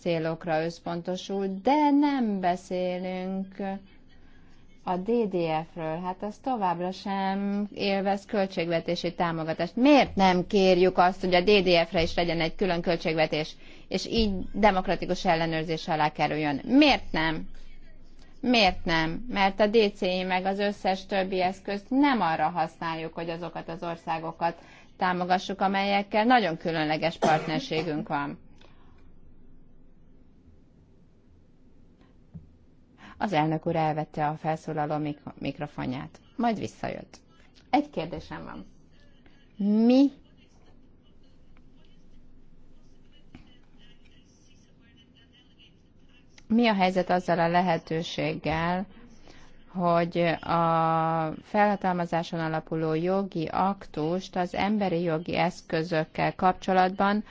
[SPEAKER 4] célokra összpontosul, de nem beszélünk a DDF-ről, hát az továbbra sem élvez költségvetési támogatást. Miért nem kérjük azt, hogy a DDF-re is legyen egy külön költségvetés, és így demokratikus ellenőrzés alá kerüljön? Miért nem? Miért nem? Mert a DCI meg az összes többi eszközt nem arra használjuk, hogy azokat az országokat támogassuk, amelyekkel nagyon különleges partnerségünk van. Az elnök úr elvette a felszólaló mikrofonját. Majd visszajött. Egy kérdésem van. Mi mi a helyzet azzal a lehetőséggel, hogy a felhatalmazáson alapuló jogi aktust az emberi jogi eszközökkel kapcsolatban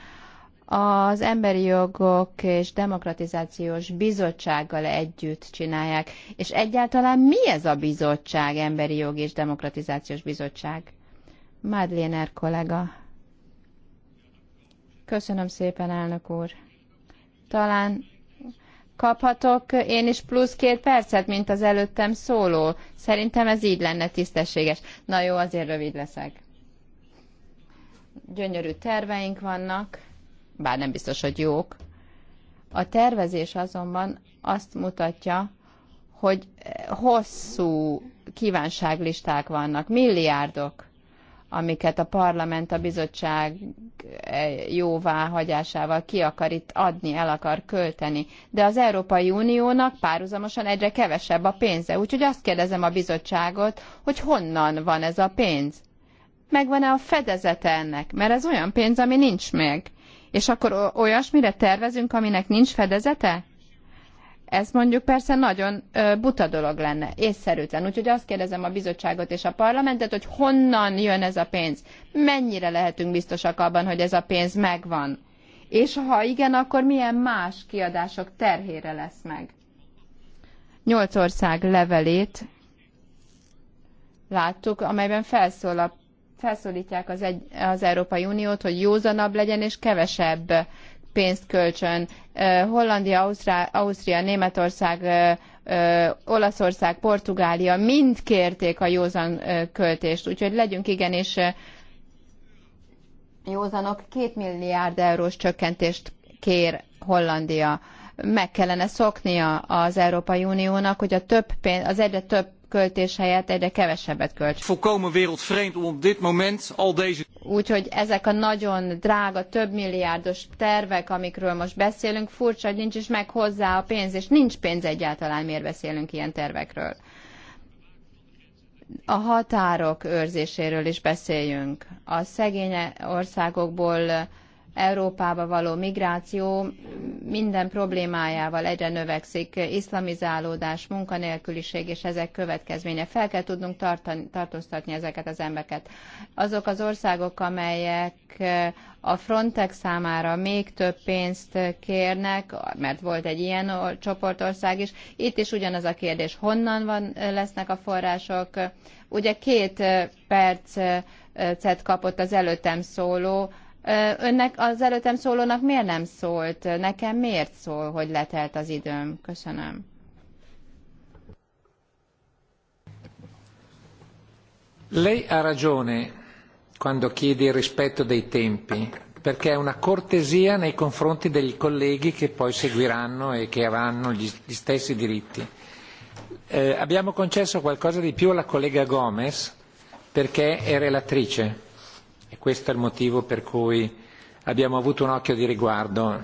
[SPEAKER 4] az Emberi Jogok és Demokratizációs Bizottsággal együtt csinálják. És egyáltalán mi ez a bizottság, Emberi Jog és Demokratizációs Bizottság? Madlener kollega. Köszönöm szépen, elnök úr. Talán kaphatok én is plusz két percet, mint az előttem szóló. Szerintem ez így lenne tisztességes. Na jó, azért rövid leszek. Gyönyörű terveink vannak bár nem biztos, hogy jók. A tervezés azonban azt mutatja, hogy hosszú kívánságlisták vannak, milliárdok, amiket a parlament, a bizottság e, jóváhagyásával ki akar itt adni, el akar költeni. De az Európai Uniónak párhuzamosan egyre kevesebb a pénze. Úgyhogy azt kérdezem a bizottságot, hogy honnan van ez a pénz? Megvan-e a fedezete ennek? Mert ez olyan pénz, ami nincs meg. És akkor olyasmire tervezünk, aminek nincs fedezete? Ez mondjuk persze nagyon buta dolog lenne, észszerűtlen. Úgyhogy azt kérdezem a bizottságot és a parlamentet, hogy honnan jön ez a pénz? Mennyire lehetünk biztosak abban, hogy ez a pénz megvan? És ha igen, akkor milyen más kiadások terhére lesz meg? Nyolc ország levelét láttuk, amelyben felszólal felszólítják az, egy, az Európai Uniót, hogy józanabb legyen és kevesebb pénzt kölcsön. Hollandia, Ausztrá, Ausztria, Németország, Olaszország, Portugália mind kérték a józan költést, úgyhogy legyünk igenis józanok. Két milliárd eurós csökkentést kér Hollandia. Meg kellene szoknia az Európai Uniónak, hogy a több pénz, az egyre több költés helyett egyre kevesebbet költs. Úgyhogy ezek a nagyon drága, több milliárdos tervek, amikről most beszélünk, furcsa, hogy nincs is meg hozzá a pénz, és nincs pénz egyáltalán, miért beszélünk ilyen tervekről. A határok őrzéséről is beszéljünk. A szegény országokból Európába való migráció minden problémájával egyre növekszik, iszlamizálódás, munkanélküliség és ezek következménye. Fel kell tudnunk tartani, tartóztatni ezeket az embereket. Azok az országok, amelyek a Frontex számára még több pénzt kérnek, mert volt egy ilyen csoportország is, itt is ugyanaz a kérdés, honnan van, lesznek a források. Ugye két eh, percet kapott az előttem szóló, Önnek az előttem szólónak miért nem szólt? Nekem miért szól, hogy letelt az időm? Köszönöm.
[SPEAKER 1] Lei ha ragione quando chiede il rispetto dei tempi, perché è una cortesia nei confronti degli colleghi che poi seguiranno e che avranno gli, gli stessi diritti. Eh, abbiamo concesso qualcosa di più alla collega Gomez perché è relatrice E questo è il motivo per cui abbiamo avuto un occhio di riguardo.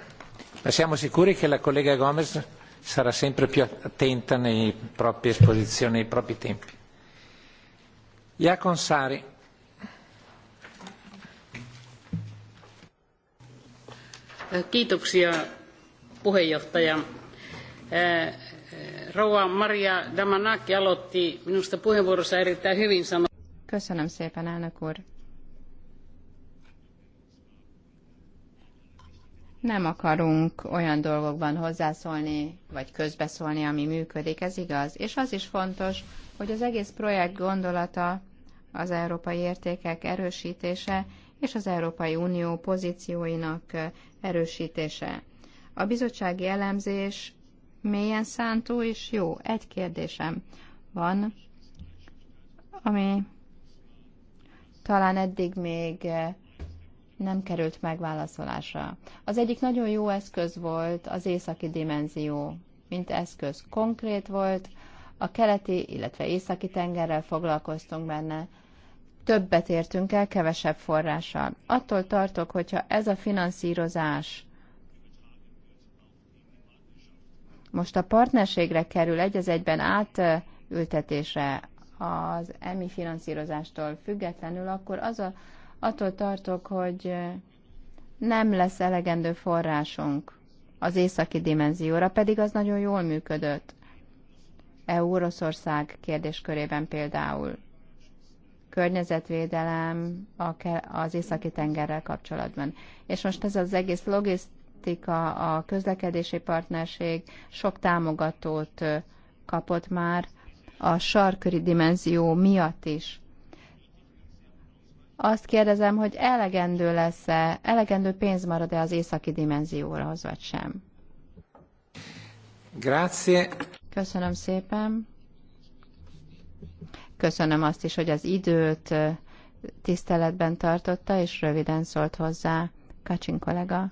[SPEAKER 1] Ma siamo sicuri che la collega Gomez sarà sempre più attenta nei propri esposizioni, nei propri tempi. Iacon Sari. Kiitoksia
[SPEAKER 4] puheenjohtaja. Rouva Maria Damanaki aloitti
[SPEAKER 1] minusta puheenvuorossa erittäin hyvin sanoa.
[SPEAKER 4] Köszönöm szépen, elnök úr. nem akarunk olyan dolgokban hozzászólni, vagy közbeszólni, ami működik, ez igaz. És az is fontos, hogy az egész projekt gondolata, az európai értékek erősítése és az Európai Unió pozícióinak erősítése. A bizottsági elemzés mélyen szántó és jó. Egy kérdésem van, ami talán eddig még nem került megválaszolásra. Az egyik nagyon jó eszköz volt az északi dimenzió, mint eszköz konkrét volt, a keleti, illetve északi tengerrel foglalkoztunk benne, többet értünk el kevesebb forrással. Attól tartok, hogyha ez a finanszírozás most a partnerségre kerül egy az egyben átültetésre az EMI finanszírozástól függetlenül, akkor az a Attól tartok, hogy nem lesz elegendő forrásunk az északi dimenzióra, pedig az nagyon jól működött. EU-Oroszország kérdéskörében például. Környezetvédelem az északi tengerrel kapcsolatban. És most ez az egész logisztika, a közlekedési partnerség sok támogatót kapott már a sarköri dimenzió miatt is. Azt kérdezem, hogy elegendő lesz-e, elegendő pénz marad-e az északi dimenzióhoz, vagy sem?
[SPEAKER 1] Grazie.
[SPEAKER 4] Köszönöm szépen. Köszönöm azt is, hogy az időt tiszteletben tartotta, és röviden szólt hozzá Kacsin kollega.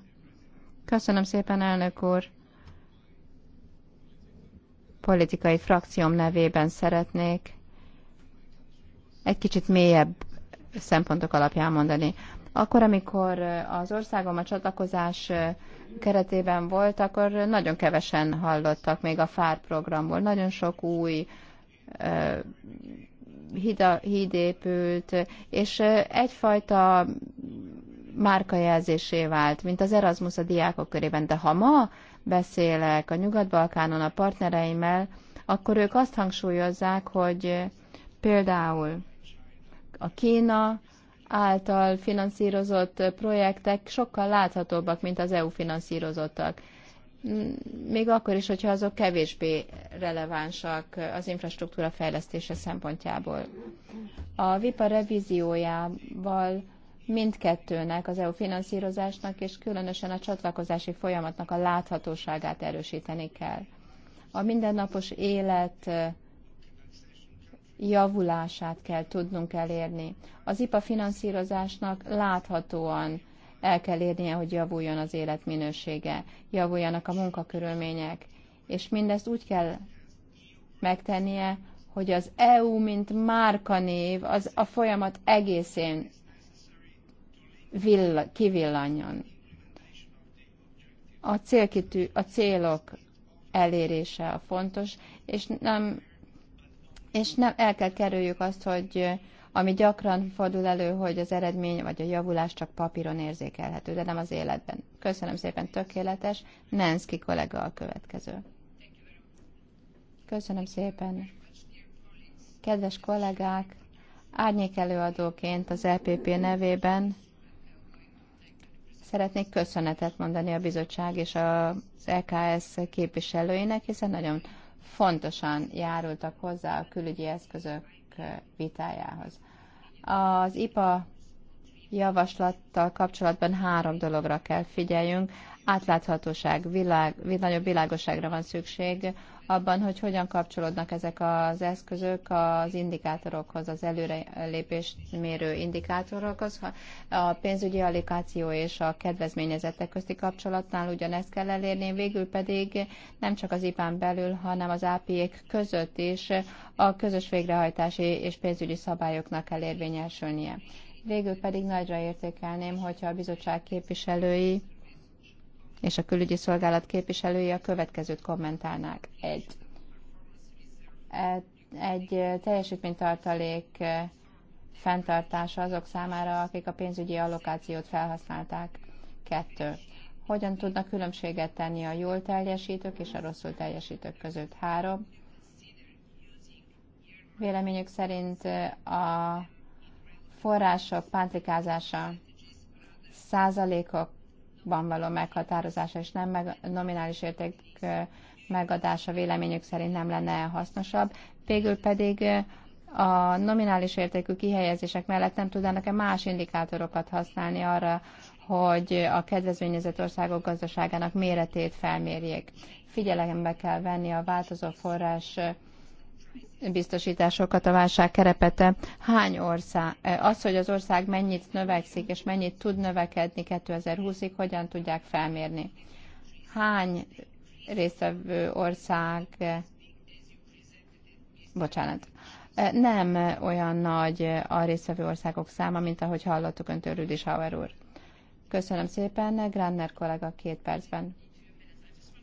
[SPEAKER 4] Köszönöm szépen, elnök úr. Politikai frakcióm nevében szeretnék egy kicsit mélyebb szempontok alapján mondani. Akkor, amikor eh, az országom a csatlakozás eh, keretében volt, akkor nagyon kevesen hallottak még a FÁR programból. Nagyon sok új eh, hida, híd épült, és egyfajta márkajelzésé vált, mint az Erasmus a diákok körében. De ha ma beszélek a Nyugat-Balkánon a partnereimmel, akkor ők azt hangsúlyozzák, hogy például a Kína által finanszírozott projektek sokkal láthatóbbak, mint az EU finanszírozottak. Még akkor is, hogyha azok kevésbé relevánsak az infrastruktúra fejlesztése szempontjából. A VIPA revíziójával mindkettőnek, az EU finanszírozásnak és különösen a csatlakozási folyamatnak a láthatóságát erősíteni kell. A mindennapos élet javulását kell tudnunk elérni. Az IPA finanszírozásnak láthatóan el kell érnie, hogy javuljon az életminősége, javuljanak a munkakörülmények, és mindezt úgy kell megtennie, hogy az EU, mint márkanév, az a folyamat egészén vill, kivillanjon. A, célkitű, a célok elérése a fontos, és nem és nem el kell kerüljük azt, hogy ami gyakran fordul elő, hogy az eredmény vagy a javulás csak papíron érzékelhető, de nem az életben. Köszönöm szépen, tökéletes. Nenszki kollega a következő. Köszönöm szépen. Kedves kollégák, árnyék előadóként az LPP e nevében szeretnék köszönetet mondani a bizottság és az LKS e képviselőinek, hiszen nagyon fontosan járultak hozzá a külügyi eszközök vitájához. Az IPA javaslattal kapcsolatban három dologra kell figyeljünk. Átláthatóság, világ, nagyobb világosságra van szükség abban, hogy hogyan kapcsolódnak ezek az eszközök az indikátorokhoz, az előrelépés mérő indikátorokhoz. A pénzügyi allikáció és a kedvezményezettek közti kapcsolatnál ugyanezt kell elérni, végül pedig nem csak az IPÁN belül, hanem az API-ek között is a közös végrehajtási és pénzügyi szabályoknak kell érvényesülnie. Végül pedig nagyra értékelném, hogyha a bizottság képviselői és a külügyi szolgálat képviselői a következőt kommentálnák. Egy. Egy teljesítménytartalék fenntartása azok számára, akik a pénzügyi allokációt felhasználták. Kettő. Hogyan tudnak különbséget tenni a jól teljesítők és a rosszul teljesítők között? Három. Véleményük szerint a források pántrikázása százalékok van való meghatározása és nem meg, nominális érték megadása véleményük szerint nem lenne hasznosabb. Végül pedig a nominális értékű kihelyezések mellett nem tudnának-e más indikátorokat használni arra, hogy a kedvezményezett országok gazdaságának méretét felmérjék. Figyelembe kell venni a változó forrás biztosításokat a válság kerepete. Hány ország, eh, az, hogy az ország mennyit növekszik és mennyit tud növekedni 2020-ig, hogyan tudják felmérni? Hány résztvevő ország, eh, bocsánat, eh, nem olyan nagy a résztvevő országok száma, mint ahogy hallottuk öntől Rüdis Hauer úr. Köszönöm szépen, Granner kollega két percben.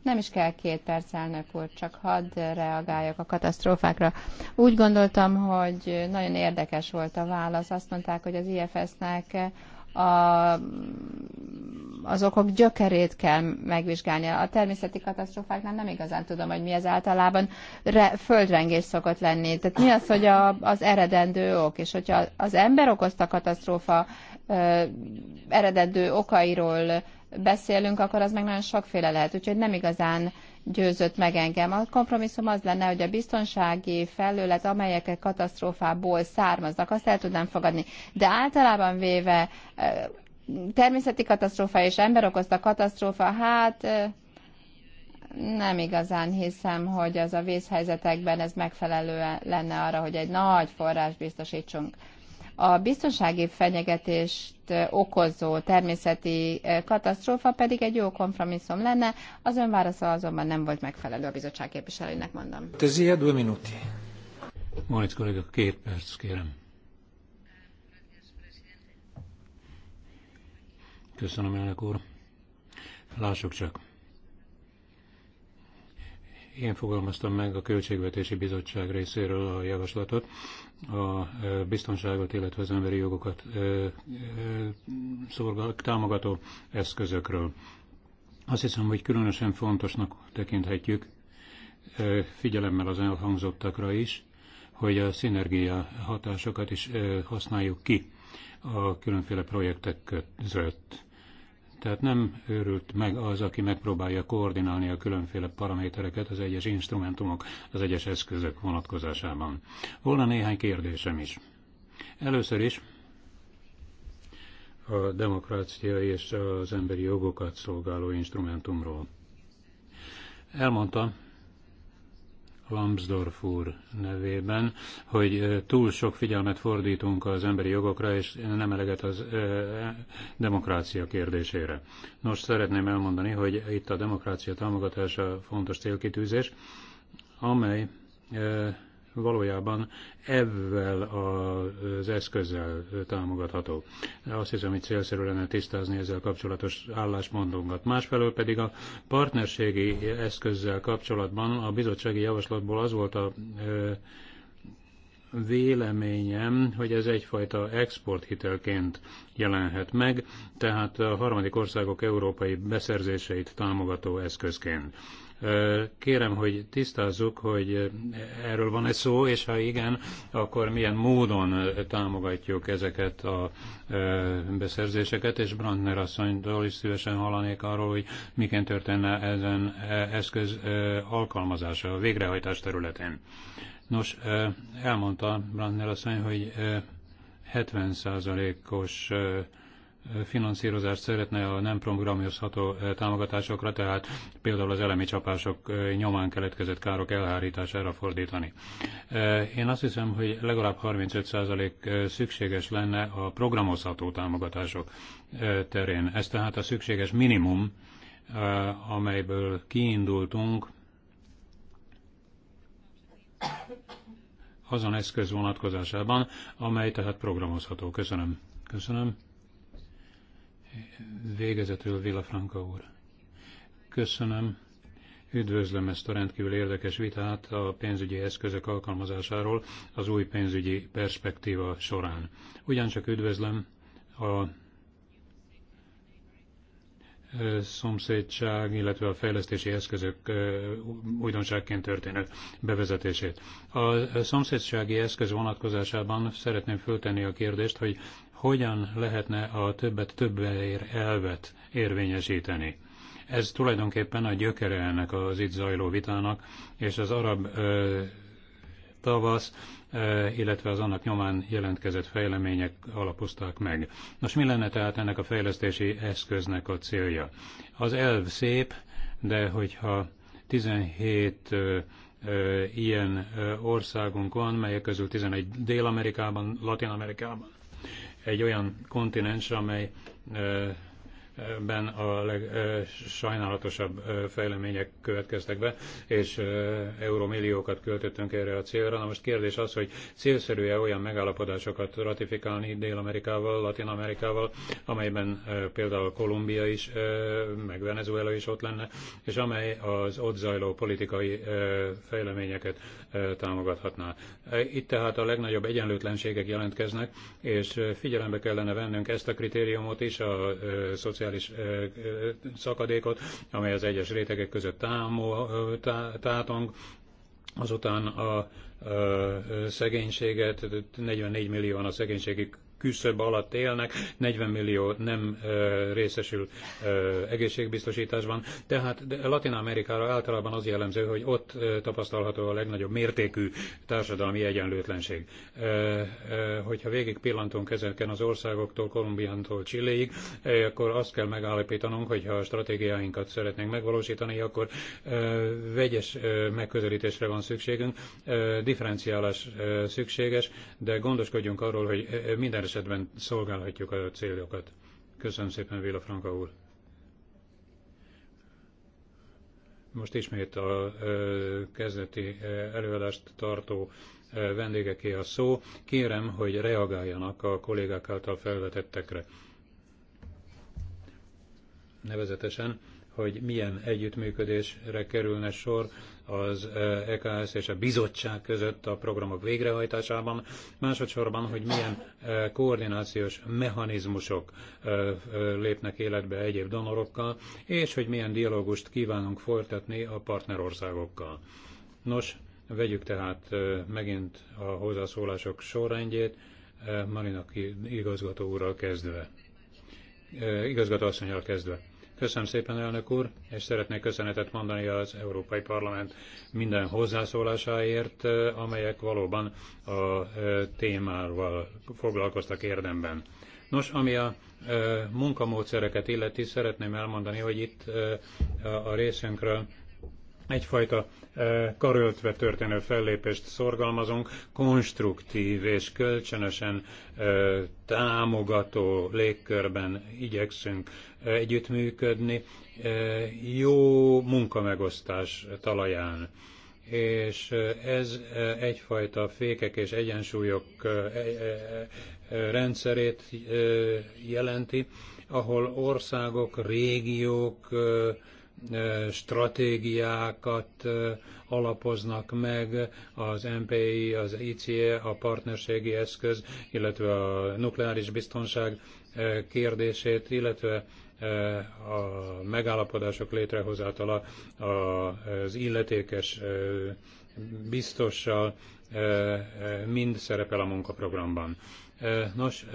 [SPEAKER 4] Nem is kell két perc, elnök úr, csak hadd reagáljak a katasztrófákra. Úgy gondoltam, hogy nagyon érdekes volt a válasz. Azt mondták, hogy az IFS-nek a, az okok gyökerét kell megvizsgálni. A természeti katasztrófáknál nem igazán tudom, hogy mi ez általában. Re, földrengés szokott lenni. Tehát mi az, hogy a, az eredendő ok, és hogyha az ember okozta katasztrófa ö, eredendő okairól beszélünk, akkor az meg nagyon sokféle lehet, úgyhogy nem igazán győzött meg engem. A kompromisszum az lenne, hogy a biztonsági felület, amelyek a katasztrófából származnak, azt el tudnám fogadni. De általában véve természeti katasztrófa és ember okozta katasztrófa, hát nem igazán hiszem, hogy az a vészhelyzetekben ez megfelelő lenne arra, hogy egy nagy forrás biztosítsunk. A biztonsági fenyegetést okozó természeti katasztrófa pedig egy jó kompromisszum lenne, az ön válasza azonban nem volt megfelelő a bizottság képviselőinek, mondom.
[SPEAKER 3] Tezia, hát due minuti. Majd kollega, két perc, kérem. Köszönöm, elnök úr. Lássuk csak. Én fogalmaztam meg a Költségvetési Bizottság részéről a javaslatot a biztonságot, illetve az emberi jogokat támogató eszközökről. Azt hiszem, hogy különösen fontosnak tekinthetjük figyelemmel az elhangzottakra is, hogy a szinergia hatásokat is használjuk ki a különféle projektek között. Tehát nem őrült meg az, aki megpróbálja koordinálni a különféle paramétereket az egyes instrumentumok, az egyes eszközök vonatkozásában. Volna néhány kérdésem is. Először is a demokrácia és az emberi jogokat szolgáló instrumentumról. Elmondta, Lambsdorff úr nevében, hogy túl sok figyelmet fordítunk az emberi jogokra, és nem eleget az demokrácia kérdésére. Nos, szeretném elmondani, hogy itt a demokrácia támogatása fontos célkitűzés, amely valójában ezzel az eszközzel támogatható. Azt hiszem, hogy célszerű lenne tisztázni ezzel kapcsolatos állásmondunkat. Másfelől pedig a partnerségi eszközzel kapcsolatban a bizottsági javaslatból az volt a véleményem, hogy ez egyfajta exporthitelként jelenhet meg, tehát a harmadik országok európai beszerzéseit támogató eszközként. Kérem, hogy tisztázzuk, hogy erről van e szó, és ha igen, akkor milyen módon támogatjuk ezeket a beszerzéseket, és Brandner asszonytól is szívesen hallanék arról, hogy miként történne ezen e, eszköz alkalmazása a végrehajtás területén. Nos, elmondta Brandner asszony, hogy 70%-os finanszírozást szeretne a nem programozható eh, támogatásokra, tehát például az elemi csapások eh, nyomán keletkezett károk elhárítására fordítani. Eh, én azt hiszem, hogy legalább 35% szükséges lenne a programozható támogatások terén. Ez tehát a szükséges minimum, amelyből kiindultunk, azon eszköz vonatkozásában, amely tehát programozható. Köszönöm. Köszönöm. Végezetül Villa Franka úr. Köszönöm. Üdvözlöm ezt a rendkívül érdekes vitát a pénzügyi eszközök alkalmazásáról az új pénzügyi perspektíva során. Ugyancsak üdvözlöm a szomszédság, illetve a fejlesztési eszközök újdonságként történő bevezetését. A szomszédsági eszköz vonatkozásában szeretném föltenni a kérdést, hogy hogyan lehetne a többet többelér elvet érvényesíteni. Ez tulajdonképpen a gyökere ennek az itt zajló vitának, és az arab ö, tavasz, ö, illetve az annak nyomán jelentkezett fejlemények alapozták meg. Nos, mi lenne tehát ennek a fejlesztési eszköznek a célja? Az elv szép, de hogyha 17 ö, ö, ilyen ö, országunk van, melyek közül 11 Dél-Amerikában, Latin-Amerikában, egy olyan kontinens, amely ben a legsajnálatosabb fejlemények következtek be, és euromilliókat költöttünk erre a célra. Na most kérdés az, hogy célszerű-e olyan megállapodásokat ratifikálni Dél-Amerikával, Latin-Amerikával, amelyben például Kolumbia is, meg Venezuela is ott lenne, és amely az ott zajló politikai fejleményeket támogathatná. Itt tehát a legnagyobb egyenlőtlenségek jelentkeznek, és figyelembe kellene vennünk ezt a kritériumot is a szociális szociális szakadékot, amely az egyes rétegek között támó, tá, tátong, azután a, a szegénységet, 44 millióan a szegénységi küszöb alatt élnek, 40 millió nem részesül egészségbiztosításban. Tehát Latin Amerikára általában az jellemző, hogy ott tapasztalható a legnagyobb mértékű társadalmi egyenlőtlenség. Hogyha végig pillantunk ezeken az országoktól, Kolumbiántól Csilléig, akkor azt kell megállapítanunk, hogy ha a stratégiáinkat szeretnénk megvalósítani, akkor vegyes megközelítésre van szükségünk, differenciálás szükséges, de gondoskodjunk arról, hogy minden esetben szolgálhatjuk a célokat. Köszönöm szépen, Véla Franka úr. Most ismét a kezdeti előadást tartó vendégeké a szó. Kérem, hogy reagáljanak a kollégák által felvetettekre. Nevezetesen, hogy milyen együttműködésre kerülne sor az EKS és a bizottság között a programok végrehajtásában, másodszorban, hogy milyen koordinációs mechanizmusok lépnek életbe egyéb donorokkal, és hogy milyen dialógust kívánunk folytatni a partnerországokkal. Nos, vegyük tehát megint a hozzászólások sorrendjét, Marina igazgató úrral kezdve. Igazgató asszonyjal kezdve. Köszönöm szépen, elnök úr, és szeretnék köszönetet mondani az Európai Parlament minden hozzászólásáért, eh, amelyek valóban a eh, témával foglalkoztak érdemben. Nos, ami a eh, munkamódszereket illeti, szeretném elmondani, hogy itt a részünkről egyfajta karöltve történő fellépést szorgalmazunk, konstruktív és kölcsönösen támogató légkörben igyekszünk együttműködni, jó munkamegosztás talaján és ez egyfajta fékek és egyensúlyok rendszerét jelenti, ahol országok, régiók, stratégiákat alapoznak meg az MPI, az ICE, a partnerségi eszköz, illetve a nukleáris biztonság kérdését, illetve a megállapodások létrehozatala az illetékes biztossal mind szerepel a munkaprogramban. Nos,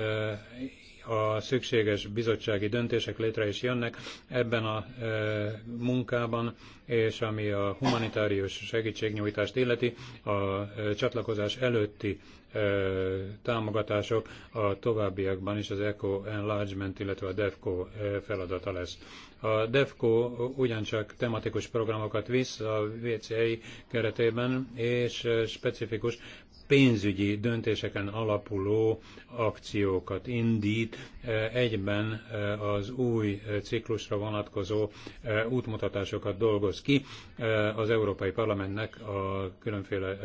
[SPEAKER 3] a szükséges bizottsági döntések létre is jönnek ebben a e, munkában, és ami a humanitárius segítségnyújtást illeti, a e, csatlakozás előtti e, támogatások a továbbiakban is az ECO Enlargement, illetve a DEFCO feladata lesz. A DEFCO ugyancsak tematikus programokat visz a VCI keretében, és specifikus pénzügyi döntéseken alapuló akciókat indít, e, egyben e, az új ciklusra vonatkozó e, útmutatásokat dolgoz ki az Európai Parlamentnek a különféle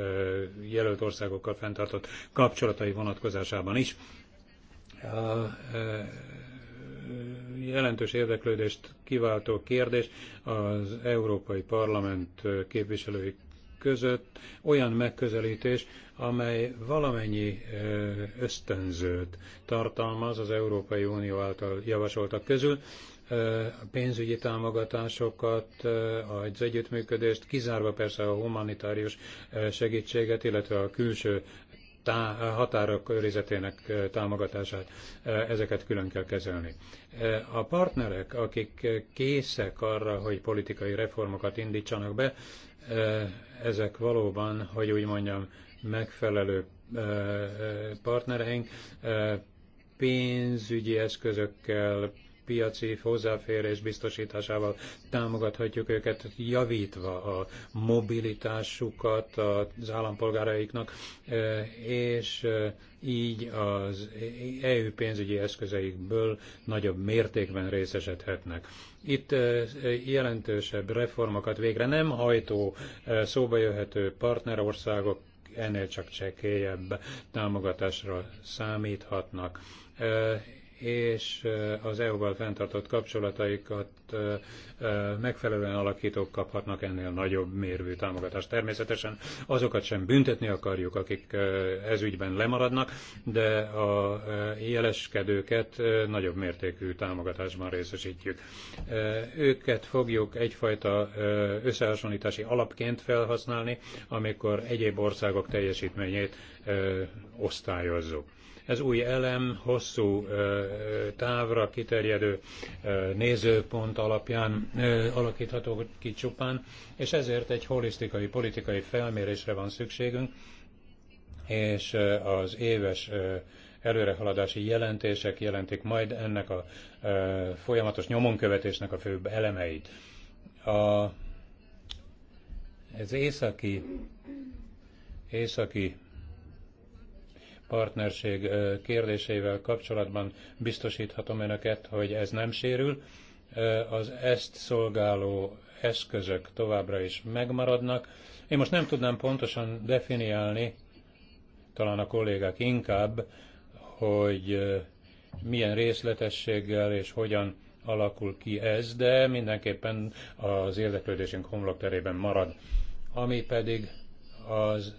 [SPEAKER 3] jelölt országokkal fenntartott kapcsolatai vonatkozásában is. A jelentős érdeklődést kiváltó kérdés az Európai Parlament képviselői között olyan megközelítés, amely valamennyi ösztönzőt tartalmaz az Európai Unió által javasoltak közül, a pénzügyi támogatásokat, az együttműködést, kizárva persze a humanitárius segítséget, illetve a külső tá- határok őrizetének támogatását, ezeket külön kell kezelni. A partnerek, akik készek arra, hogy politikai reformokat indítsanak be, ezek valóban, hogy úgy mondjam, megfelelő partnereink pénzügyi eszközökkel, piaci hozzáférés biztosításával támogathatjuk őket, javítva a mobilitásukat az állampolgáraiknak, és így az EU pénzügyi eszközeikből nagyobb mértékben részesedhetnek. Itt jelentősebb reformokat végre nem hajtó, szóba jöhető partnerországok ennél csak csekélyebb támogatásra számíthatnak és az EU-val fenntartott kapcsolataikat megfelelően alakítók kaphatnak ennél nagyobb mérvű támogatást. Természetesen azokat sem büntetni akarjuk, akik ez ügyben lemaradnak, de a jeleskedőket nagyobb mértékű támogatásban részesítjük. Őket fogjuk egyfajta összehasonlítási alapként felhasználni, amikor egyéb országok teljesítményét osztályozzuk ez új elem hosszú távra kiterjedő nézőpont alapján alakítható ki csupán, és ezért egy holisztikai politikai felmérésre van szükségünk, és az éves előrehaladási jelentések jelentik majd ennek a folyamatos nyomonkövetésnek a főbb elemeit. A, az északi, északi partnerség kérdésével kapcsolatban biztosíthatom önöket, hogy ez nem sérül. Az ezt szolgáló eszközök továbbra is megmaradnak. Én most nem tudnám pontosan definiálni, talán a kollégák inkább, hogy milyen részletességgel és hogyan alakul ki ez, de mindenképpen az érdeklődésünk homlokterében marad. Ami pedig az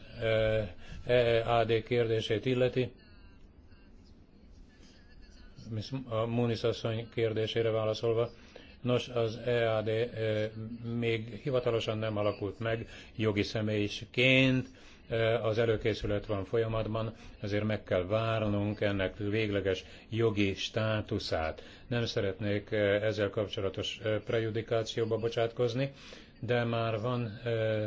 [SPEAKER 3] EEAD kérdését illeti, a Múnisz asszony kérdésére válaszolva, nos, az EAD még hivatalosan nem alakult meg jogi személyiségként, az előkészület van folyamatban, ezért meg kell várnunk ennek végleges jogi státuszát. Nem szeretnék ezzel kapcsolatos prejudikációba bocsátkozni, de már van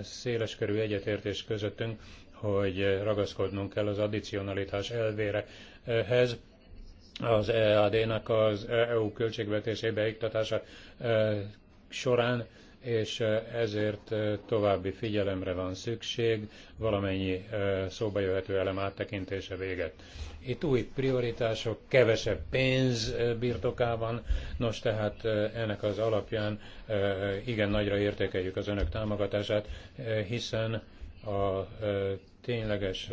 [SPEAKER 3] széleskörű egyetértés közöttünk, hogy ragaszkodnunk kell az addicionalitás elvérehez, az EAD-nak az EU költségvetésébe iktatása során és ezért további figyelemre van szükség, valamennyi szóba jöhető elem áttekintése véget. Itt új prioritások, kevesebb pénz birtokában, nos tehát ennek az alapján igen nagyra értékeljük az önök támogatását, hiszen a tényleges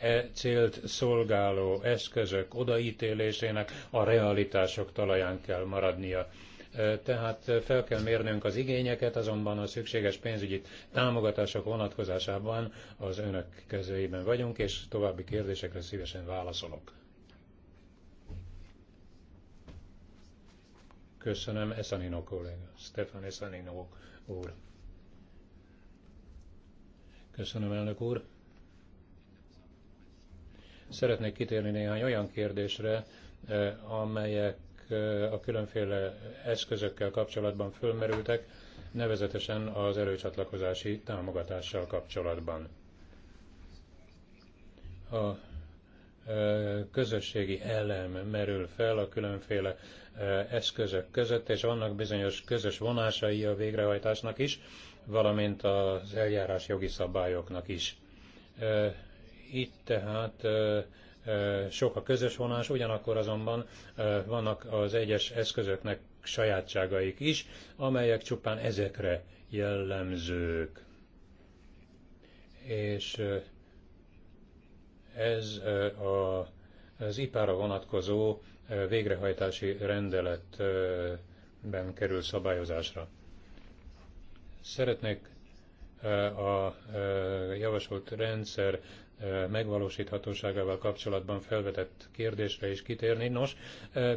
[SPEAKER 3] e célt szolgáló eszközök odaítélésének a realitások talaján kell maradnia tehát fel kell mérnünk az igényeket, azonban a szükséges pénzügyi támogatások vonatkozásában az önök kezeiben vagyunk, és további kérdésekre szívesen válaszolok. Köszönöm, Eszanino kolléga, Stefan Eszanino úr. Köszönöm, elnök úr. Szeretnék kitérni néhány olyan kérdésre, amelyek a különféle eszközökkel kapcsolatban fölmerültek, nevezetesen az előcsatlakozási támogatással kapcsolatban. A közösségi elem merül fel a különféle eszközök között, és vannak bizonyos közös vonásai a végrehajtásnak is, valamint az eljárás jogi szabályoknak is. Itt tehát sok a közös vonás, ugyanakkor azonban vannak az egyes eszközöknek sajátságaik is, amelyek csupán ezekre jellemzők. És ez a, az ipára vonatkozó végrehajtási rendeletben kerül szabályozásra. Szeretnék a javasolt rendszer megvalósíthatóságával kapcsolatban felvetett kérdésre is kitérni. Nos,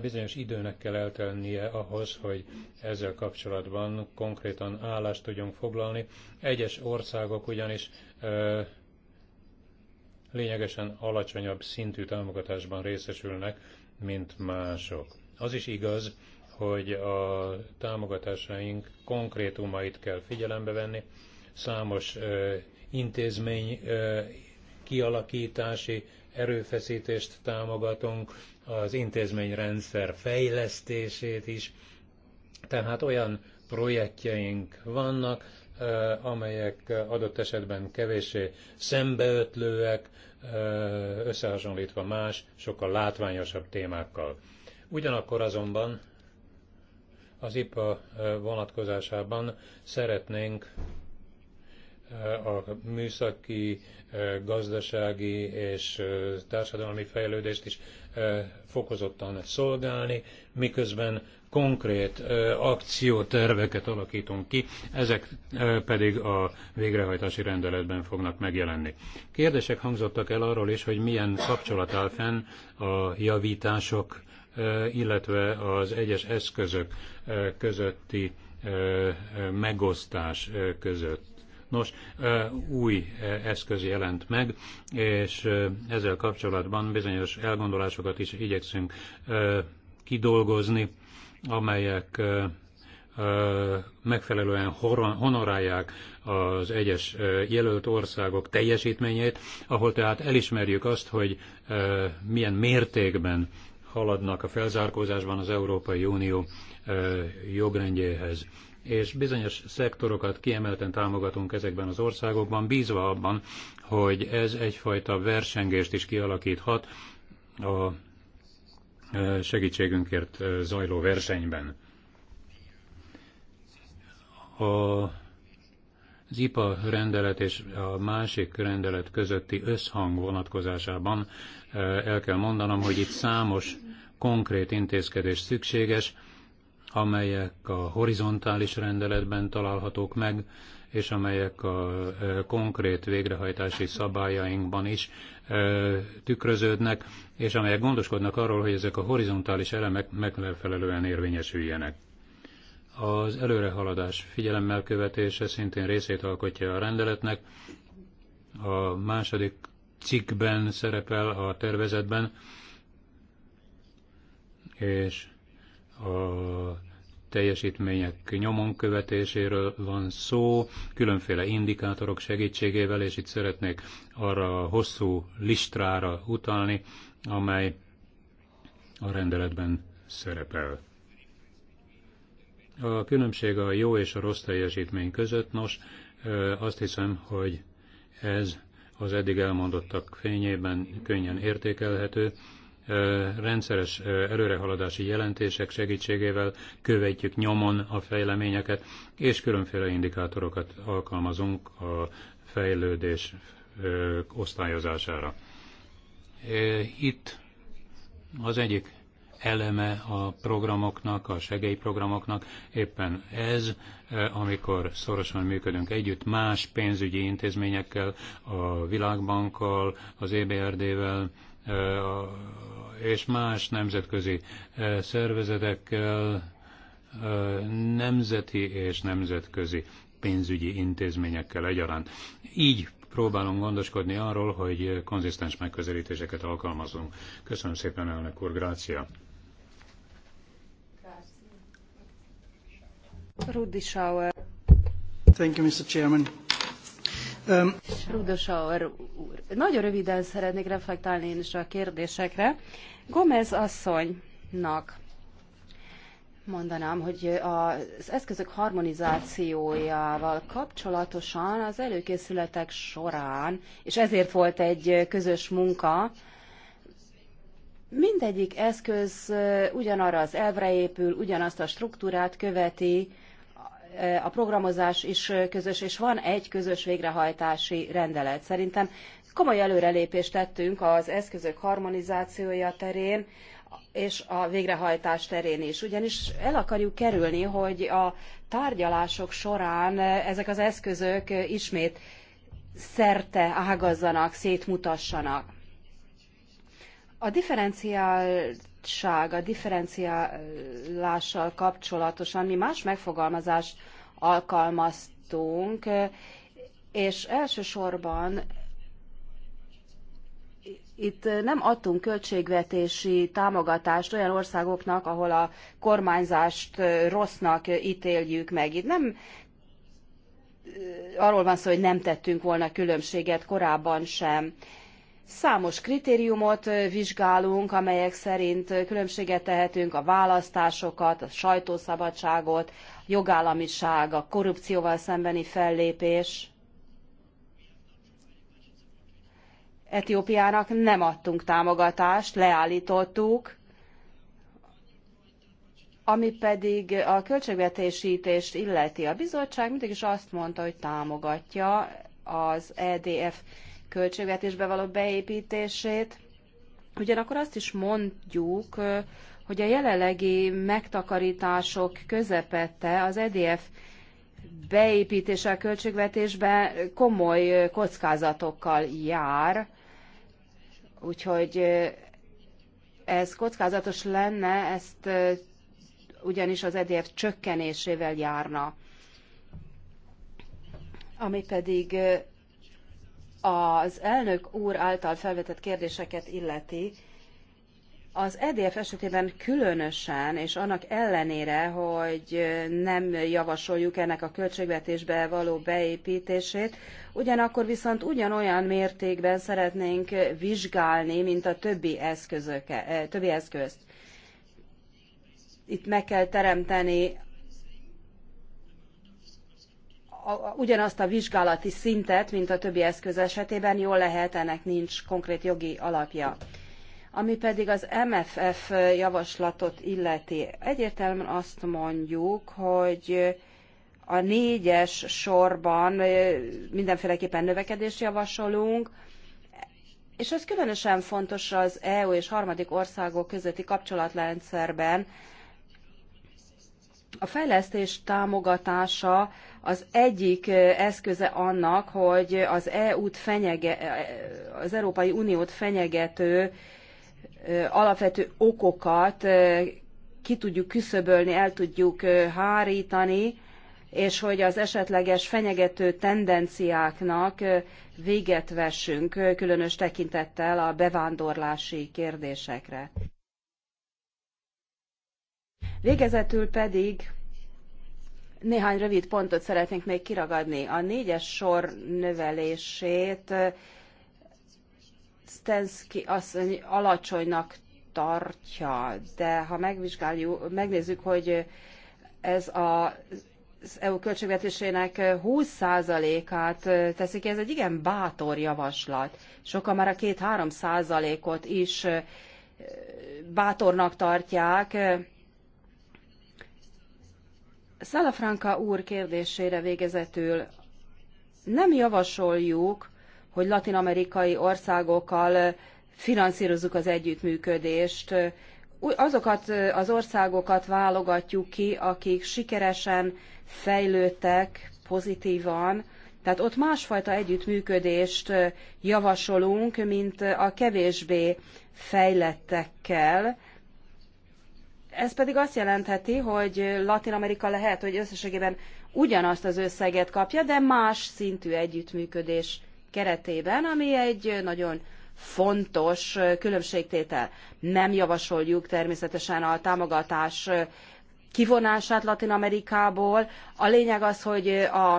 [SPEAKER 3] bizonyos időnek kell eltennie ahhoz, hogy ezzel kapcsolatban konkrétan állást tudjunk foglalni. Egyes országok ugyanis lényegesen alacsonyabb szintű támogatásban részesülnek, mint mások. Az is igaz, hogy a támogatásaink konkrétumait kell figyelembe venni. Számos intézmény kialakítási erőfeszítést támogatunk, az intézményrendszer fejlesztését is. Tehát olyan projektjeink vannak, amelyek adott esetben kevéssé szembeötlőek, összehasonlítva más, sokkal látványosabb témákkal. Ugyanakkor azonban az IPA vonatkozásában szeretnénk a műszaki, gazdasági és társadalmi fejlődést is fokozottan szolgálni, miközben konkrét akcióterveket alakítunk ki, ezek pedig a végrehajtási rendeletben fognak megjelenni. Kérdések hangzottak el arról is, hogy milyen kapcsolat áll fenn a javítások, illetve az egyes eszközök közötti megosztás között Nos, új eszköz jelent meg, és ezzel kapcsolatban bizonyos elgondolásokat is igyekszünk kidolgozni, amelyek megfelelően honorálják az egyes jelölt országok teljesítményét, ahol tehát elismerjük azt, hogy milyen mértékben haladnak a felzárkózásban az Európai Unió jogrendjéhez és bizonyos szektorokat kiemelten támogatunk ezekben az országokban, bízva abban, hogy ez egyfajta versengést is kialakíthat a e, segítségünkért e, zajló versenyben. A az IPA rendelet és a másik rendelet közötti összhang vonatkozásában e, el kell mondanom, hogy itt számos konkrét intézkedés szükséges, amelyek a horizontális rendeletben találhatók meg, és amelyek a konkrét végrehajtási szabályainkban is tükröződnek, és amelyek gondoskodnak arról, hogy ezek a horizontális elemek megfelelően érvényesüljenek. Az előrehaladás figyelemmel követése szintén részét alkotja a rendeletnek. A második cikkben szerepel a tervezetben, és a teljesítmények nyomon követéséről van szó, különféle indikátorok segítségével, és itt szeretnék arra a hosszú listrára utalni, amely a rendeletben szerepel. A különbség a jó és a rossz teljesítmény között, nos, azt hiszem, hogy ez az eddig elmondottak fényében könnyen értékelhető, rendszeres előrehaladási jelentések segítségével követjük nyomon a fejleményeket, és különféle indikátorokat alkalmazunk a fejlődés osztályozására. Itt az egyik eleme a programoknak, a segélyprogramoknak. Éppen ez, amikor szorosan működünk együtt más pénzügyi intézményekkel, a Világbankkal, az EBRD-vel, és más nemzetközi szervezetekkel, nemzeti és nemzetközi pénzügyi intézményekkel egyaránt. Így próbálom gondoskodni arról, hogy konzisztens megközelítéseket alkalmazunk. Köszönöm szépen, elnök úr, grácia.
[SPEAKER 2] Rudi Schauer.
[SPEAKER 4] Thank you, Mr. Chairman.
[SPEAKER 1] Um...
[SPEAKER 2] úr, nagyon röviden szeretnék reflektálni én is a kérdésekre. Gomez asszonynak mondanám, hogy az eszközök harmonizációjával kapcsolatosan az előkészületek során, és ezért volt egy közös munka, mindegyik eszköz ugyanarra az elvre épül, ugyanazt a struktúrát követi, a programozás is közös, és van egy közös végrehajtási rendelet. Szerintem komoly előrelépést tettünk az eszközök harmonizációja terén, és a végrehajtás terén is. Ugyanis el akarjuk kerülni, hogy a tárgyalások során ezek az eszközök ismét szerte ágazzanak, szétmutassanak. A differenciált szabadság, a differenciálással kapcsolatosan mi más megfogalmazást alkalmaztunk, és elsősorban itt nem adtunk költségvetési támogatást olyan országoknak, ahol a kormányzást rossznak ítéljük meg. Itt nem arról van szó, hogy nem tettünk volna különbséget korábban sem. Számos kritériumot vizsgálunk, amelyek szerint különbséget tehetünk a választásokat, a sajtószabadságot, jogállamiság, a korrupcióval szembeni fellépés. Etiópiának nem adtunk támogatást, leállítottuk, ami pedig a költségvetésítést illeti. A bizottság mindig is azt mondta, hogy támogatja az EDF költségvetésbe való beépítését. Ugyanakkor azt is mondjuk, hogy a jelenlegi megtakarítások közepette az EDF beépítése a költségvetésbe komoly kockázatokkal jár, úgyhogy ez kockázatos lenne, ezt ugyanis az EDF csökkenésével járna. Ami pedig az elnök úr által felvetett kérdéseket illeti, az EDF esetében különösen, és annak ellenére, hogy nem javasoljuk ennek a költségvetésbe való beépítését, ugyanakkor viszont ugyanolyan mértékben szeretnénk vizsgálni, mint a többi, eszközöke, többi eszközt. Itt meg kell teremteni ugyanazt a vizsgálati szintet, mint a többi eszköz esetében, jól lehet, ennek nincs konkrét jogi alapja. Ami pedig az MFF javaslatot illeti, egyértelműen azt mondjuk, hogy a négyes sorban mindenféleképpen növekedést javasolunk, és ez különösen fontos az EU és harmadik országok közötti kapcsolatrendszerben, a fejlesztés támogatása az egyik eszköze annak, hogy az, EU-t fenyege, e, az Európai Uniót fenyegető alapvető okokat ki tudjuk küszöbölni, el tudjuk hárítani, és hogy az esetleges fenyegető tendenciáknak véget vessünk, különös tekintettel a bevándorlási kérdésekre. Végezetül pedig néhány rövid pontot szeretnénk még kiragadni. A négyes sor növelését eh, Stensky asszony alacsonynak tartja, de ha megvizsgáljuk, megnézzük, hogy ez a az EU költségvetésének 20%-át eh, teszik ez egy igen bátor javaslat. Sokan már a 2-3%-ot is eh, bátornak tartják, Salafranca úr kérdésére végezetül nem javasoljuk, hogy latin-amerikai országokkal finanszírozzuk az együttműködést. Azokat az országokat válogatjuk ki, akik sikeresen fejlődtek pozitívan, tehát ott másfajta együttműködést javasolunk, mint a kevésbé fejlettekkel, ez pedig azt jelentheti, hogy Latin Amerika lehet, hogy összességében ugyanazt az összeget kapja, de más szintű együttműködés keretében, ami egy nagyon fontos különbségtétel. Nem javasoljuk természetesen a támogatás kivonását Latin Amerikából. A lényeg az, hogy a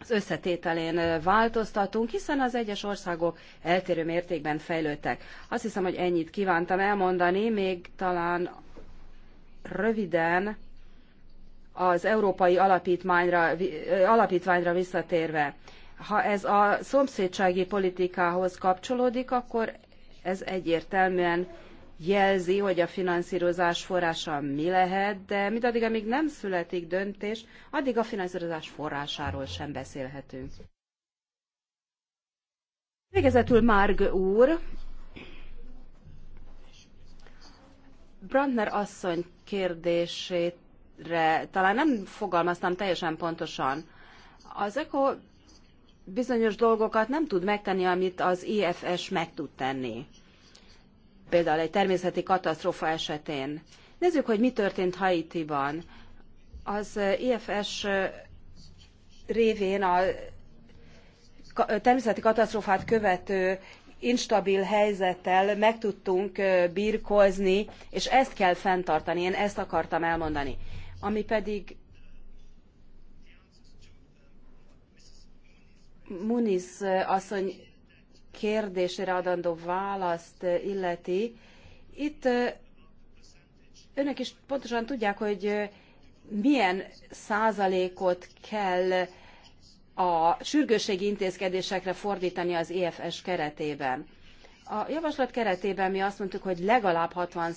[SPEAKER 2] az összetételén változtatunk, hiszen az egyes országok eltérő mértékben fejlődtek. Azt hiszem, hogy ennyit kívántam elmondani, még talán röviden az Európai Alapítványra, Alapítványra visszatérve. Ha ez a szomszédsági politikához kapcsolódik, akkor ez egyértelműen jelzi, hogy a finanszírozás forrása mi lehet, de mindaddig, amíg nem születik döntés, addig a finanszírozás forrásáról sem beszélhetünk. Végezetül Márg úr, Brandner asszony kérdésére talán nem fogalmaztam teljesen pontosan. Az ECO bizonyos dolgokat nem tud megtenni, amit az IFS meg tud tenni. Például egy természeti katasztrófa esetén. Nézzük, hogy mi történt Haitiban. Az IFS révén a természeti katasztrófát követő instabil helyzettel meg tudtunk birkózni, és ezt kell fenntartani, én ezt akartam elmondani. Ami pedig Muniz asszony kérdésére adandó választ illeti, itt önök is pontosan tudják, hogy milyen százalékot kell a sürgősségi intézkedésekre fordítani az EFS keretében. A javaslat keretében mi azt mondtuk, hogy legalább 60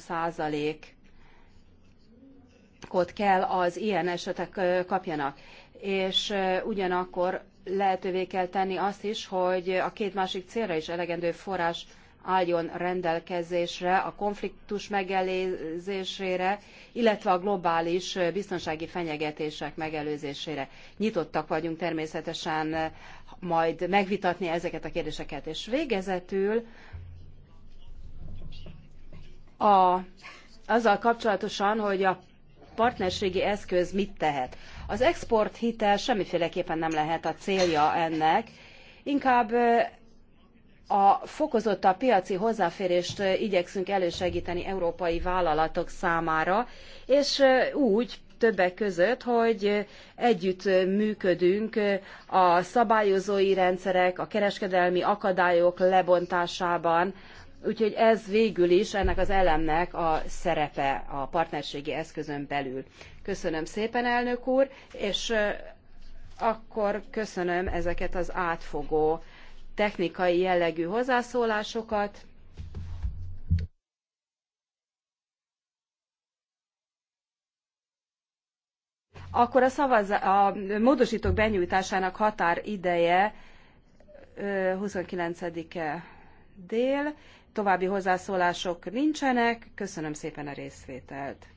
[SPEAKER 2] ot kell az ilyen esetek kapjanak. És ugyanakkor lehetővé kell tenni azt is, hogy a két másik célra is elegendő forrás álljon rendelkezésre a konfliktus megelőzésére, illetve a globális biztonsági fenyegetések megelőzésére. Nyitottak vagyunk természetesen majd megvitatni ezeket a kérdéseket. És végezetül a, azzal kapcsolatosan, hogy a partnerségi eszköz mit tehet. Az export hitel semmiféleképpen nem lehet a célja ennek, inkább a fokozottabb piaci hozzáférést eh, igyekszünk elősegíteni európai vállalatok számára, és eh, úgy többek között, hogy eh, együtt működünk a szabályozói rendszerek, a kereskedelmi akadályok lebontásában, úgyhogy ez végül is ennek az elemnek a szerepe a partnerségi eszközön belül. Köszönöm szépen, elnök úr, és akkor köszönöm ezeket az átfogó technikai jellegű hozzászólásokat. Akkor a, szavaz, a módosítók benyújtásának határideje 29-e dél. További hozzászólások nincsenek. Köszönöm szépen a részvételt.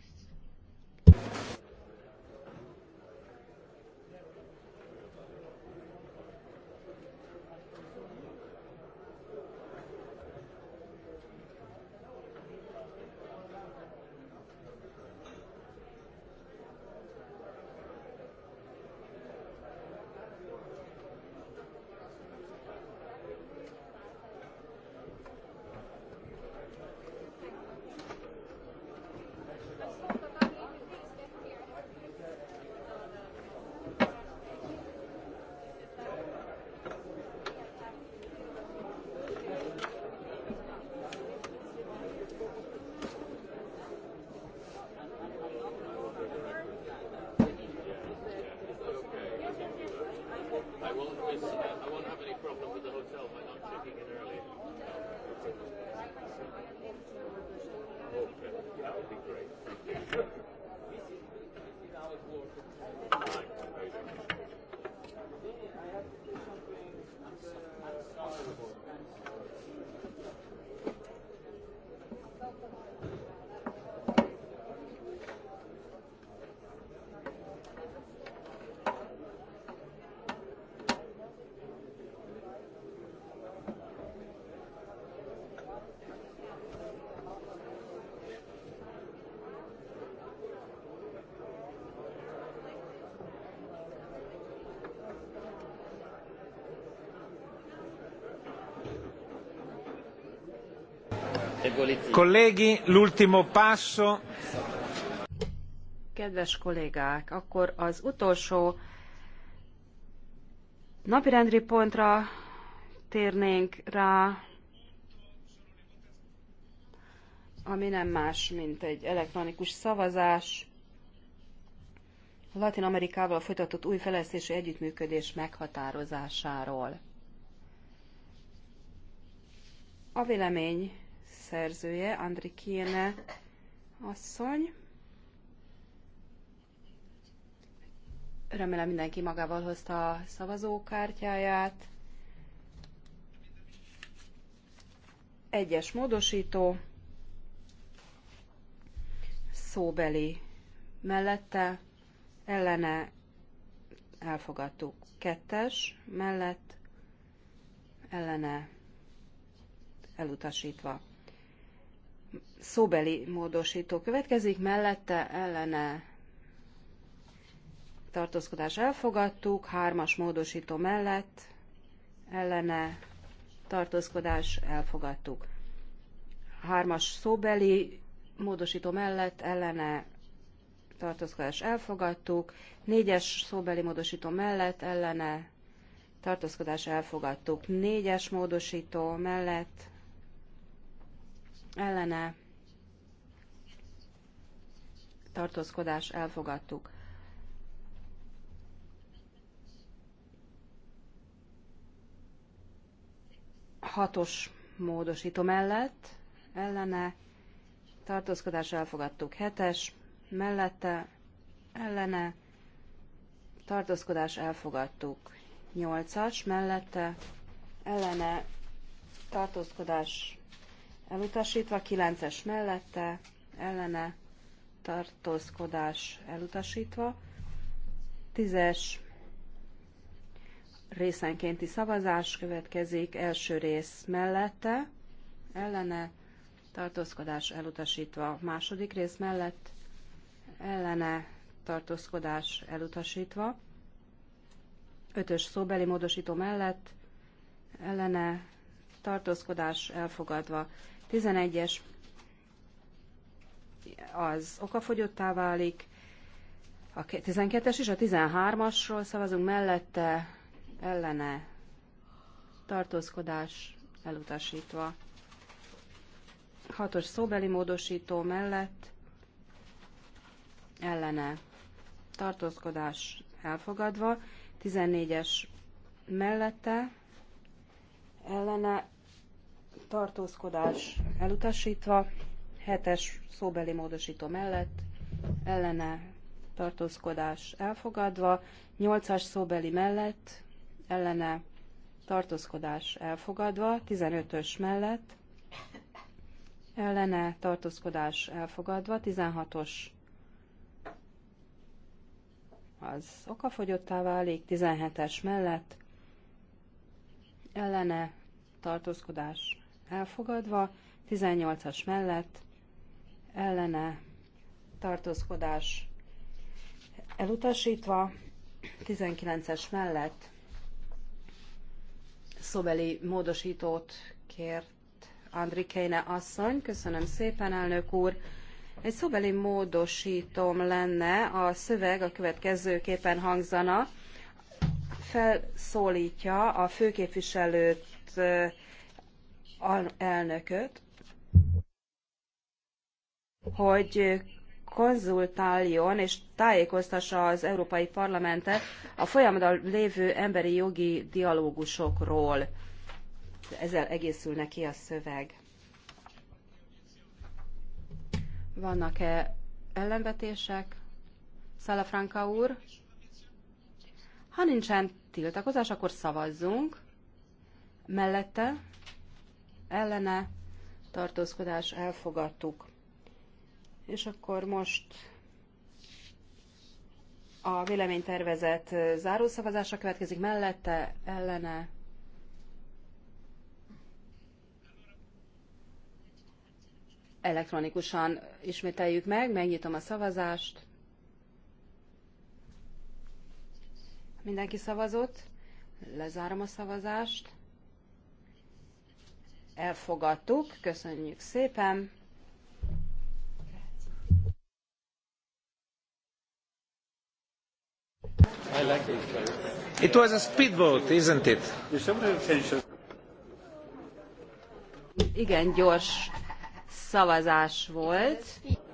[SPEAKER 1] Colleghi, l'ultimo passo.
[SPEAKER 2] Kedves kollégák, akkor az utolsó napirendi pontra térnénk rá, ami nem más, mint egy elektronikus szavazás. Latin Amerikával folytatott új fejlesztési együttműködés meghatározásáról. A vélemény szerzője, Andri Kiene asszony. Remélem mindenki magával hozta a szavazókártyáját. Egyes módosító, szóbeli mellette, ellene elfogadtuk. Kettes mellett, ellene elutasítva szóbeli módosító következik, mellette ellene tartózkodás elfogadtuk, hármas módosító mellett ellene tartózkodás elfogadtuk. Hármas szóbeli módosító mellett ellene tartózkodás elfogadtuk, négyes szóbeli módosító mellett ellene tartózkodás elfogadtuk, négyes módosító mellett ellene tartózkodás elfogadtuk. Hatos módosító mellett ellene tartózkodás elfogadtuk. Hetes mellette ellene tartózkodás elfogadtuk. Nyolcas mellette ellene tartózkodás elutasítva, 9-es mellette, ellene tartózkodás elutasítva, 10-es részenkénti szavazás következik, első rész mellette, ellene tartózkodás elutasítva, második rész mellett, ellene tartózkodás elutasítva, ötös szóbeli módosító mellett, ellene tartózkodás elfogadva, 11-es az okafogyottá válik, a 12-es is a 13-asról szavazunk mellette, ellene tartózkodás elutasítva. 6-os szóbeli módosító mellett ellene tartózkodás elfogadva, 14-es mellette ellene tartózkodás elutasítva, hetes szóbeli módosító mellett, ellene tartózkodás elfogadva, nyolcas szóbeli mellett, ellene tartózkodás elfogadva, 15-ös mellett, ellene tartózkodás elfogadva, 16-os az okafogyottá válik, 17-es mellett ellene tartózkodás elfogadva, 18-as mellett ellene tartózkodás elutasítva, 19-es mellett szobeli módosítót kért Andrikéne asszony. Köszönöm szépen, elnök úr. Egy szobeli módosítom lenne, a szöveg a következőképpen hangzana. Felszólítja a főképviselőt elnököt, hogy konzultáljon és tájékoztassa az Európai Parlamentet a folyamatban lévő emberi jogi dialógusokról. Ezzel egészül neki a szöveg. Vannak-e ellenvetések? Szalafranka úr? Ha nincsen tiltakozás, akkor szavazzunk. Mellette? ellene tartózkodás elfogadtuk. És akkor most a véleménytervezet zárószavazása következik mellette, ellene. Elektronikusan ismételjük meg, megnyitom a szavazást. Mindenki szavazott, lezárom a szavazást elfogadtuk. Köszönjük szépen!
[SPEAKER 1] I like it. It was a speedboat, isn't it?
[SPEAKER 2] Igen, gyors szavazás volt.